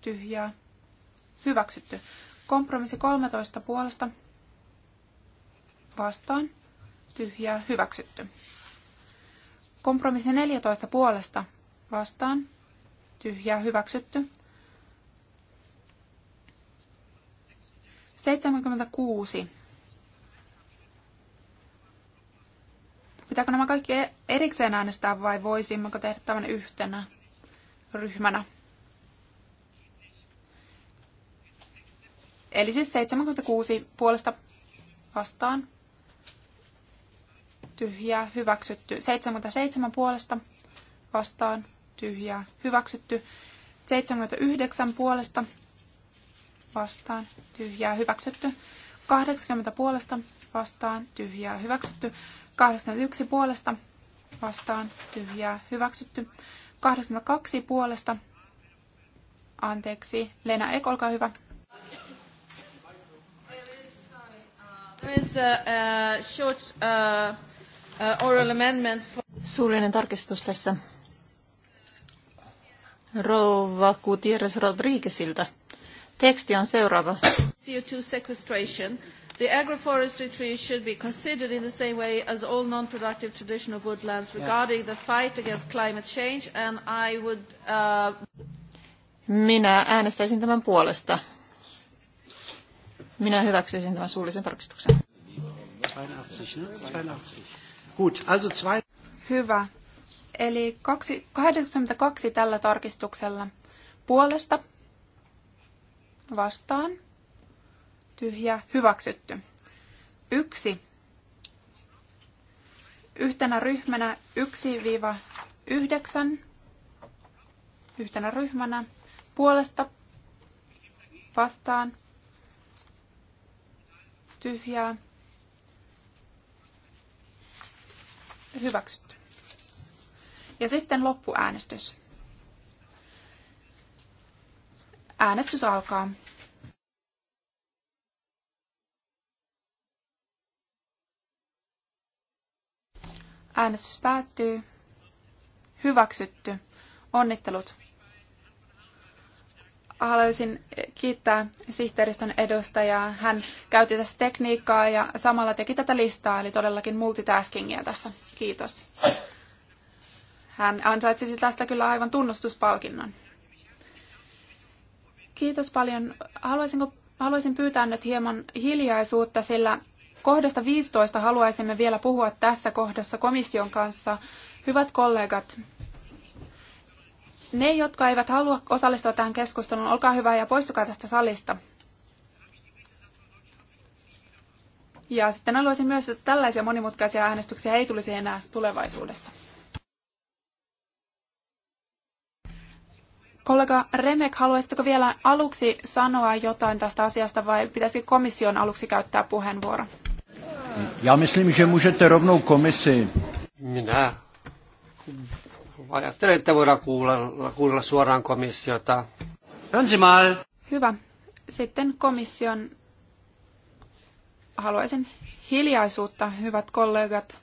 tyhjää hyväksytty. Kompromissi 13 puolesta vastaan tyhjää hyväksytty. Kompromissi 14 puolesta vastaan tyhjää hyväksytty. 76. Pitääkö nämä kaikki e- erikseen äänestää vai voisimmeko tehdä tämän yhtenä ryhmänä? Eli siis 76 puolesta vastaan. Tyhjää, hyväksytty. 77 puolesta vastaan. Tyhjää, hyväksytty. 79 puolesta vastaan, tyhjää, hyväksytty. 80 puolesta vastaan, tyhjää, hyväksytty. 81 puolesta vastaan, tyhjää, hyväksytty. 82 puolesta, anteeksi, Lena Ek, olkaa hyvä. Uh, uh, uh, Suullinen tarkistus tässä. Rouva Gutierrez Rodriguezilta. Teksti on seuraava. CO2 sequestration. The agroforestry trees should be considered in the same way as all non-productive traditional woodlands regarding the fight against climate change and I would... Uh... Minä äänestäisin tämän puolesta. Minä hyväksyisin tämän suullisen tarkistuksen. 82, 82. Gut, also Hyvä. Eli 82 tällä tarkistuksella puolesta vastaan, tyhjä, hyväksytty. Yksi. Yhtenä ryhmänä 1-9. Yhtenä ryhmänä puolesta vastaan tyhjää hyväksytty. Ja sitten loppuäänestys. Äänestys alkaa. Äänestys päättyy. Hyväksytty. Onnittelut. Haluaisin kiittää sihteeristön edustajaa. Hän käytti tässä tekniikkaa ja samalla teki tätä listaa, eli todellakin multitaskingia tässä. Kiitos. Hän ansaitsisi tästä kyllä aivan tunnustuspalkinnon. Kiitos paljon. haluaisin pyytää nyt hieman hiljaisuutta, sillä Kohdasta 15 haluaisimme vielä puhua tässä kohdassa komission kanssa. Hyvät kollegat, ne, jotka eivät halua osallistua tähän keskusteluun, olkaa hyvä ja poistukaa tästä salista. Ja sitten haluaisin myös, että tällaisia monimutkaisia äänestyksiä ei tulisi enää tulevaisuudessa. Kollega Remek, haluaisitteko vielä aluksi sanoa jotain tästä asiasta vai pitäisikö komission aluksi käyttää puheenvuoro? Já myslím, že můžete rovnou komisi. Minä ajattelen, että voidaan kuulla, kuulla suoraan komissiota. Ransimaal. Hyvä. Sitten komission haluaisin hiljaisuutta, hyvät kollegat.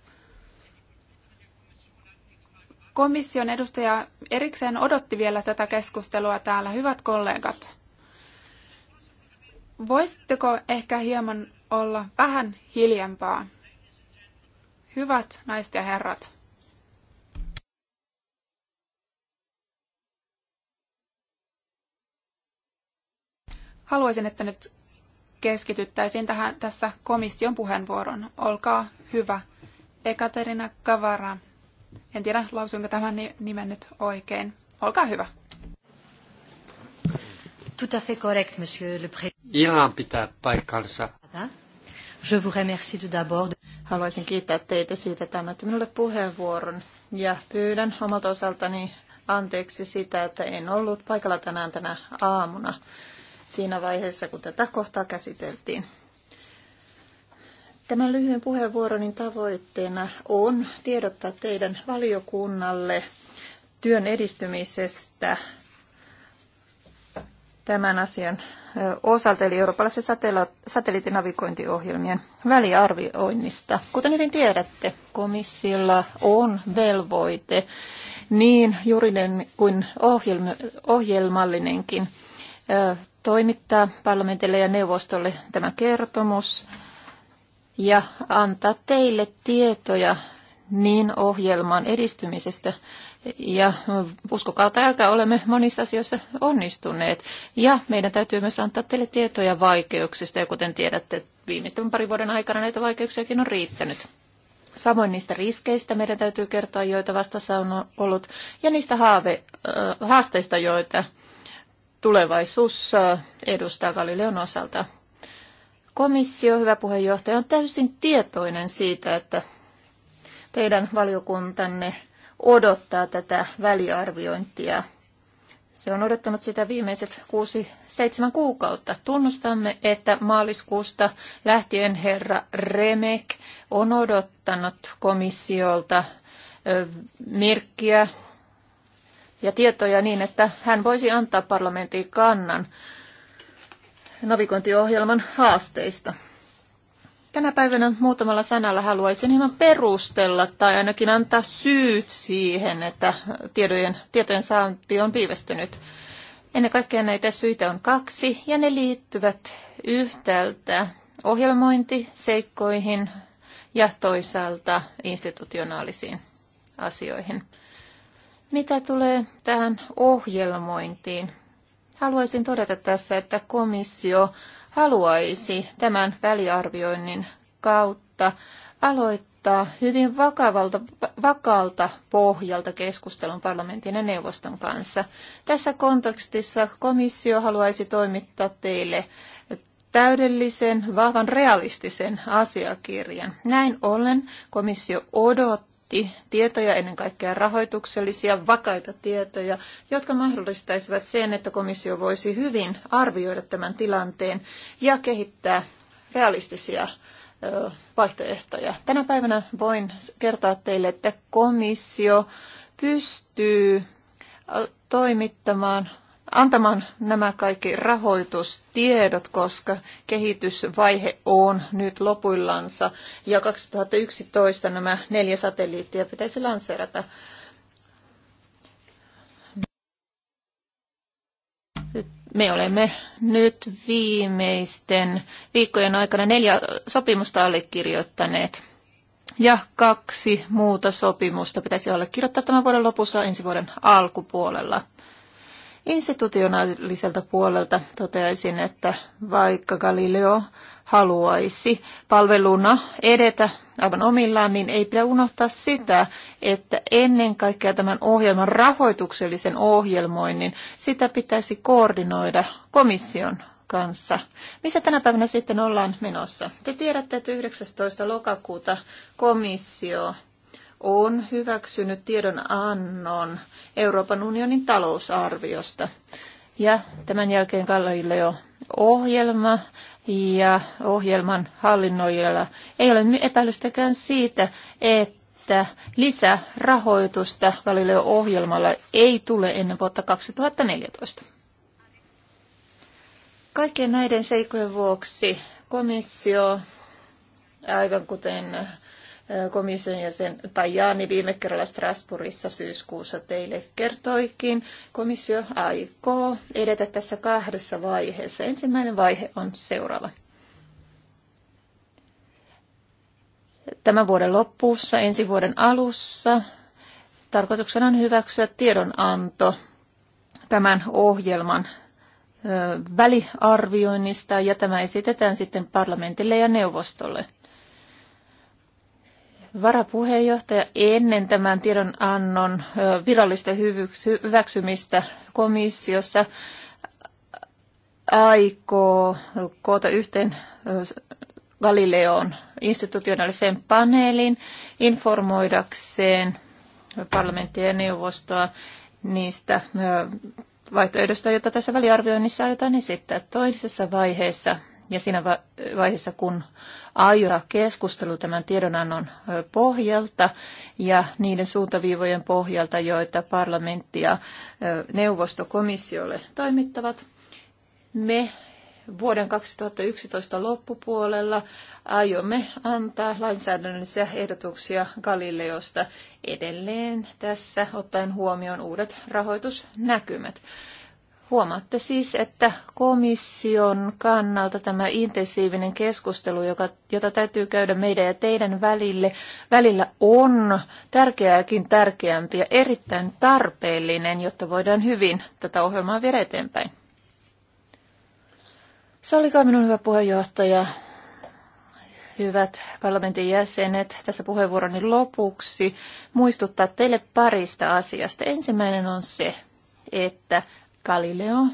Komission edustaja erikseen odotti vielä tätä keskustelua täällä, hyvät kollegat. Voisitteko ehkä hieman olla vähän hiljempaa? Hyvät naiset ja herrat. Haluaisin, että nyt keskityttäisiin tähän, tässä komission puheenvuoron. Olkaa hyvä. Ekaterina Kavara. En tiedä, lausuinko tämän nimen nyt oikein. Olkaa hyvä. Tout à fait correct, monsieur le président ihan pitää paikkansa. Je vous remercie tout d'abord. Haluaisin kiittää teitä siitä, että annatte minulle puheenvuoron ja pyydän omalta osaltani anteeksi sitä, että en ollut paikalla tänään tänä aamuna siinä vaiheessa, kun tätä kohtaa käsiteltiin. Tämän lyhyen puheenvuoronin tavoitteena on tiedottaa teidän valiokunnalle työn edistymisestä tämän asian osalta, eli eurooppalaisen satelliittinavigointiohjelmien väliarvioinnista. Kuten hyvin tiedätte, komissiolla on velvoite niin juridinen kuin ohjelmallinenkin toimittaa parlamentille ja neuvostolle tämä kertomus ja antaa teille tietoja niin ohjelman edistymisestä ja uskokaa tai älkää, olemme monissa asioissa onnistuneet. Ja meidän täytyy myös antaa teille tietoja vaikeuksista. Ja kuten tiedätte, viimeisten parin vuoden aikana näitä vaikeuksiakin on riittänyt. Samoin niistä riskeistä meidän täytyy kertoa, joita vastassa on ollut, ja niistä haave, äh, haasteista, joita tulevaisuus äh, edustaa Galileon osalta. Komissio, hyvä puheenjohtaja, on täysin tietoinen siitä, että teidän valiokuntanne odottaa tätä väliarviointia. Se on odottanut sitä viimeiset 6-7 kuukautta. Tunnustamme, että maaliskuusta lähtien herra Remek on odottanut komissiolta merkkiä ja tietoja niin, että hän voisi antaa parlamentin kannan navigointiohjelman haasteista. Tänä päivänä muutamalla sanalla haluaisin hieman perustella tai ainakin antaa syyt siihen, että tiedojen, tietojen saanti on viivästynyt. Ennen kaikkea näitä syitä on kaksi ja ne liittyvät yhtäältä ohjelmointiseikkoihin ja toisaalta institutionaalisiin asioihin. Mitä tulee tähän ohjelmointiin? Haluaisin todeta tässä, että komissio haluaisi tämän väliarvioinnin kautta aloittaa hyvin vakavalta, vakaalta pohjalta keskustelun parlamentin ja neuvoston kanssa. Tässä kontekstissa komissio haluaisi toimittaa teille täydellisen, vahvan, realistisen asiakirjan. Näin ollen komissio odottaa, tietoja, ennen kaikkea rahoituksellisia, vakaita tietoja, jotka mahdollistaisivat sen, että komissio voisi hyvin arvioida tämän tilanteen ja kehittää realistisia vaihtoehtoja. Tänä päivänä voin kertoa teille, että komissio pystyy toimittamaan antamaan nämä kaikki rahoitustiedot, koska kehitysvaihe on nyt lopuillansa. Ja 2011 nämä neljä satelliittia pitäisi lanseerata. Me olemme nyt viimeisten viikkojen aikana neljä sopimusta allekirjoittaneet. Ja kaksi muuta sopimusta pitäisi allekirjoittaa tämän vuoden lopussa ensi vuoden alkupuolella. Institutionaaliselta puolelta toteaisin, että vaikka Galileo haluaisi palveluna edetä aivan omillaan, niin ei pidä unohtaa sitä, että ennen kaikkea tämän ohjelman rahoituksellisen ohjelmoinnin, sitä pitäisi koordinoida komission kanssa. Missä tänä päivänä sitten ollaan menossa? Te tiedätte, että 19. lokakuuta komissio on hyväksynyt tiedonannon Euroopan unionin talousarviosta. Ja tämän jälkeen Kalleille jo ohjelma ja ohjelman hallinnoijalla ei ole epäilystäkään siitä, että lisärahoitusta Galileo-ohjelmalla ei tule ennen vuotta 2014. Kaikkien näiden seikkojen vuoksi komissio, aivan kuten komission jäsen Tajani viime kerralla Strasbourgissa syyskuussa teille kertoikin. Komissio aikoo edetä tässä kahdessa vaiheessa. Ensimmäinen vaihe on seuraava. Tämän vuoden loppuussa, ensi vuoden alussa, tarkoituksena on hyväksyä tiedonanto tämän ohjelman väliarvioinnista ja tämä esitetään sitten parlamentille ja neuvostolle. Varapuheenjohtaja ennen tämän tiedonannon virallista hyväksymistä komissiossa aikoo koota yhteen Galileon institutionaaliseen paneeliin informoidakseen parlamenttia ja neuvostoa niistä vaihtoehdosta, jota tässä väliarvioinnissa aiotaan esittää. Toisessa vaiheessa ja siinä vaiheessa, kun aiotaan keskustelu tämän tiedonannon pohjalta ja niiden suuntaviivojen pohjalta, joita parlamentti ja neuvosto komissiolle toimittavat, me vuoden 2011 loppupuolella aiomme antaa lainsäädännöllisiä ehdotuksia Galileosta edelleen tässä ottaen huomioon uudet rahoitusnäkymät. Huomaatte siis, että komission kannalta tämä intensiivinen keskustelu, joka, jota täytyy käydä meidän ja teidän välille, välillä on tärkeääkin tärkeämpi ja erittäin tarpeellinen, jotta voidaan hyvin tätä ohjelmaa viedä eteenpäin. Sallikaa minun hyvä puheenjohtaja, hyvät parlamentin jäsenet, tässä puheenvuoroni lopuksi muistuttaa teille parista asiasta. Ensimmäinen on se, että Galileo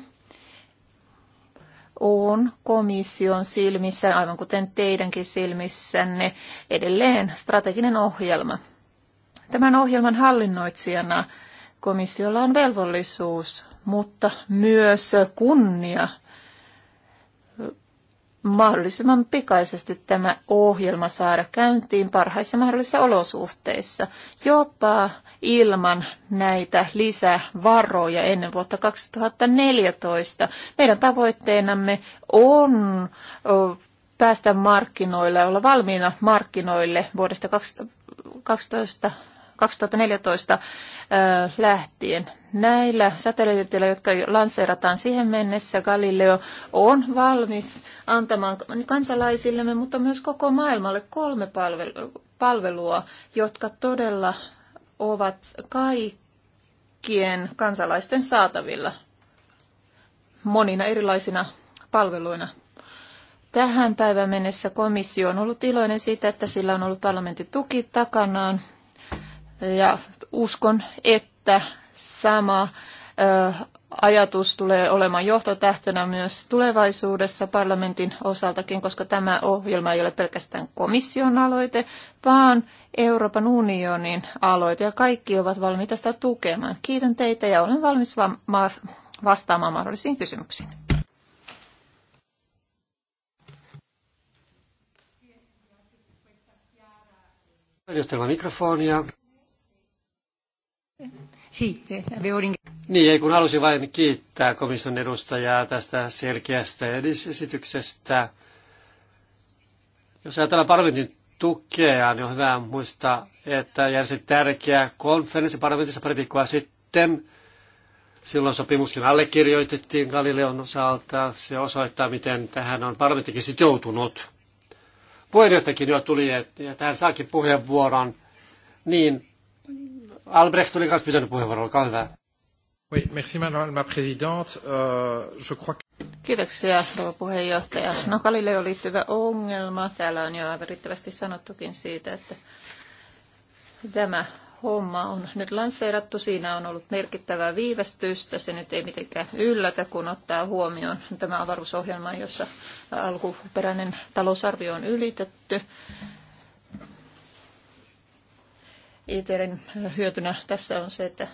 on komission silmissä, aivan kuten teidänkin silmissänne, edelleen strateginen ohjelma. Tämän ohjelman hallinnoitsijana komissiolla on velvollisuus, mutta myös kunnia mahdollisimman pikaisesti tämä ohjelma saada käyntiin parhaissa mahdollisissa olosuhteissa, jopa ilman näitä lisävaroja ennen vuotta 2014. Meidän tavoitteenamme on päästä markkinoille, olla valmiina markkinoille vuodesta 2012. 2014 lähtien. Näillä satelliiteilla, jotka lanseerataan siihen mennessä, Galileo on valmis antamaan kansalaisillemme, mutta myös koko maailmalle kolme palvelua, jotka todella ovat kaikkien kansalaisten saatavilla monina erilaisina palveluina. Tähän päivän mennessä komissio on ollut iloinen siitä, että sillä on ollut parlamentin tuki takanaan. Ja uskon, että sama ajatus tulee olemaan johtotähtönä myös tulevaisuudessa parlamentin osaltakin, koska tämä ohjelma ei ole pelkästään komission aloite, vaan Euroopan unionin aloite ja kaikki ovat valmiita sitä tukemaan. Kiitän teitä ja olen valmis vastaamaan mahdollisiin kysymyksiin. Jos mikrofonia. Eh, niin, ei kun halusin vain kiittää komission edustajaa tästä selkeästä esityksestä. Jos ajatellaan parlamentin tukea, niin on hyvä muistaa, että järjestettiin tärkeä konferenssi parlamentissa pari viikkoa sitten. Silloin sopimuskin allekirjoitettiin Galileon osalta. Se osoittaa, miten tähän on parlamenttikin sitoutunut. Puheenjohtajakin jo tuli, että tähän saakin puheenvuoron. Niin Albrecht oli puheenvuoron, olkaa hyvä. Oui, merci madame la présidente. Uh, je crois Kiitoksia, rouva puheenjohtaja. No Galileoon liittyvä ongelma. Täällä on jo aivan riittävästi sanottukin siitä, että tämä homma on nyt lanseerattu. Siinä on ollut merkittävää viivästystä. Se nyt ei mitenkään yllätä, kun ottaa huomioon tämä avaruusohjelma, jossa alkuperäinen talousarvio on ylitetty. ITERin e hyötynä tässä on se, että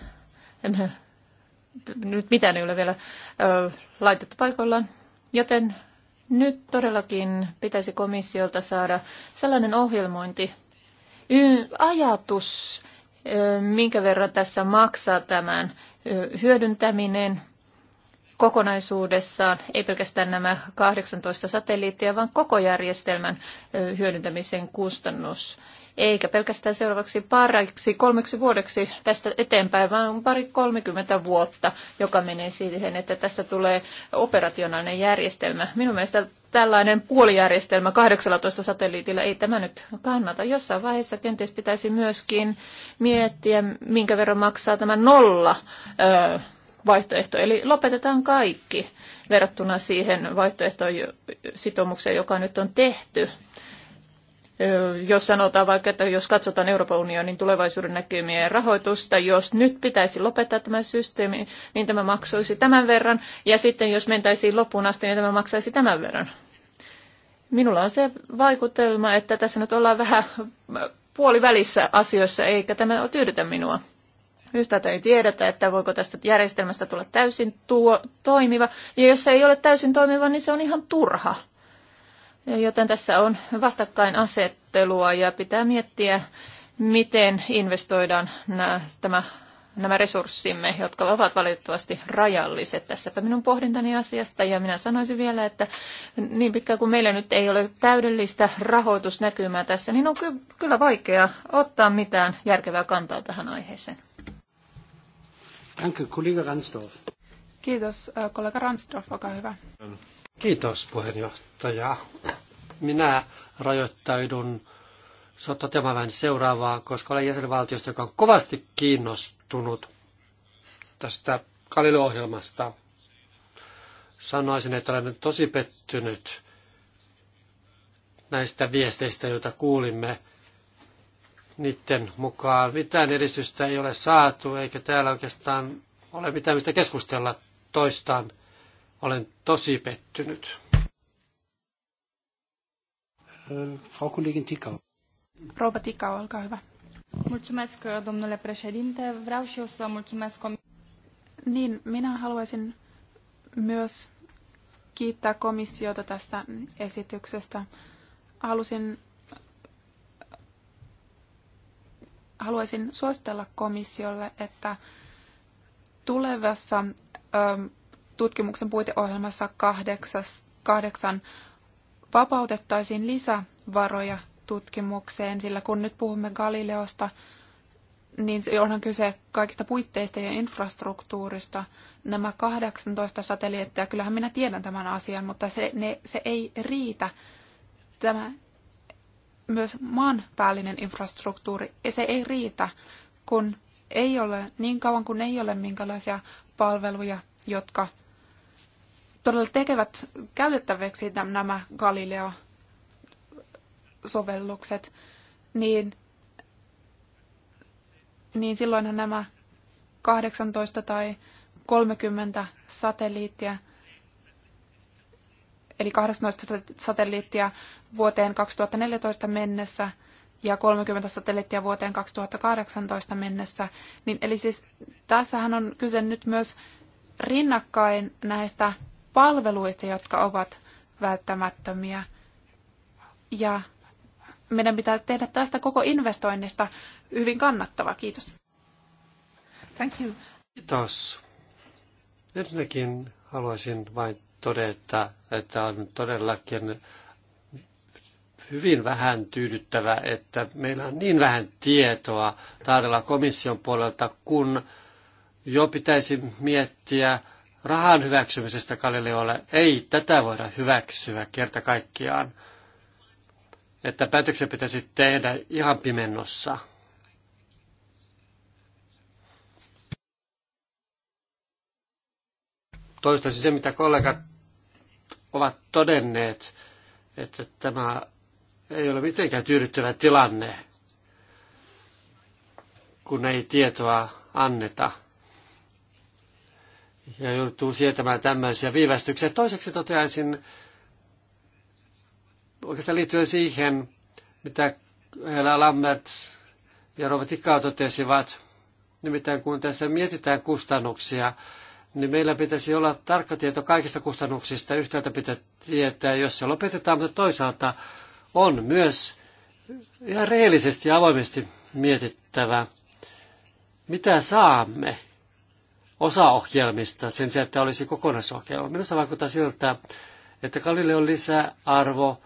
emme, nyt mitään ei ole vielä ö, laitettu paikoillaan, joten nyt todellakin pitäisi komissiolta saada sellainen ohjelmointi, ajatus, minkä verran tässä maksaa tämän hyödyntäminen kokonaisuudessaan, ei pelkästään nämä 18 satelliittia, vaan koko järjestelmän hyödyntämisen kustannus eikä pelkästään seuraavaksi pariksi kolmeksi vuodeksi tästä eteenpäin, vaan pari 30 vuotta, joka menee siihen, että tästä tulee operationaalinen järjestelmä. Minun mielestä tällainen puolijärjestelmä 18 satelliitilla ei tämä nyt kannata. Jossain vaiheessa kenties pitäisi myöskin miettiä, minkä verran maksaa tämä nolla vaihtoehto. Eli lopetetaan kaikki verrattuna siihen sitoumukseen, joka nyt on tehty jos sanotaan vaikka, että jos katsotaan Euroopan unionin tulevaisuuden näkymien rahoitusta, jos nyt pitäisi lopettaa tämä systeemi, niin tämä maksaisi tämän verran, ja sitten jos mentäisiin loppuun asti, niin tämä maksaisi tämän verran. Minulla on se vaikutelma, että tässä nyt ollaan vähän puolivälissä asioissa, eikä tämä tyydytä minua. Yhtäältä ei tiedetä, että voiko tästä järjestelmästä tulla täysin tuo, toimiva, ja jos se ei ole täysin toimiva, niin se on ihan turha. Joten tässä on vastakkainasettelua ja pitää miettiä, miten investoidaan nämä, tämä, nämä resurssimme, jotka ovat valitettavasti rajalliset. Tässäpä minun pohdintani asiasta ja minä sanoisin vielä, että niin pitkään kuin meillä nyt ei ole täydellistä rahoitusnäkymää tässä, niin on ky- kyllä vaikea ottaa mitään järkevää kantaa tähän aiheeseen. Danke, kollega Ransdorf. Kiitos, äh, kollega Ransdorf, olkaa hyvä. Ähm. Kiitos puheenjohtaja. Minä rajoittaudun toteamaan vähän seuraavaa, koska olen jäsenvaltiosta, joka on kovasti kiinnostunut tästä kalilo ohjelmasta Sanoisin, että olen tosi pettynyt näistä viesteistä, joita kuulimme. Niiden mukaan mitään edistystä ei ole saatu, eikä täällä oikeastaan ole mitään mistä keskustella toistaan olen tosi pettynyt. Äh, Frau Kollegin Tikau. Rouva Tikau, olkaa hyvä. Mulțumesc, domnule președinte. Vreau și eu să mulțumesc Niin, minä haluaisin myös kiittää komissiota tästä esityksestä. Halusin, haluaisin suositella komissiolle, että tulevassa ö, ähm, tutkimuksen puiteohjelmassa kahdeksas, kahdeksan vapautettaisiin lisävaroja tutkimukseen, sillä kun nyt puhumme Galileosta, niin onhan kyse kaikista puitteista ja infrastruktuurista. Nämä 18 satelliittia, kyllähän minä tiedän tämän asian, mutta se, ne, se ei riitä. Tämä myös maanpäällinen infrastruktuuri, se ei riitä, kun ei ole, niin kauan kuin ei ole minkälaisia palveluja, jotka todella tekevät käytettäväksi nämä Galileo-sovellukset, niin, niin silloinhan nämä 18 tai 30 satelliittia, eli 18 satelliittia vuoteen 2014 mennessä ja 30 satelliittia vuoteen 2018 mennessä. Niin, eli siis tässähän on kyse nyt myös rinnakkain näistä palveluista, jotka ovat välttämättömiä. Ja meidän pitää tehdä tästä koko investoinnista hyvin kannattava. Kiitos. Thank you. Kiitos. Ensinnäkin haluaisin vain todeta, että on todellakin hyvin vähän tyydyttävä, että meillä on niin vähän tietoa taidella komission puolelta, kun jo pitäisi miettiä rahan hyväksymisestä Galileolle. Ei tätä voida hyväksyä kerta kaikkiaan, että päätöksen pitäisi tehdä ihan pimennossa. Toistaisin se, mitä kollegat ovat todenneet, että tämä ei ole mitenkään tyydyttävä tilanne, kun ei tietoa anneta ja joutuu sietämään tämmöisiä viivästyksiä. Toiseksi toteaisin oikeastaan liittyen siihen, mitä Hela Lammerts ja Robert Ikka totesivat, nimittäin kun tässä mietitään kustannuksia, niin meillä pitäisi olla tarkka tieto kaikista kustannuksista. Yhtäältä pitää tietää, jos se lopetetaan, mutta toisaalta on myös ihan rehellisesti ja avoimesti mietittävä, mitä saamme osa ohjelmista sen sijaan, että olisi kokonaisohjelma. Minusta vaikuttaa siltä, että Galileon lisäarvo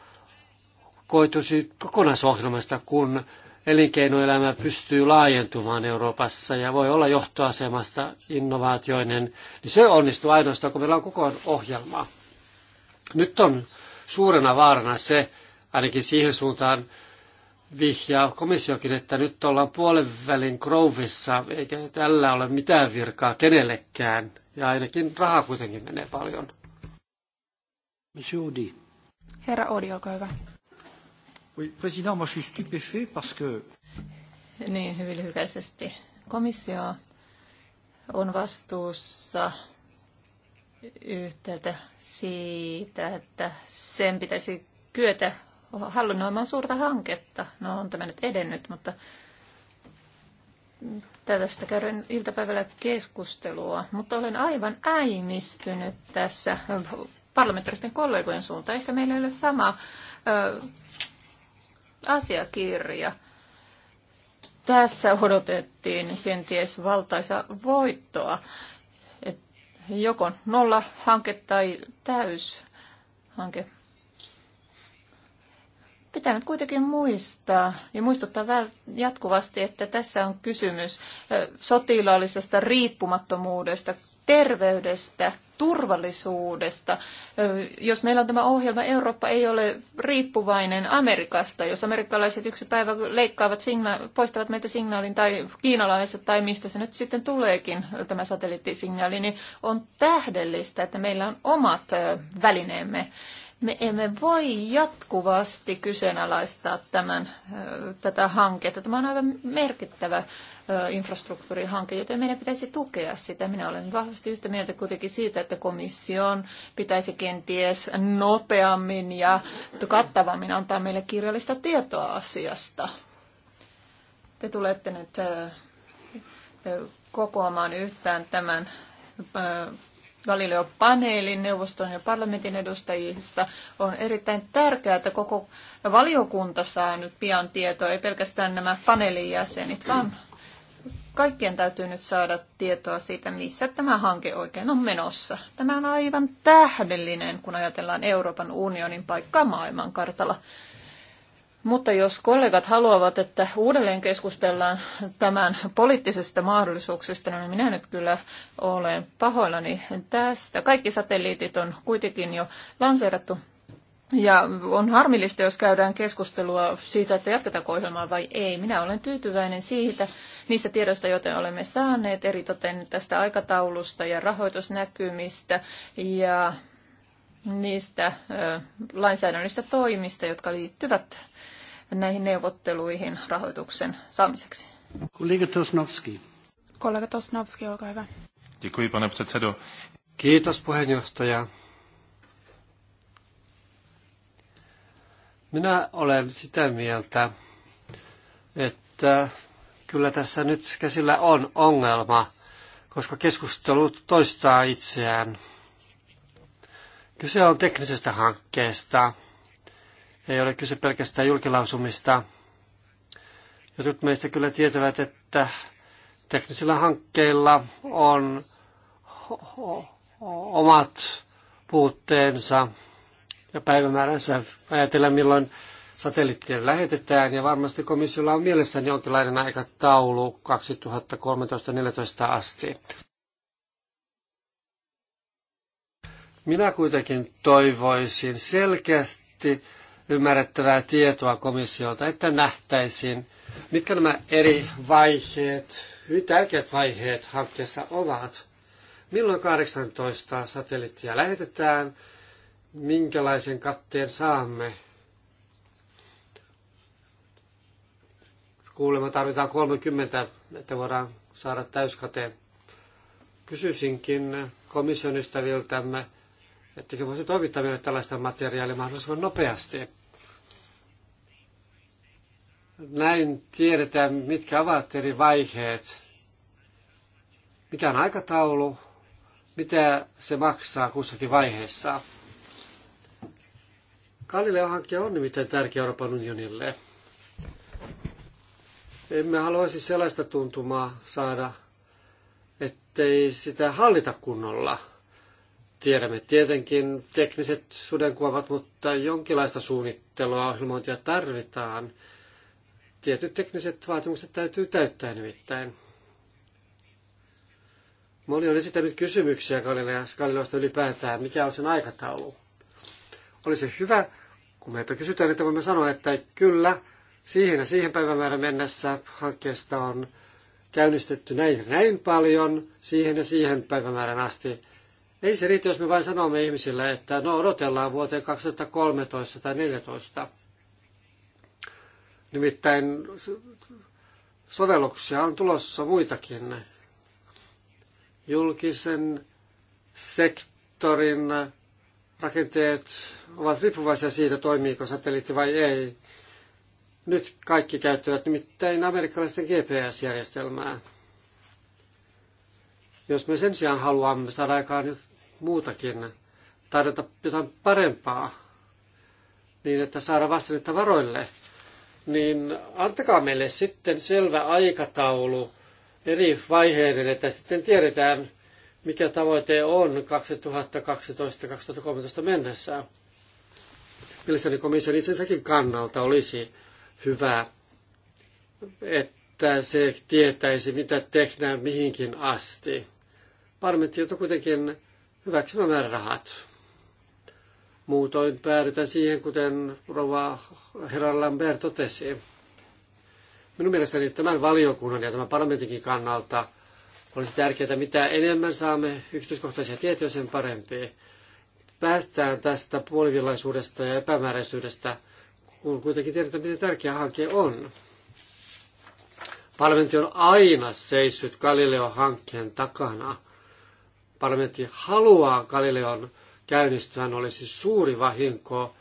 koituisi kokonaisohjelmasta, kun elinkeinoelämä pystyy laajentumaan Euroopassa ja voi olla johtoasemasta innovaatioinen, niin se onnistuu ainoastaan, kun meillä on koko ohjelma. Nyt on suurena vaarana se, ainakin siihen suuntaan vihjaa komissiokin, että nyt ollaan puolen välin Groveissa, eikä tällä ole mitään virkaa kenellekään. Ja ainakin rahaa kuitenkin menee paljon. Monsieur Audi. Herra Audi, olkaa hyvä. Oui, président, moi je suis stupéfait parce que... Niin, hyvin lyhykäisesti. Komissio on vastuussa yhtäältä siitä, että sen pitäisi kyetä hallinnoimaan suurta hanketta. No on tämä nyt edennyt, mutta tästä käydään iltapäivällä keskustelua. Mutta olen aivan äimistynyt tässä parlamentaaristen kollegojen suuntaan. Ehkä meillä ei ole sama ö, asiakirja. Tässä odotettiin kenties valtaisa voittoa, Et joko nolla hanke tai täys hanke. Pitää nyt kuitenkin muistaa ja muistuttaa jatkuvasti, että tässä on kysymys sotilaallisesta riippumattomuudesta, terveydestä, turvallisuudesta. Jos meillä on tämä ohjelma, Eurooppa ei ole riippuvainen Amerikasta. Jos amerikkalaiset yksi päivä leikkaavat, signa- poistavat meitä signaalin tai kiinalaiset tai mistä se nyt sitten tuleekin, tämä satelliittisignaali, niin on tähdellistä, että meillä on omat välineemme. Me emme voi jatkuvasti kyseenalaistaa tämän, tätä hanketta. Tämä on aivan merkittävä infrastruktuurihanke, joten meidän pitäisi tukea sitä. Minä olen vahvasti yhtä mieltä kuitenkin siitä, että komission pitäisi kenties nopeammin ja kattavammin antaa meille kirjallista tietoa asiasta. Te tulette nyt kokoamaan yhtään tämän Galileo-paneelin neuvoston ja parlamentin edustajista. On erittäin tärkeää, että koko valiokunta saa nyt pian tietoa, ei pelkästään nämä paneelin jäsenet, vaan kaikkien täytyy nyt saada tietoa siitä, missä tämä hanke oikein on menossa. Tämä on aivan tähdellinen, kun ajatellaan Euroopan unionin paikkaa maailmankartalla. Mutta jos kollegat haluavat, että uudelleen keskustellaan tämän poliittisesta mahdollisuuksista, niin minä nyt kyllä olen pahoillani tästä. Kaikki satelliitit on kuitenkin jo lanseerattu. Ja on harmillista, jos käydään keskustelua siitä, että jatketaanko ohjelmaa vai ei. Minä olen tyytyväinen siitä, niistä tiedoista, joita olemme saaneet, eritoten tästä aikataulusta ja rahoitusnäkymistä ja niistä ö, lainsäädännöllisistä toimista, jotka liittyvät näihin neuvotteluihin rahoituksen saamiseksi. Kollega Tosnovski. Kollega Tosnovski, olkaa hyvä. Děkuji, pane předsedo. Kiitos puheenjohtaja. Minä olen sitä mieltä, että kyllä tässä nyt käsillä on ongelma, koska keskustelu toistaa itseään. Kyse on teknisestä hankkeesta, ei ole kyse pelkästään julkilausumista. Jotkut meistä kyllä tietävät, että teknisillä hankkeilla on omat puutteensa ja päivämääränsä ajatella, milloin satelliittien lähetetään. Ja varmasti komissiolla on mielessäni jonkinlainen aikataulu 2013-2014 asti. Minä kuitenkin toivoisin selkeästi ymmärrettävää tietoa komissiolta, että nähtäisiin, mitkä nämä eri vaiheet, hyvin tärkeät vaiheet hankkeessa ovat. Milloin 18 satelliittia lähetetään, minkälaisen katteen saamme. Kuulemma tarvitaan 30, että voidaan saada täyskate. Kysyisinkin komissionistaviltämme, ettekö voisi toimittaa meille tällaista materiaalia mahdollisimman nopeasti. Näin tiedetään, mitkä ovat eri vaiheet, mikä on aikataulu, mitä se maksaa kussakin vaiheessa. Galileo-hanke on nimittäin tärkeä Euroopan unionille. Emme haluaisi sellaista tuntumaa saada, ettei sitä hallita kunnolla – Tiedämme tietenkin tekniset sudenkuopat, mutta jonkinlaista suunnittelua ohjelmointia tarvitaan. Tietyt tekniset vaatimukset täytyy täyttää nimittäin. Moni on esittänyt kysymyksiä Galileosta ylipäätään, mikä on sen aikataulu. Olisi hyvä, kun meitä kysytään, että voimme sanoa, että kyllä, siihen ja siihen päivämäärän mennessä hankkeesta on käynnistetty näin ja näin paljon, siihen ja siihen päivämäärän asti ei se riitä, jos me vain sanomme ihmisille, että no odotellaan vuoteen 2013 tai 2014. Nimittäin sovelluksia on tulossa muitakin. Julkisen sektorin rakenteet ovat riippuvaisia siitä, toimiiko satelliitti vai ei. Nyt kaikki käyttävät nimittäin amerikkalaisten GPS-järjestelmää. Jos me sen sijaan haluamme saada aikaan muutakin, tarjota jotain parempaa, niin että saada vastennetta varoille, niin antakaa meille sitten selvä aikataulu eri vaiheiden, että sitten tiedetään, mikä tavoite on 2012-2013 mennessä. Mielestäni komission itsensäkin kannalta olisi hyvä, että se tietäisi, mitä tehdään mihinkin asti. Parlamentti joutui kuitenkin hyväksymään määrärahat. Muutoin päädytään siihen, kuten Rova herra Lambert totesi. Minun mielestäni tämän valiokunnan ja tämän parlamentinkin kannalta olisi tärkeää, mitä enemmän saamme yksityiskohtaisia tietoja, sen parempi. Päästään tästä puolivillaisuudesta ja epämääräisyydestä, kun kuitenkin tiedetään, miten tärkeä hanke on. Parlamentti on aina seissyt Galileo-hankkeen takana parlamentti haluaa Galileon käynnistyvän, olisi suuri vahinko,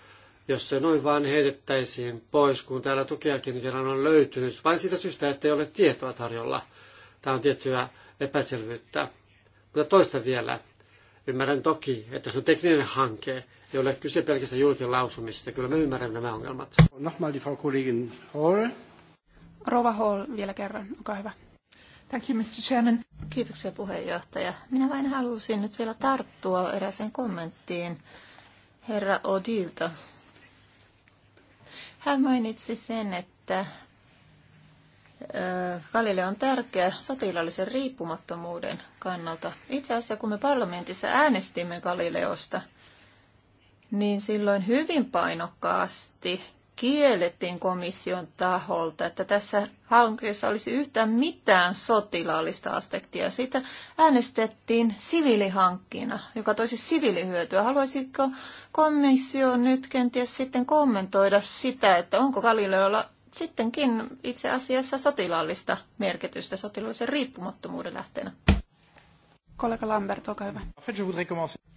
jos se noin vaan heitettäisiin pois, kun täällä tukeakin kerran on löytynyt, vain siitä syystä, että ei ole tietoa tarjolla. Tämä on tiettyä epäselvyyttä. Mutta toista vielä. Ymmärrän toki, että se on tekninen hanke, ei ole kyse pelkästään julkilausumista. Kyllä me ymmärrämme nämä ongelmat. Kollegin Hall. Rova Hall vielä kerran, olkaa hyvä. Thank you, Mr. Chairman. Kiitoksia puheenjohtaja. Minä vain halusin nyt vielä tarttua erääseen kommenttiin herra Odilta. Hän mainitsi sen, että Galileo on tärkeä sotilaallisen riippumattomuuden kannalta. Itse asiassa kun me parlamentissa äänestimme Galileosta, niin silloin hyvin painokkaasti kiellettiin komission taholta, että tässä hankkeessa olisi yhtään mitään sotilaallista aspektia. sitä äänestettiin siviilihankkina, joka toisi siviilihyötyä. Haluaisiko komissio nyt kenties sitten kommentoida sitä, että onko Galileolla sittenkin itse asiassa sotilaallista merkitystä sotilaallisen riippumattomuuden lähteenä? Kollega Lambert, olkaa hyvä.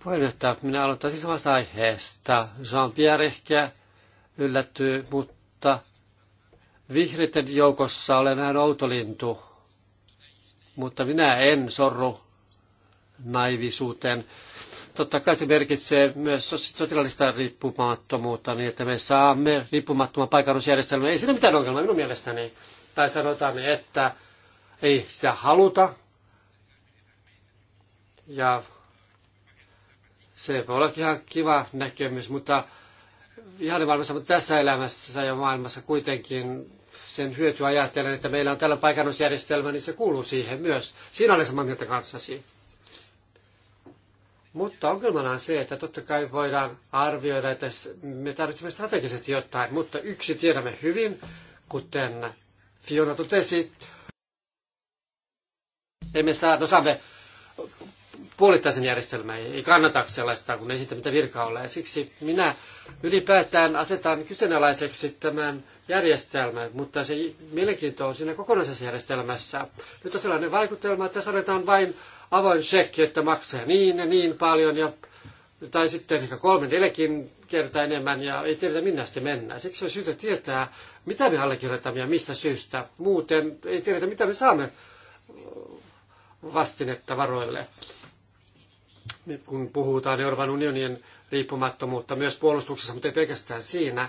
Puheenjohtaja, minä aloittaisin samasta aiheesta. Jean-Pierre ehkä yllättyy, mutta vihreiden joukossa olen vähän outolintu, mutta minä en sorru naivisuuteen. Totta kai se merkitsee myös sotilaallista riippumattomuutta, niin että me saamme riippumattoman paikannusjärjestelmän. Ei siinä mitään ongelmaa minun mielestäni. Tai sanotaan, että ei sitä haluta. Ja se voi olla ihan kiva näkemys, mutta reaalimaailmassa, mutta tässä elämässä ja maailmassa kuitenkin sen hyötyä ajatellen että meillä on tällä paikannusjärjestelmä, niin se kuuluu siihen myös. Siinä olen samaa mieltä kanssasi. Mutta ongelmana on se, että totta kai voidaan arvioida, että me tarvitsemme strategisesti jotain, mutta yksi tiedämme hyvin, kuten Fiona totesi, emme saa, no saamme puolittaisen järjestelmän. Ei kannata sellaista, kun ei mitä virkaa ole. Siksi minä ylipäätään asetan kyseenalaiseksi tämän järjestelmän, mutta se mielenkiinto on siinä kokonaisessa järjestelmässä. Nyt on sellainen vaikutelma, että sanotaan vain avoin shekki, että maksaa niin ja niin paljon, ja, tai sitten ehkä kolme, neljäkin kertaa enemmän, ja ei tiedetä minne asti mennään. Siksi on syytä tietää, mitä me allekirjoitamme ja mistä syystä. Muuten ei tiedetä, mitä me saamme vastinetta varoille kun puhutaan Euroopan unionin riippumattomuutta myös puolustuksessa, mutta ei pelkästään siinä,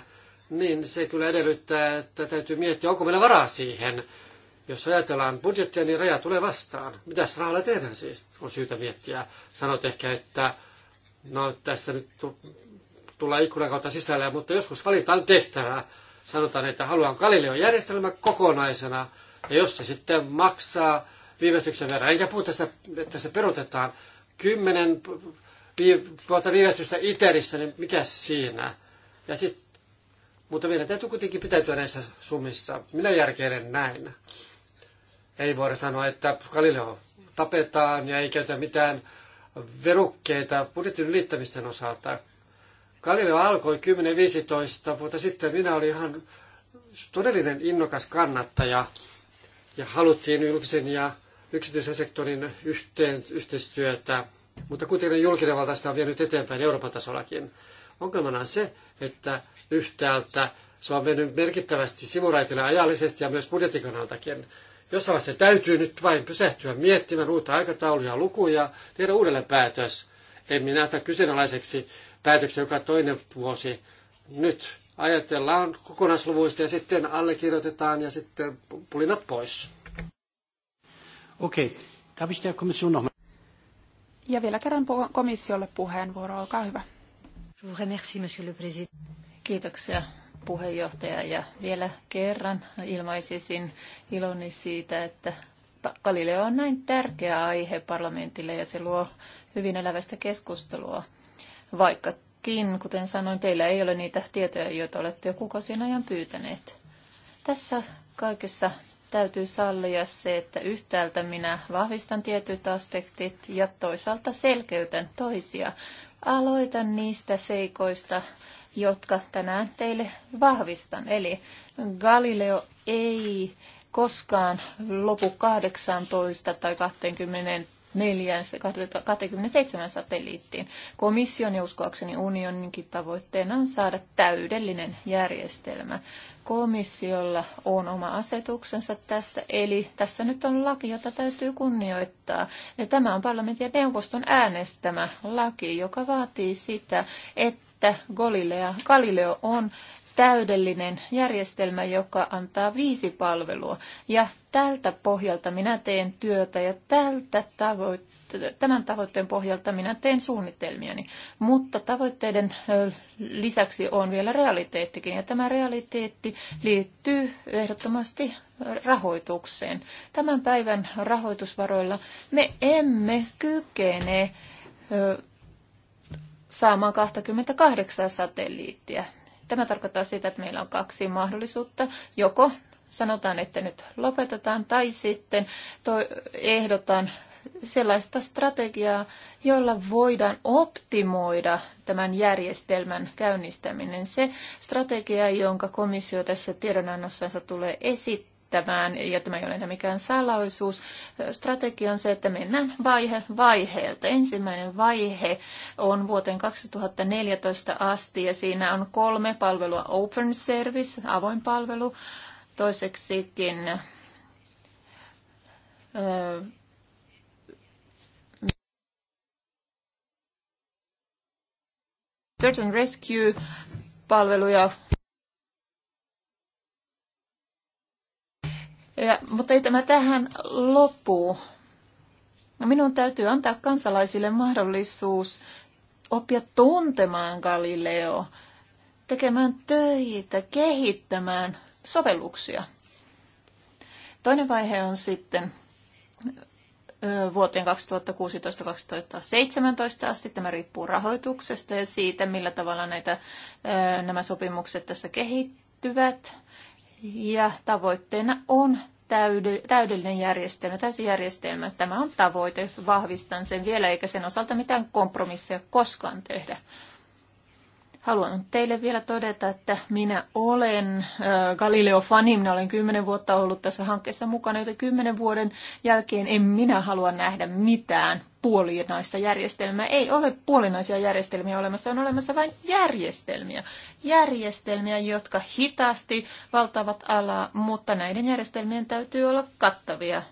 niin se kyllä edellyttää, että täytyy miettiä, onko meillä varaa siihen. Jos ajatellaan budjettia, niin raja tulee vastaan. Mitäs rahalla tehdään siis? On syytä miettiä. Sanot ehkä, että no tässä nyt tullaan ikkunan kautta sisälle, mutta joskus on tehtävä. Sanotaan, että haluan Galileo-järjestelmä kokonaisena, ja jos se sitten maksaa viivästyksen verran, enkä puhu tästä, että se peruutetaan, kymmenen vuotta viivästystä ITERissä, niin mikä siinä? Ja sit, mutta meidän täytyy kuitenkin pitäytyä näissä summissa. Minä järkeilen näin. Ei voida sanoa, että Galileo tapetaan ja ei käytä mitään verukkeita budjetin ylittämisten osalta. Galileo alkoi 10-15 vuotta sitten. Minä olin ihan todellinen innokas kannattaja ja haluttiin julkisen ja yksityisen sektorin yhteen, yhteistyötä, mutta kuitenkin julkinen valta sitä on vienyt eteenpäin Euroopan tasollakin. Ongelmana on se, että yhtäältä se on mennyt merkittävästi sivuraitille ajallisesti ja myös budjetin kannaltakin. Jossain vaiheessa täytyy nyt vain pysähtyä miettimään uutta aikatauluja, lukuja, tehdä uudelleen päätös. En minä sitä kyseenalaiseksi päätöksen joka toinen vuosi. Nyt ajatellaan kokonaisluvuista ja sitten allekirjoitetaan ja sitten pulinat pois. Okei. Darf ich der Kommission noch ja vielä kerran komissiolle puheenvuoro, olkaa hyvä. Kiitoksia puheenjohtaja ja vielä kerran ilmaisisin iloni siitä, että Galileo on näin tärkeä aihe parlamentille ja se luo hyvin elävästä keskustelua, vaikkakin, kuten sanoin, teillä ei ole niitä tietoja, joita olette jo kuukausien ajan pyytäneet. Tässä kaikessa täytyy sallia se, että yhtäältä minä vahvistan tietyt aspektit ja toisaalta selkeytän toisia. Aloitan niistä seikoista, jotka tänään teille vahvistan. Eli Galileo ei koskaan lopu 18 tai 20 27 satelliittiin. Komission ja uskoakseni unioninkin tavoitteena on saada täydellinen järjestelmä. Komissiolla on oma asetuksensa tästä, eli tässä nyt on laki, jota täytyy kunnioittaa. Ja tämä on parlamentin ja neuvoston äänestämä laki, joka vaatii sitä, että Galileo on täydellinen järjestelmä, joka antaa viisi palvelua. Ja tältä pohjalta minä teen työtä ja tältä tavoitte- tämän tavoitteen pohjalta minä teen suunnitelmiani. Mutta tavoitteiden lisäksi on vielä realiteettikin ja tämä realiteetti liittyy ehdottomasti rahoitukseen. Tämän päivän rahoitusvaroilla me emme kykene saamaan 28 satelliittia. Tämä tarkoittaa sitä, että meillä on kaksi mahdollisuutta. Joko sanotaan, että nyt lopetetaan, tai sitten ehdotan sellaista strategiaa, jolla voidaan optimoida tämän järjestelmän käynnistäminen. Se strategia, jonka komissio tässä tiedonannossansa tulee esittää esittämään, ja tämä ei ole enää mikään salaisuus. Strategia on se, että mennään vaihe vaiheelta. Ensimmäinen vaihe on vuoteen 2014 asti, ja siinä on kolme palvelua. Open Service, avoin palvelu, toiseksikin Certain Rescue-palveluja Ja, mutta ei tämä tähän loppu. No minun täytyy antaa kansalaisille mahdollisuus oppia tuntemaan Galileo, tekemään töitä, kehittämään sovelluksia. Toinen vaihe on sitten vuoteen 2016-2017 asti. Tämä riippuu rahoituksesta ja siitä, millä tavalla näitä, nämä sopimukset tässä kehittyvät ja tavoitteena on täydellinen järjestelmä, täysi järjestelmä. Tämä on tavoite, vahvistan sen vielä, eikä sen osalta mitään kompromisseja koskaan tehdä. Haluan teille vielä todeta, että minä olen Galileo-fani, minä olen kymmenen vuotta ollut tässä hankkeessa mukana, joten kymmenen vuoden jälkeen en minä halua nähdä mitään puolinaista järjestelmää. Ei ole puolinaisia järjestelmiä olemassa, on olemassa vain järjestelmiä. Järjestelmiä, jotka hitaasti valtavat alaa, mutta näiden järjestelmien täytyy olla kattavia.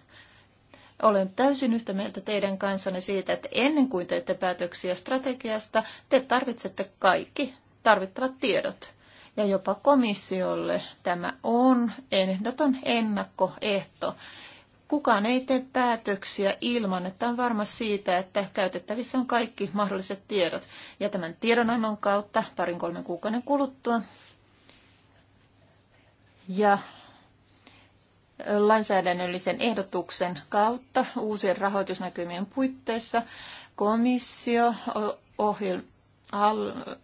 Olen täysin yhtä mieltä teidän kanssanne siitä, että ennen kuin teette päätöksiä strategiasta, te tarvitsette kaikki tarvittavat tiedot. Ja jopa komissiolle tämä on ehdoton ennakkoehto. Kukaan ei tee päätöksiä ilman, että on varma siitä, että käytettävissä on kaikki mahdolliset tiedot. Ja tämän tiedonannon kautta parin kolmen kuukauden kuluttua ja lainsäädännöllisen ehdotuksen kautta uusien rahoitusnäkymien puitteissa komissio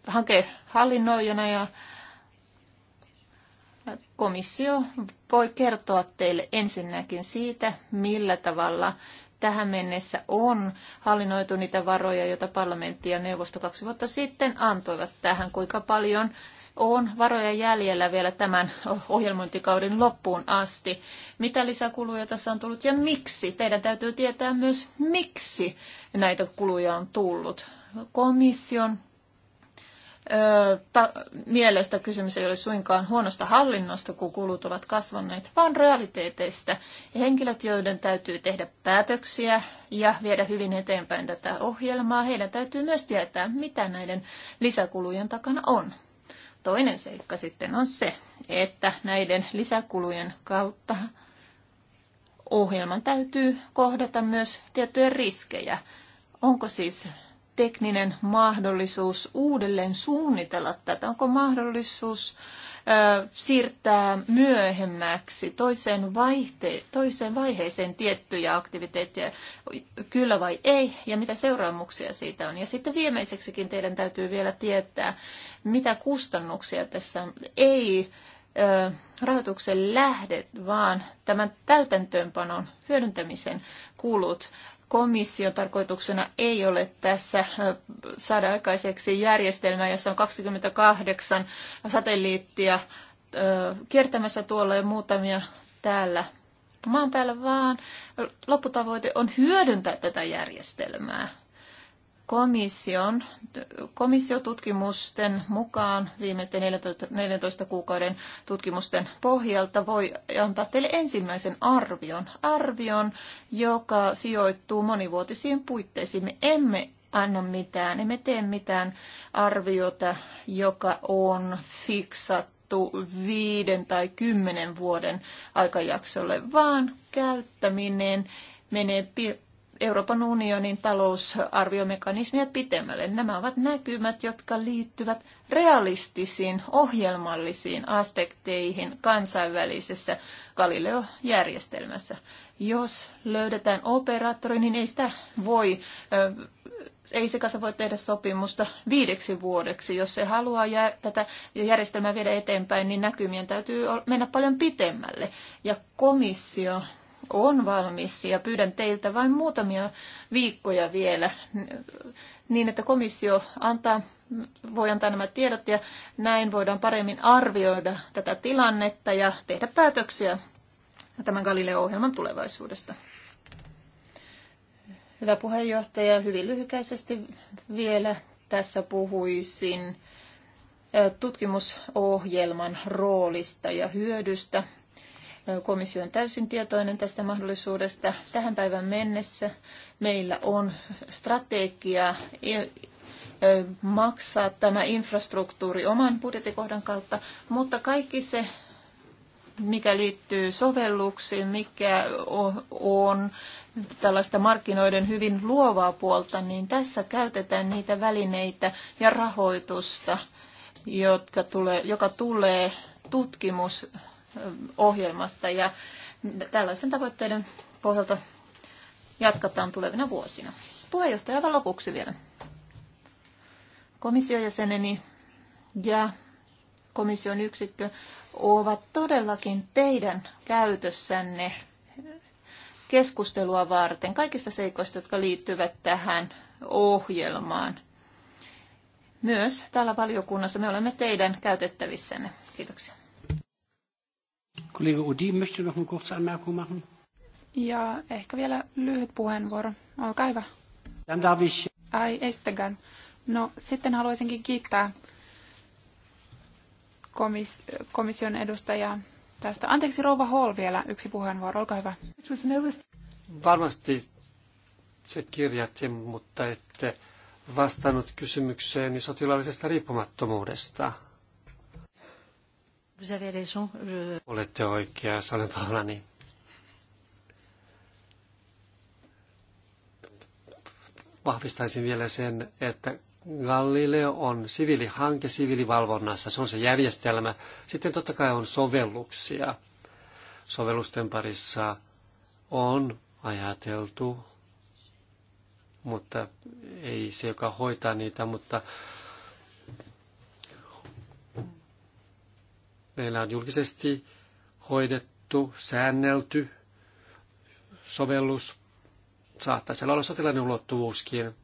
hankehallinnoijana ja komissio voi kertoa teille ensinnäkin siitä, millä tavalla tähän mennessä on hallinnoitu niitä varoja, joita parlamentti ja neuvosto kaksi vuotta sitten antoivat tähän, kuinka paljon on varoja jäljellä vielä tämän ohjelmointikauden loppuun asti. Mitä lisäkuluja tässä on tullut ja miksi? Teidän täytyy tietää myös, miksi näitä kuluja on tullut. Komission mielestä kysymys ei ole suinkaan huonosta hallinnosta, kun kulut ovat kasvaneet, vaan realiteeteista. Ja henkilöt, joiden täytyy tehdä päätöksiä ja viedä hyvin eteenpäin tätä ohjelmaa, heidän täytyy myös tietää, mitä näiden lisäkulujen takana on. Toinen seikka sitten on se, että näiden lisäkulujen kautta ohjelman täytyy kohdata myös tiettyjä riskejä. Onko siis tekninen mahdollisuus uudelleen suunnitella tätä? Onko mahdollisuus siirtää myöhemmäksi toiseen, vaihte- toiseen vaiheeseen tiettyjä aktiviteetteja, kyllä vai ei, ja mitä seuraamuksia siitä on. Ja sitten viimeiseksikin teidän täytyy vielä tietää, mitä kustannuksia tässä ei rahoituksen lähdet, vaan tämän täytäntöönpanon hyödyntämisen kulut komission tarkoituksena ei ole tässä saada aikaiseksi järjestelmää, jossa on 28 satelliittia kiertämässä tuolla ja muutamia täällä maan päällä, vaan lopputavoite on hyödyntää tätä järjestelmää komission, komissiotutkimusten mukaan viimeisten 14, 14 kuukauden tutkimusten pohjalta voi antaa teille ensimmäisen arvion. Arvion, joka sijoittuu monivuotisiin puitteisiin. Me emme anna mitään, emme tee mitään arviota, joka on fiksattu viiden tai kymmenen vuoden aikajaksolle, vaan käyttäminen menee Euroopan unionin talousarviomekanismia pitemmälle. Nämä ovat näkymät, jotka liittyvät realistisiin ohjelmallisiin aspekteihin kansainvälisessä Galileo-järjestelmässä. Jos löydetään operaattori, niin ei sitä voi, ei se kanssa voi tehdä sopimusta viideksi vuodeksi. Jos se haluaa jär, tätä järjestelmää viedä eteenpäin, niin näkymien täytyy mennä paljon pitemmälle. Ja komissio on valmis ja pyydän teiltä vain muutamia viikkoja vielä niin, että komissio antaa, voi antaa nämä tiedot ja näin voidaan paremmin arvioida tätä tilannetta ja tehdä päätöksiä tämän Galileo-ohjelman tulevaisuudesta. Hyvä puheenjohtaja, hyvin lyhykäisesti vielä tässä puhuisin tutkimusohjelman roolista ja hyödystä Komissio on täysin tietoinen tästä mahdollisuudesta. Tähän päivän mennessä meillä on strategia e, maksaa tämä infrastruktuuri oman budjettikohdan kautta, mutta kaikki se, mikä liittyy sovelluksiin, mikä on tällaista markkinoiden hyvin luovaa puolta, niin tässä käytetään niitä välineitä ja rahoitusta, jotka tulee, joka tulee tutkimus ohjelmasta ja tällaisten tavoitteiden pohjalta jatketaan tulevina vuosina. Puheenjohtaja aivan lopuksi vielä. Komissiojäseneni ja komission yksikkö ovat todellakin teidän käytössänne keskustelua varten kaikista seikoista, jotka liittyvät tähän ohjelmaan. Myös täällä valiokunnassa me olemme teidän käytettävissänne. Kiitoksia. Kollega Udi, möchte noch eine kurze Anmerkung machen? Ja ehkä vielä lyhyt puheenvuoro. Olkaa hyvä. Dann darf ich... Ai, estegan. No, sitten haluaisinkin kiittää komis- komission edustajaa tästä. Anteeksi, Rouva Hall vielä yksi puheenvuoro. Olkaa hyvä. Varmasti se kirjattiin, mutta ette vastannut kysymykseen sotilaallisesta riippumattomuudesta. Vous avez raison. Je... Olette oikeassa, olen pahoillani. Vahvistaisin vielä sen, että Galileo on siviilihanke siviilivalvonnassa, se on se järjestelmä. Sitten totta kai on sovelluksia. Sovellusten parissa on ajateltu, mutta ei se, joka hoitaa niitä, mutta Meillä on julkisesti hoidettu, säännelty sovellus. Saattaa siellä olla sotilainen ulottuvuuskin.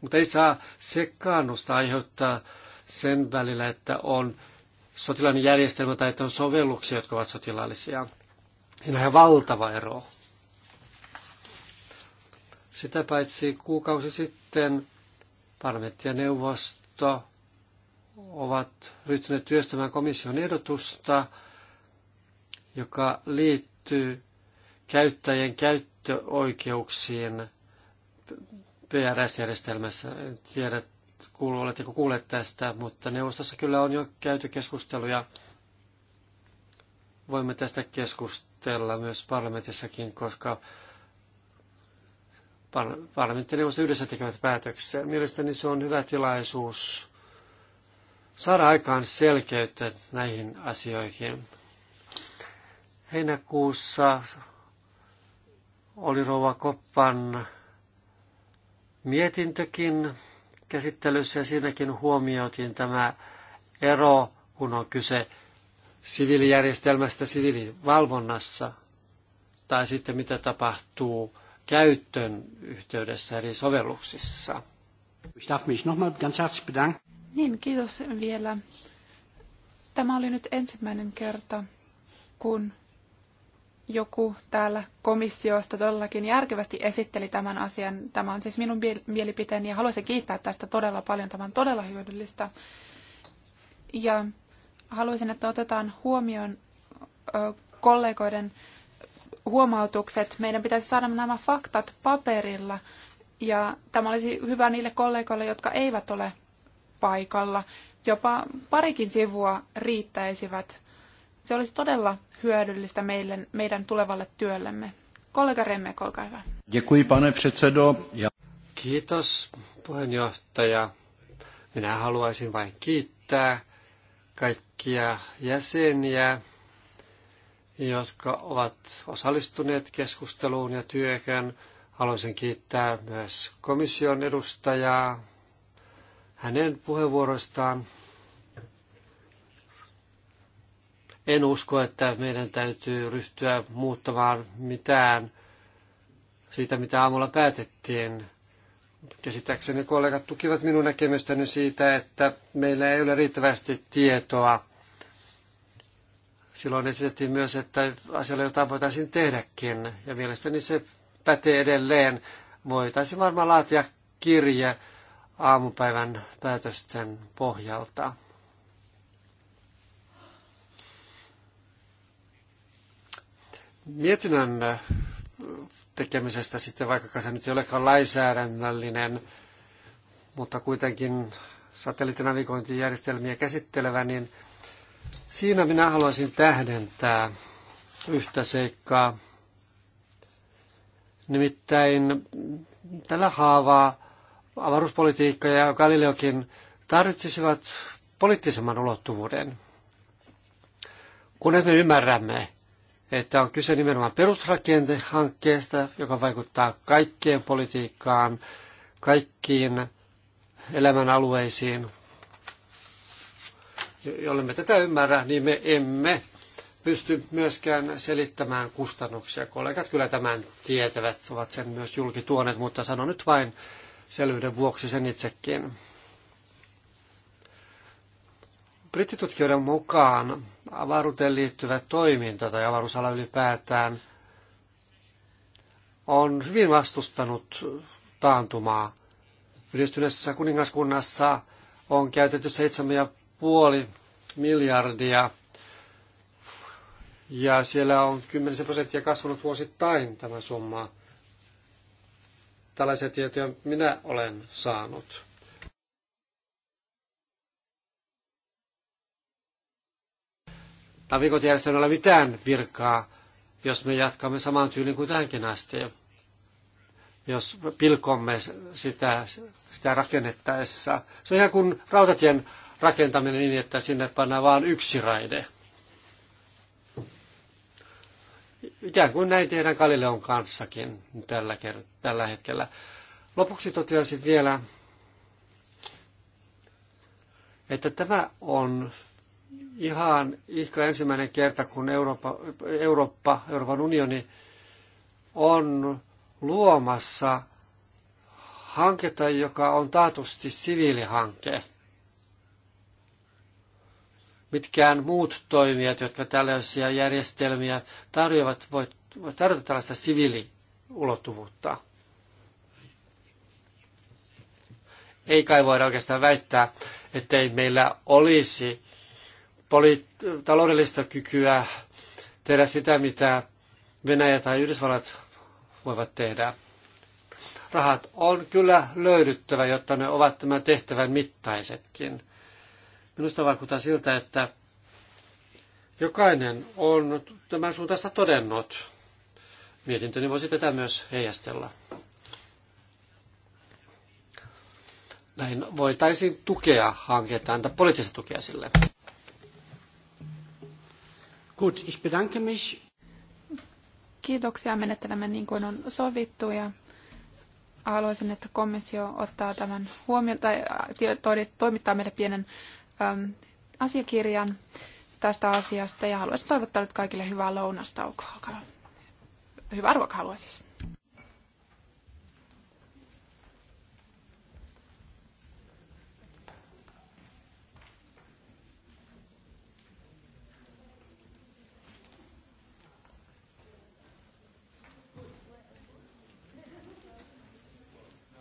Mutta ei saa sekaannusta aiheuttaa sen välillä, että on sotilainen järjestelmä tai että on sovelluksia, jotka ovat sotilaallisia. Siinä on ihan valtava ero. Sitä paitsi kuukausi sitten parlamenttia neuvosto ovat ryhtyneet työstämään komission ehdotusta, joka liittyy käyttäjien käyttöoikeuksiin PRS-järjestelmässä. En tiedä, kuulu, oletteko kuulleet tästä, mutta neuvostossa kyllä on jo käyty keskusteluja. Voimme tästä keskustella myös parlamentissakin, koska parlamentti yhdessä tekevät päätöksiä. Mielestäni se on hyvä tilaisuus saada aikaan selkeyttä näihin asioihin. Heinäkuussa oli Rova Koppan mietintökin käsittelyssä ja siinäkin huomioitiin tämä ero, kun on kyse siviilijärjestelmästä siviilivalvonnassa tai sitten mitä tapahtuu käyttön yhteydessä eri sovelluksissa. Ich darf mich mal ganz herzlich bedanken. Niin, kiitos vielä. Tämä oli nyt ensimmäinen kerta, kun joku täällä komissiosta todellakin järkevästi esitteli tämän asian. Tämä on siis minun mielipiteeni ja haluaisin kiittää tästä todella paljon. Tämä on todella hyödyllistä. Ja haluaisin, että otetaan huomioon kollegoiden huomautukset. Meidän pitäisi saada nämä faktat paperilla. Ja tämä olisi hyvä niille kollegoille, jotka eivät ole paikalla. Jopa parikin sivua riittäisivät. Se olisi todella hyödyllistä meille, meidän tulevalle työllemme. Kollega Remme olkaa hyvä. Děkuji, pane předsedo. Ja... Kiitos, puheenjohtaja. Minä haluaisin vain kiittää kaikkia jäseniä, jotka ovat osallistuneet keskusteluun ja työhön. Haluaisin kiittää myös komission edustajaa, hänen puheenvuorostaan. En usko, että meidän täytyy ryhtyä muuttamaan mitään siitä, mitä aamulla päätettiin. Käsittääkseni kollegat tukivat minun näkemystäni siitä, että meillä ei ole riittävästi tietoa. Silloin esitettiin myös, että asialla jotain voitaisiin tehdäkin, ja mielestäni se pätee edelleen. Voitaisiin varmaan laatia kirje aamupäivän päätösten pohjalta. Mietinnön tekemisestä sitten, vaikka se nyt ei olekaan lainsäädännöllinen, mutta kuitenkin satelliittinavigointijärjestelmiä käsittelevä, niin siinä minä haluaisin tähdentää yhtä seikkaa. Nimittäin tällä haavaa avaruuspolitiikka ja Galileokin tarvitsisivat poliittisemman ulottuvuuden. Kunnes me ymmärrämme, että on kyse nimenomaan perusrakentehankkeesta, joka vaikuttaa kaikkeen politiikkaan, kaikkiin elämän alueisiin. Jolle me tätä ymmärrä, niin me emme pysty myöskään selittämään kustannuksia. Kollegat kyllä tämän tietävät, ovat sen myös julkituoneet, mutta sanon nyt vain, selvyyden vuoksi sen itsekin. Brittitutkijoiden mukaan avaruuteen liittyvä toiminta tai avaruusala ylipäätään on hyvin vastustanut taantumaa. Yhdistyneessä kuningaskunnassa on käytetty 7,5 miljardia ja siellä on 10 prosenttia kasvanut vuosittain tämä summa. Tällaisia tietoja minä olen saanut. ole mitään virkaa, jos me jatkamme saman tyylin kuin tähänkin asti. Jos pilkomme sitä, sitä rakennettaessa. Se on ihan kuin rautatien rakentaminen niin, että sinne pannaan vain yksi raide. ikään kuin näin tehdään Galileon kanssakin tällä, tällä hetkellä. Lopuksi toteaisin vielä, että tämä on ihan ihka ensimmäinen kerta, kun Eurooppa, Eurooppa, Euroopan unioni on luomassa hanketta, joka on taatusti siviilihanke – mitkään muut toimijat, jotka tällaisia järjestelmiä tarjoavat, voi, voi tarjota tällaista siviiliulottuvuutta. Ei kai voida oikeastaan väittää, ettei meillä olisi poli- taloudellista kykyä tehdä sitä, mitä Venäjä tai Yhdysvallat voivat tehdä. Rahat on kyllä löydyttävä, jotta ne ovat tämän tehtävän mittaisetkin. Minusta vaikuttaa siltä, että jokainen on tämän suuntaista todennut. Mietintöni voisi tätä myös heijastella. Näin voitaisiin tukea hanketta, antaa poliittista tukea sille. Gut, ich bedanke mich. Kiitoksia, menettelemme niin kuin on sovittu ja haluaisin, että komissio ottaa tämän huomioon tai äh, toimittaa meille pienen äm, asiakirjan tästä asiasta ja haluaisin toivottaa nyt kaikille hyvää lounastaukoa. Hyvää ruokahalua siis.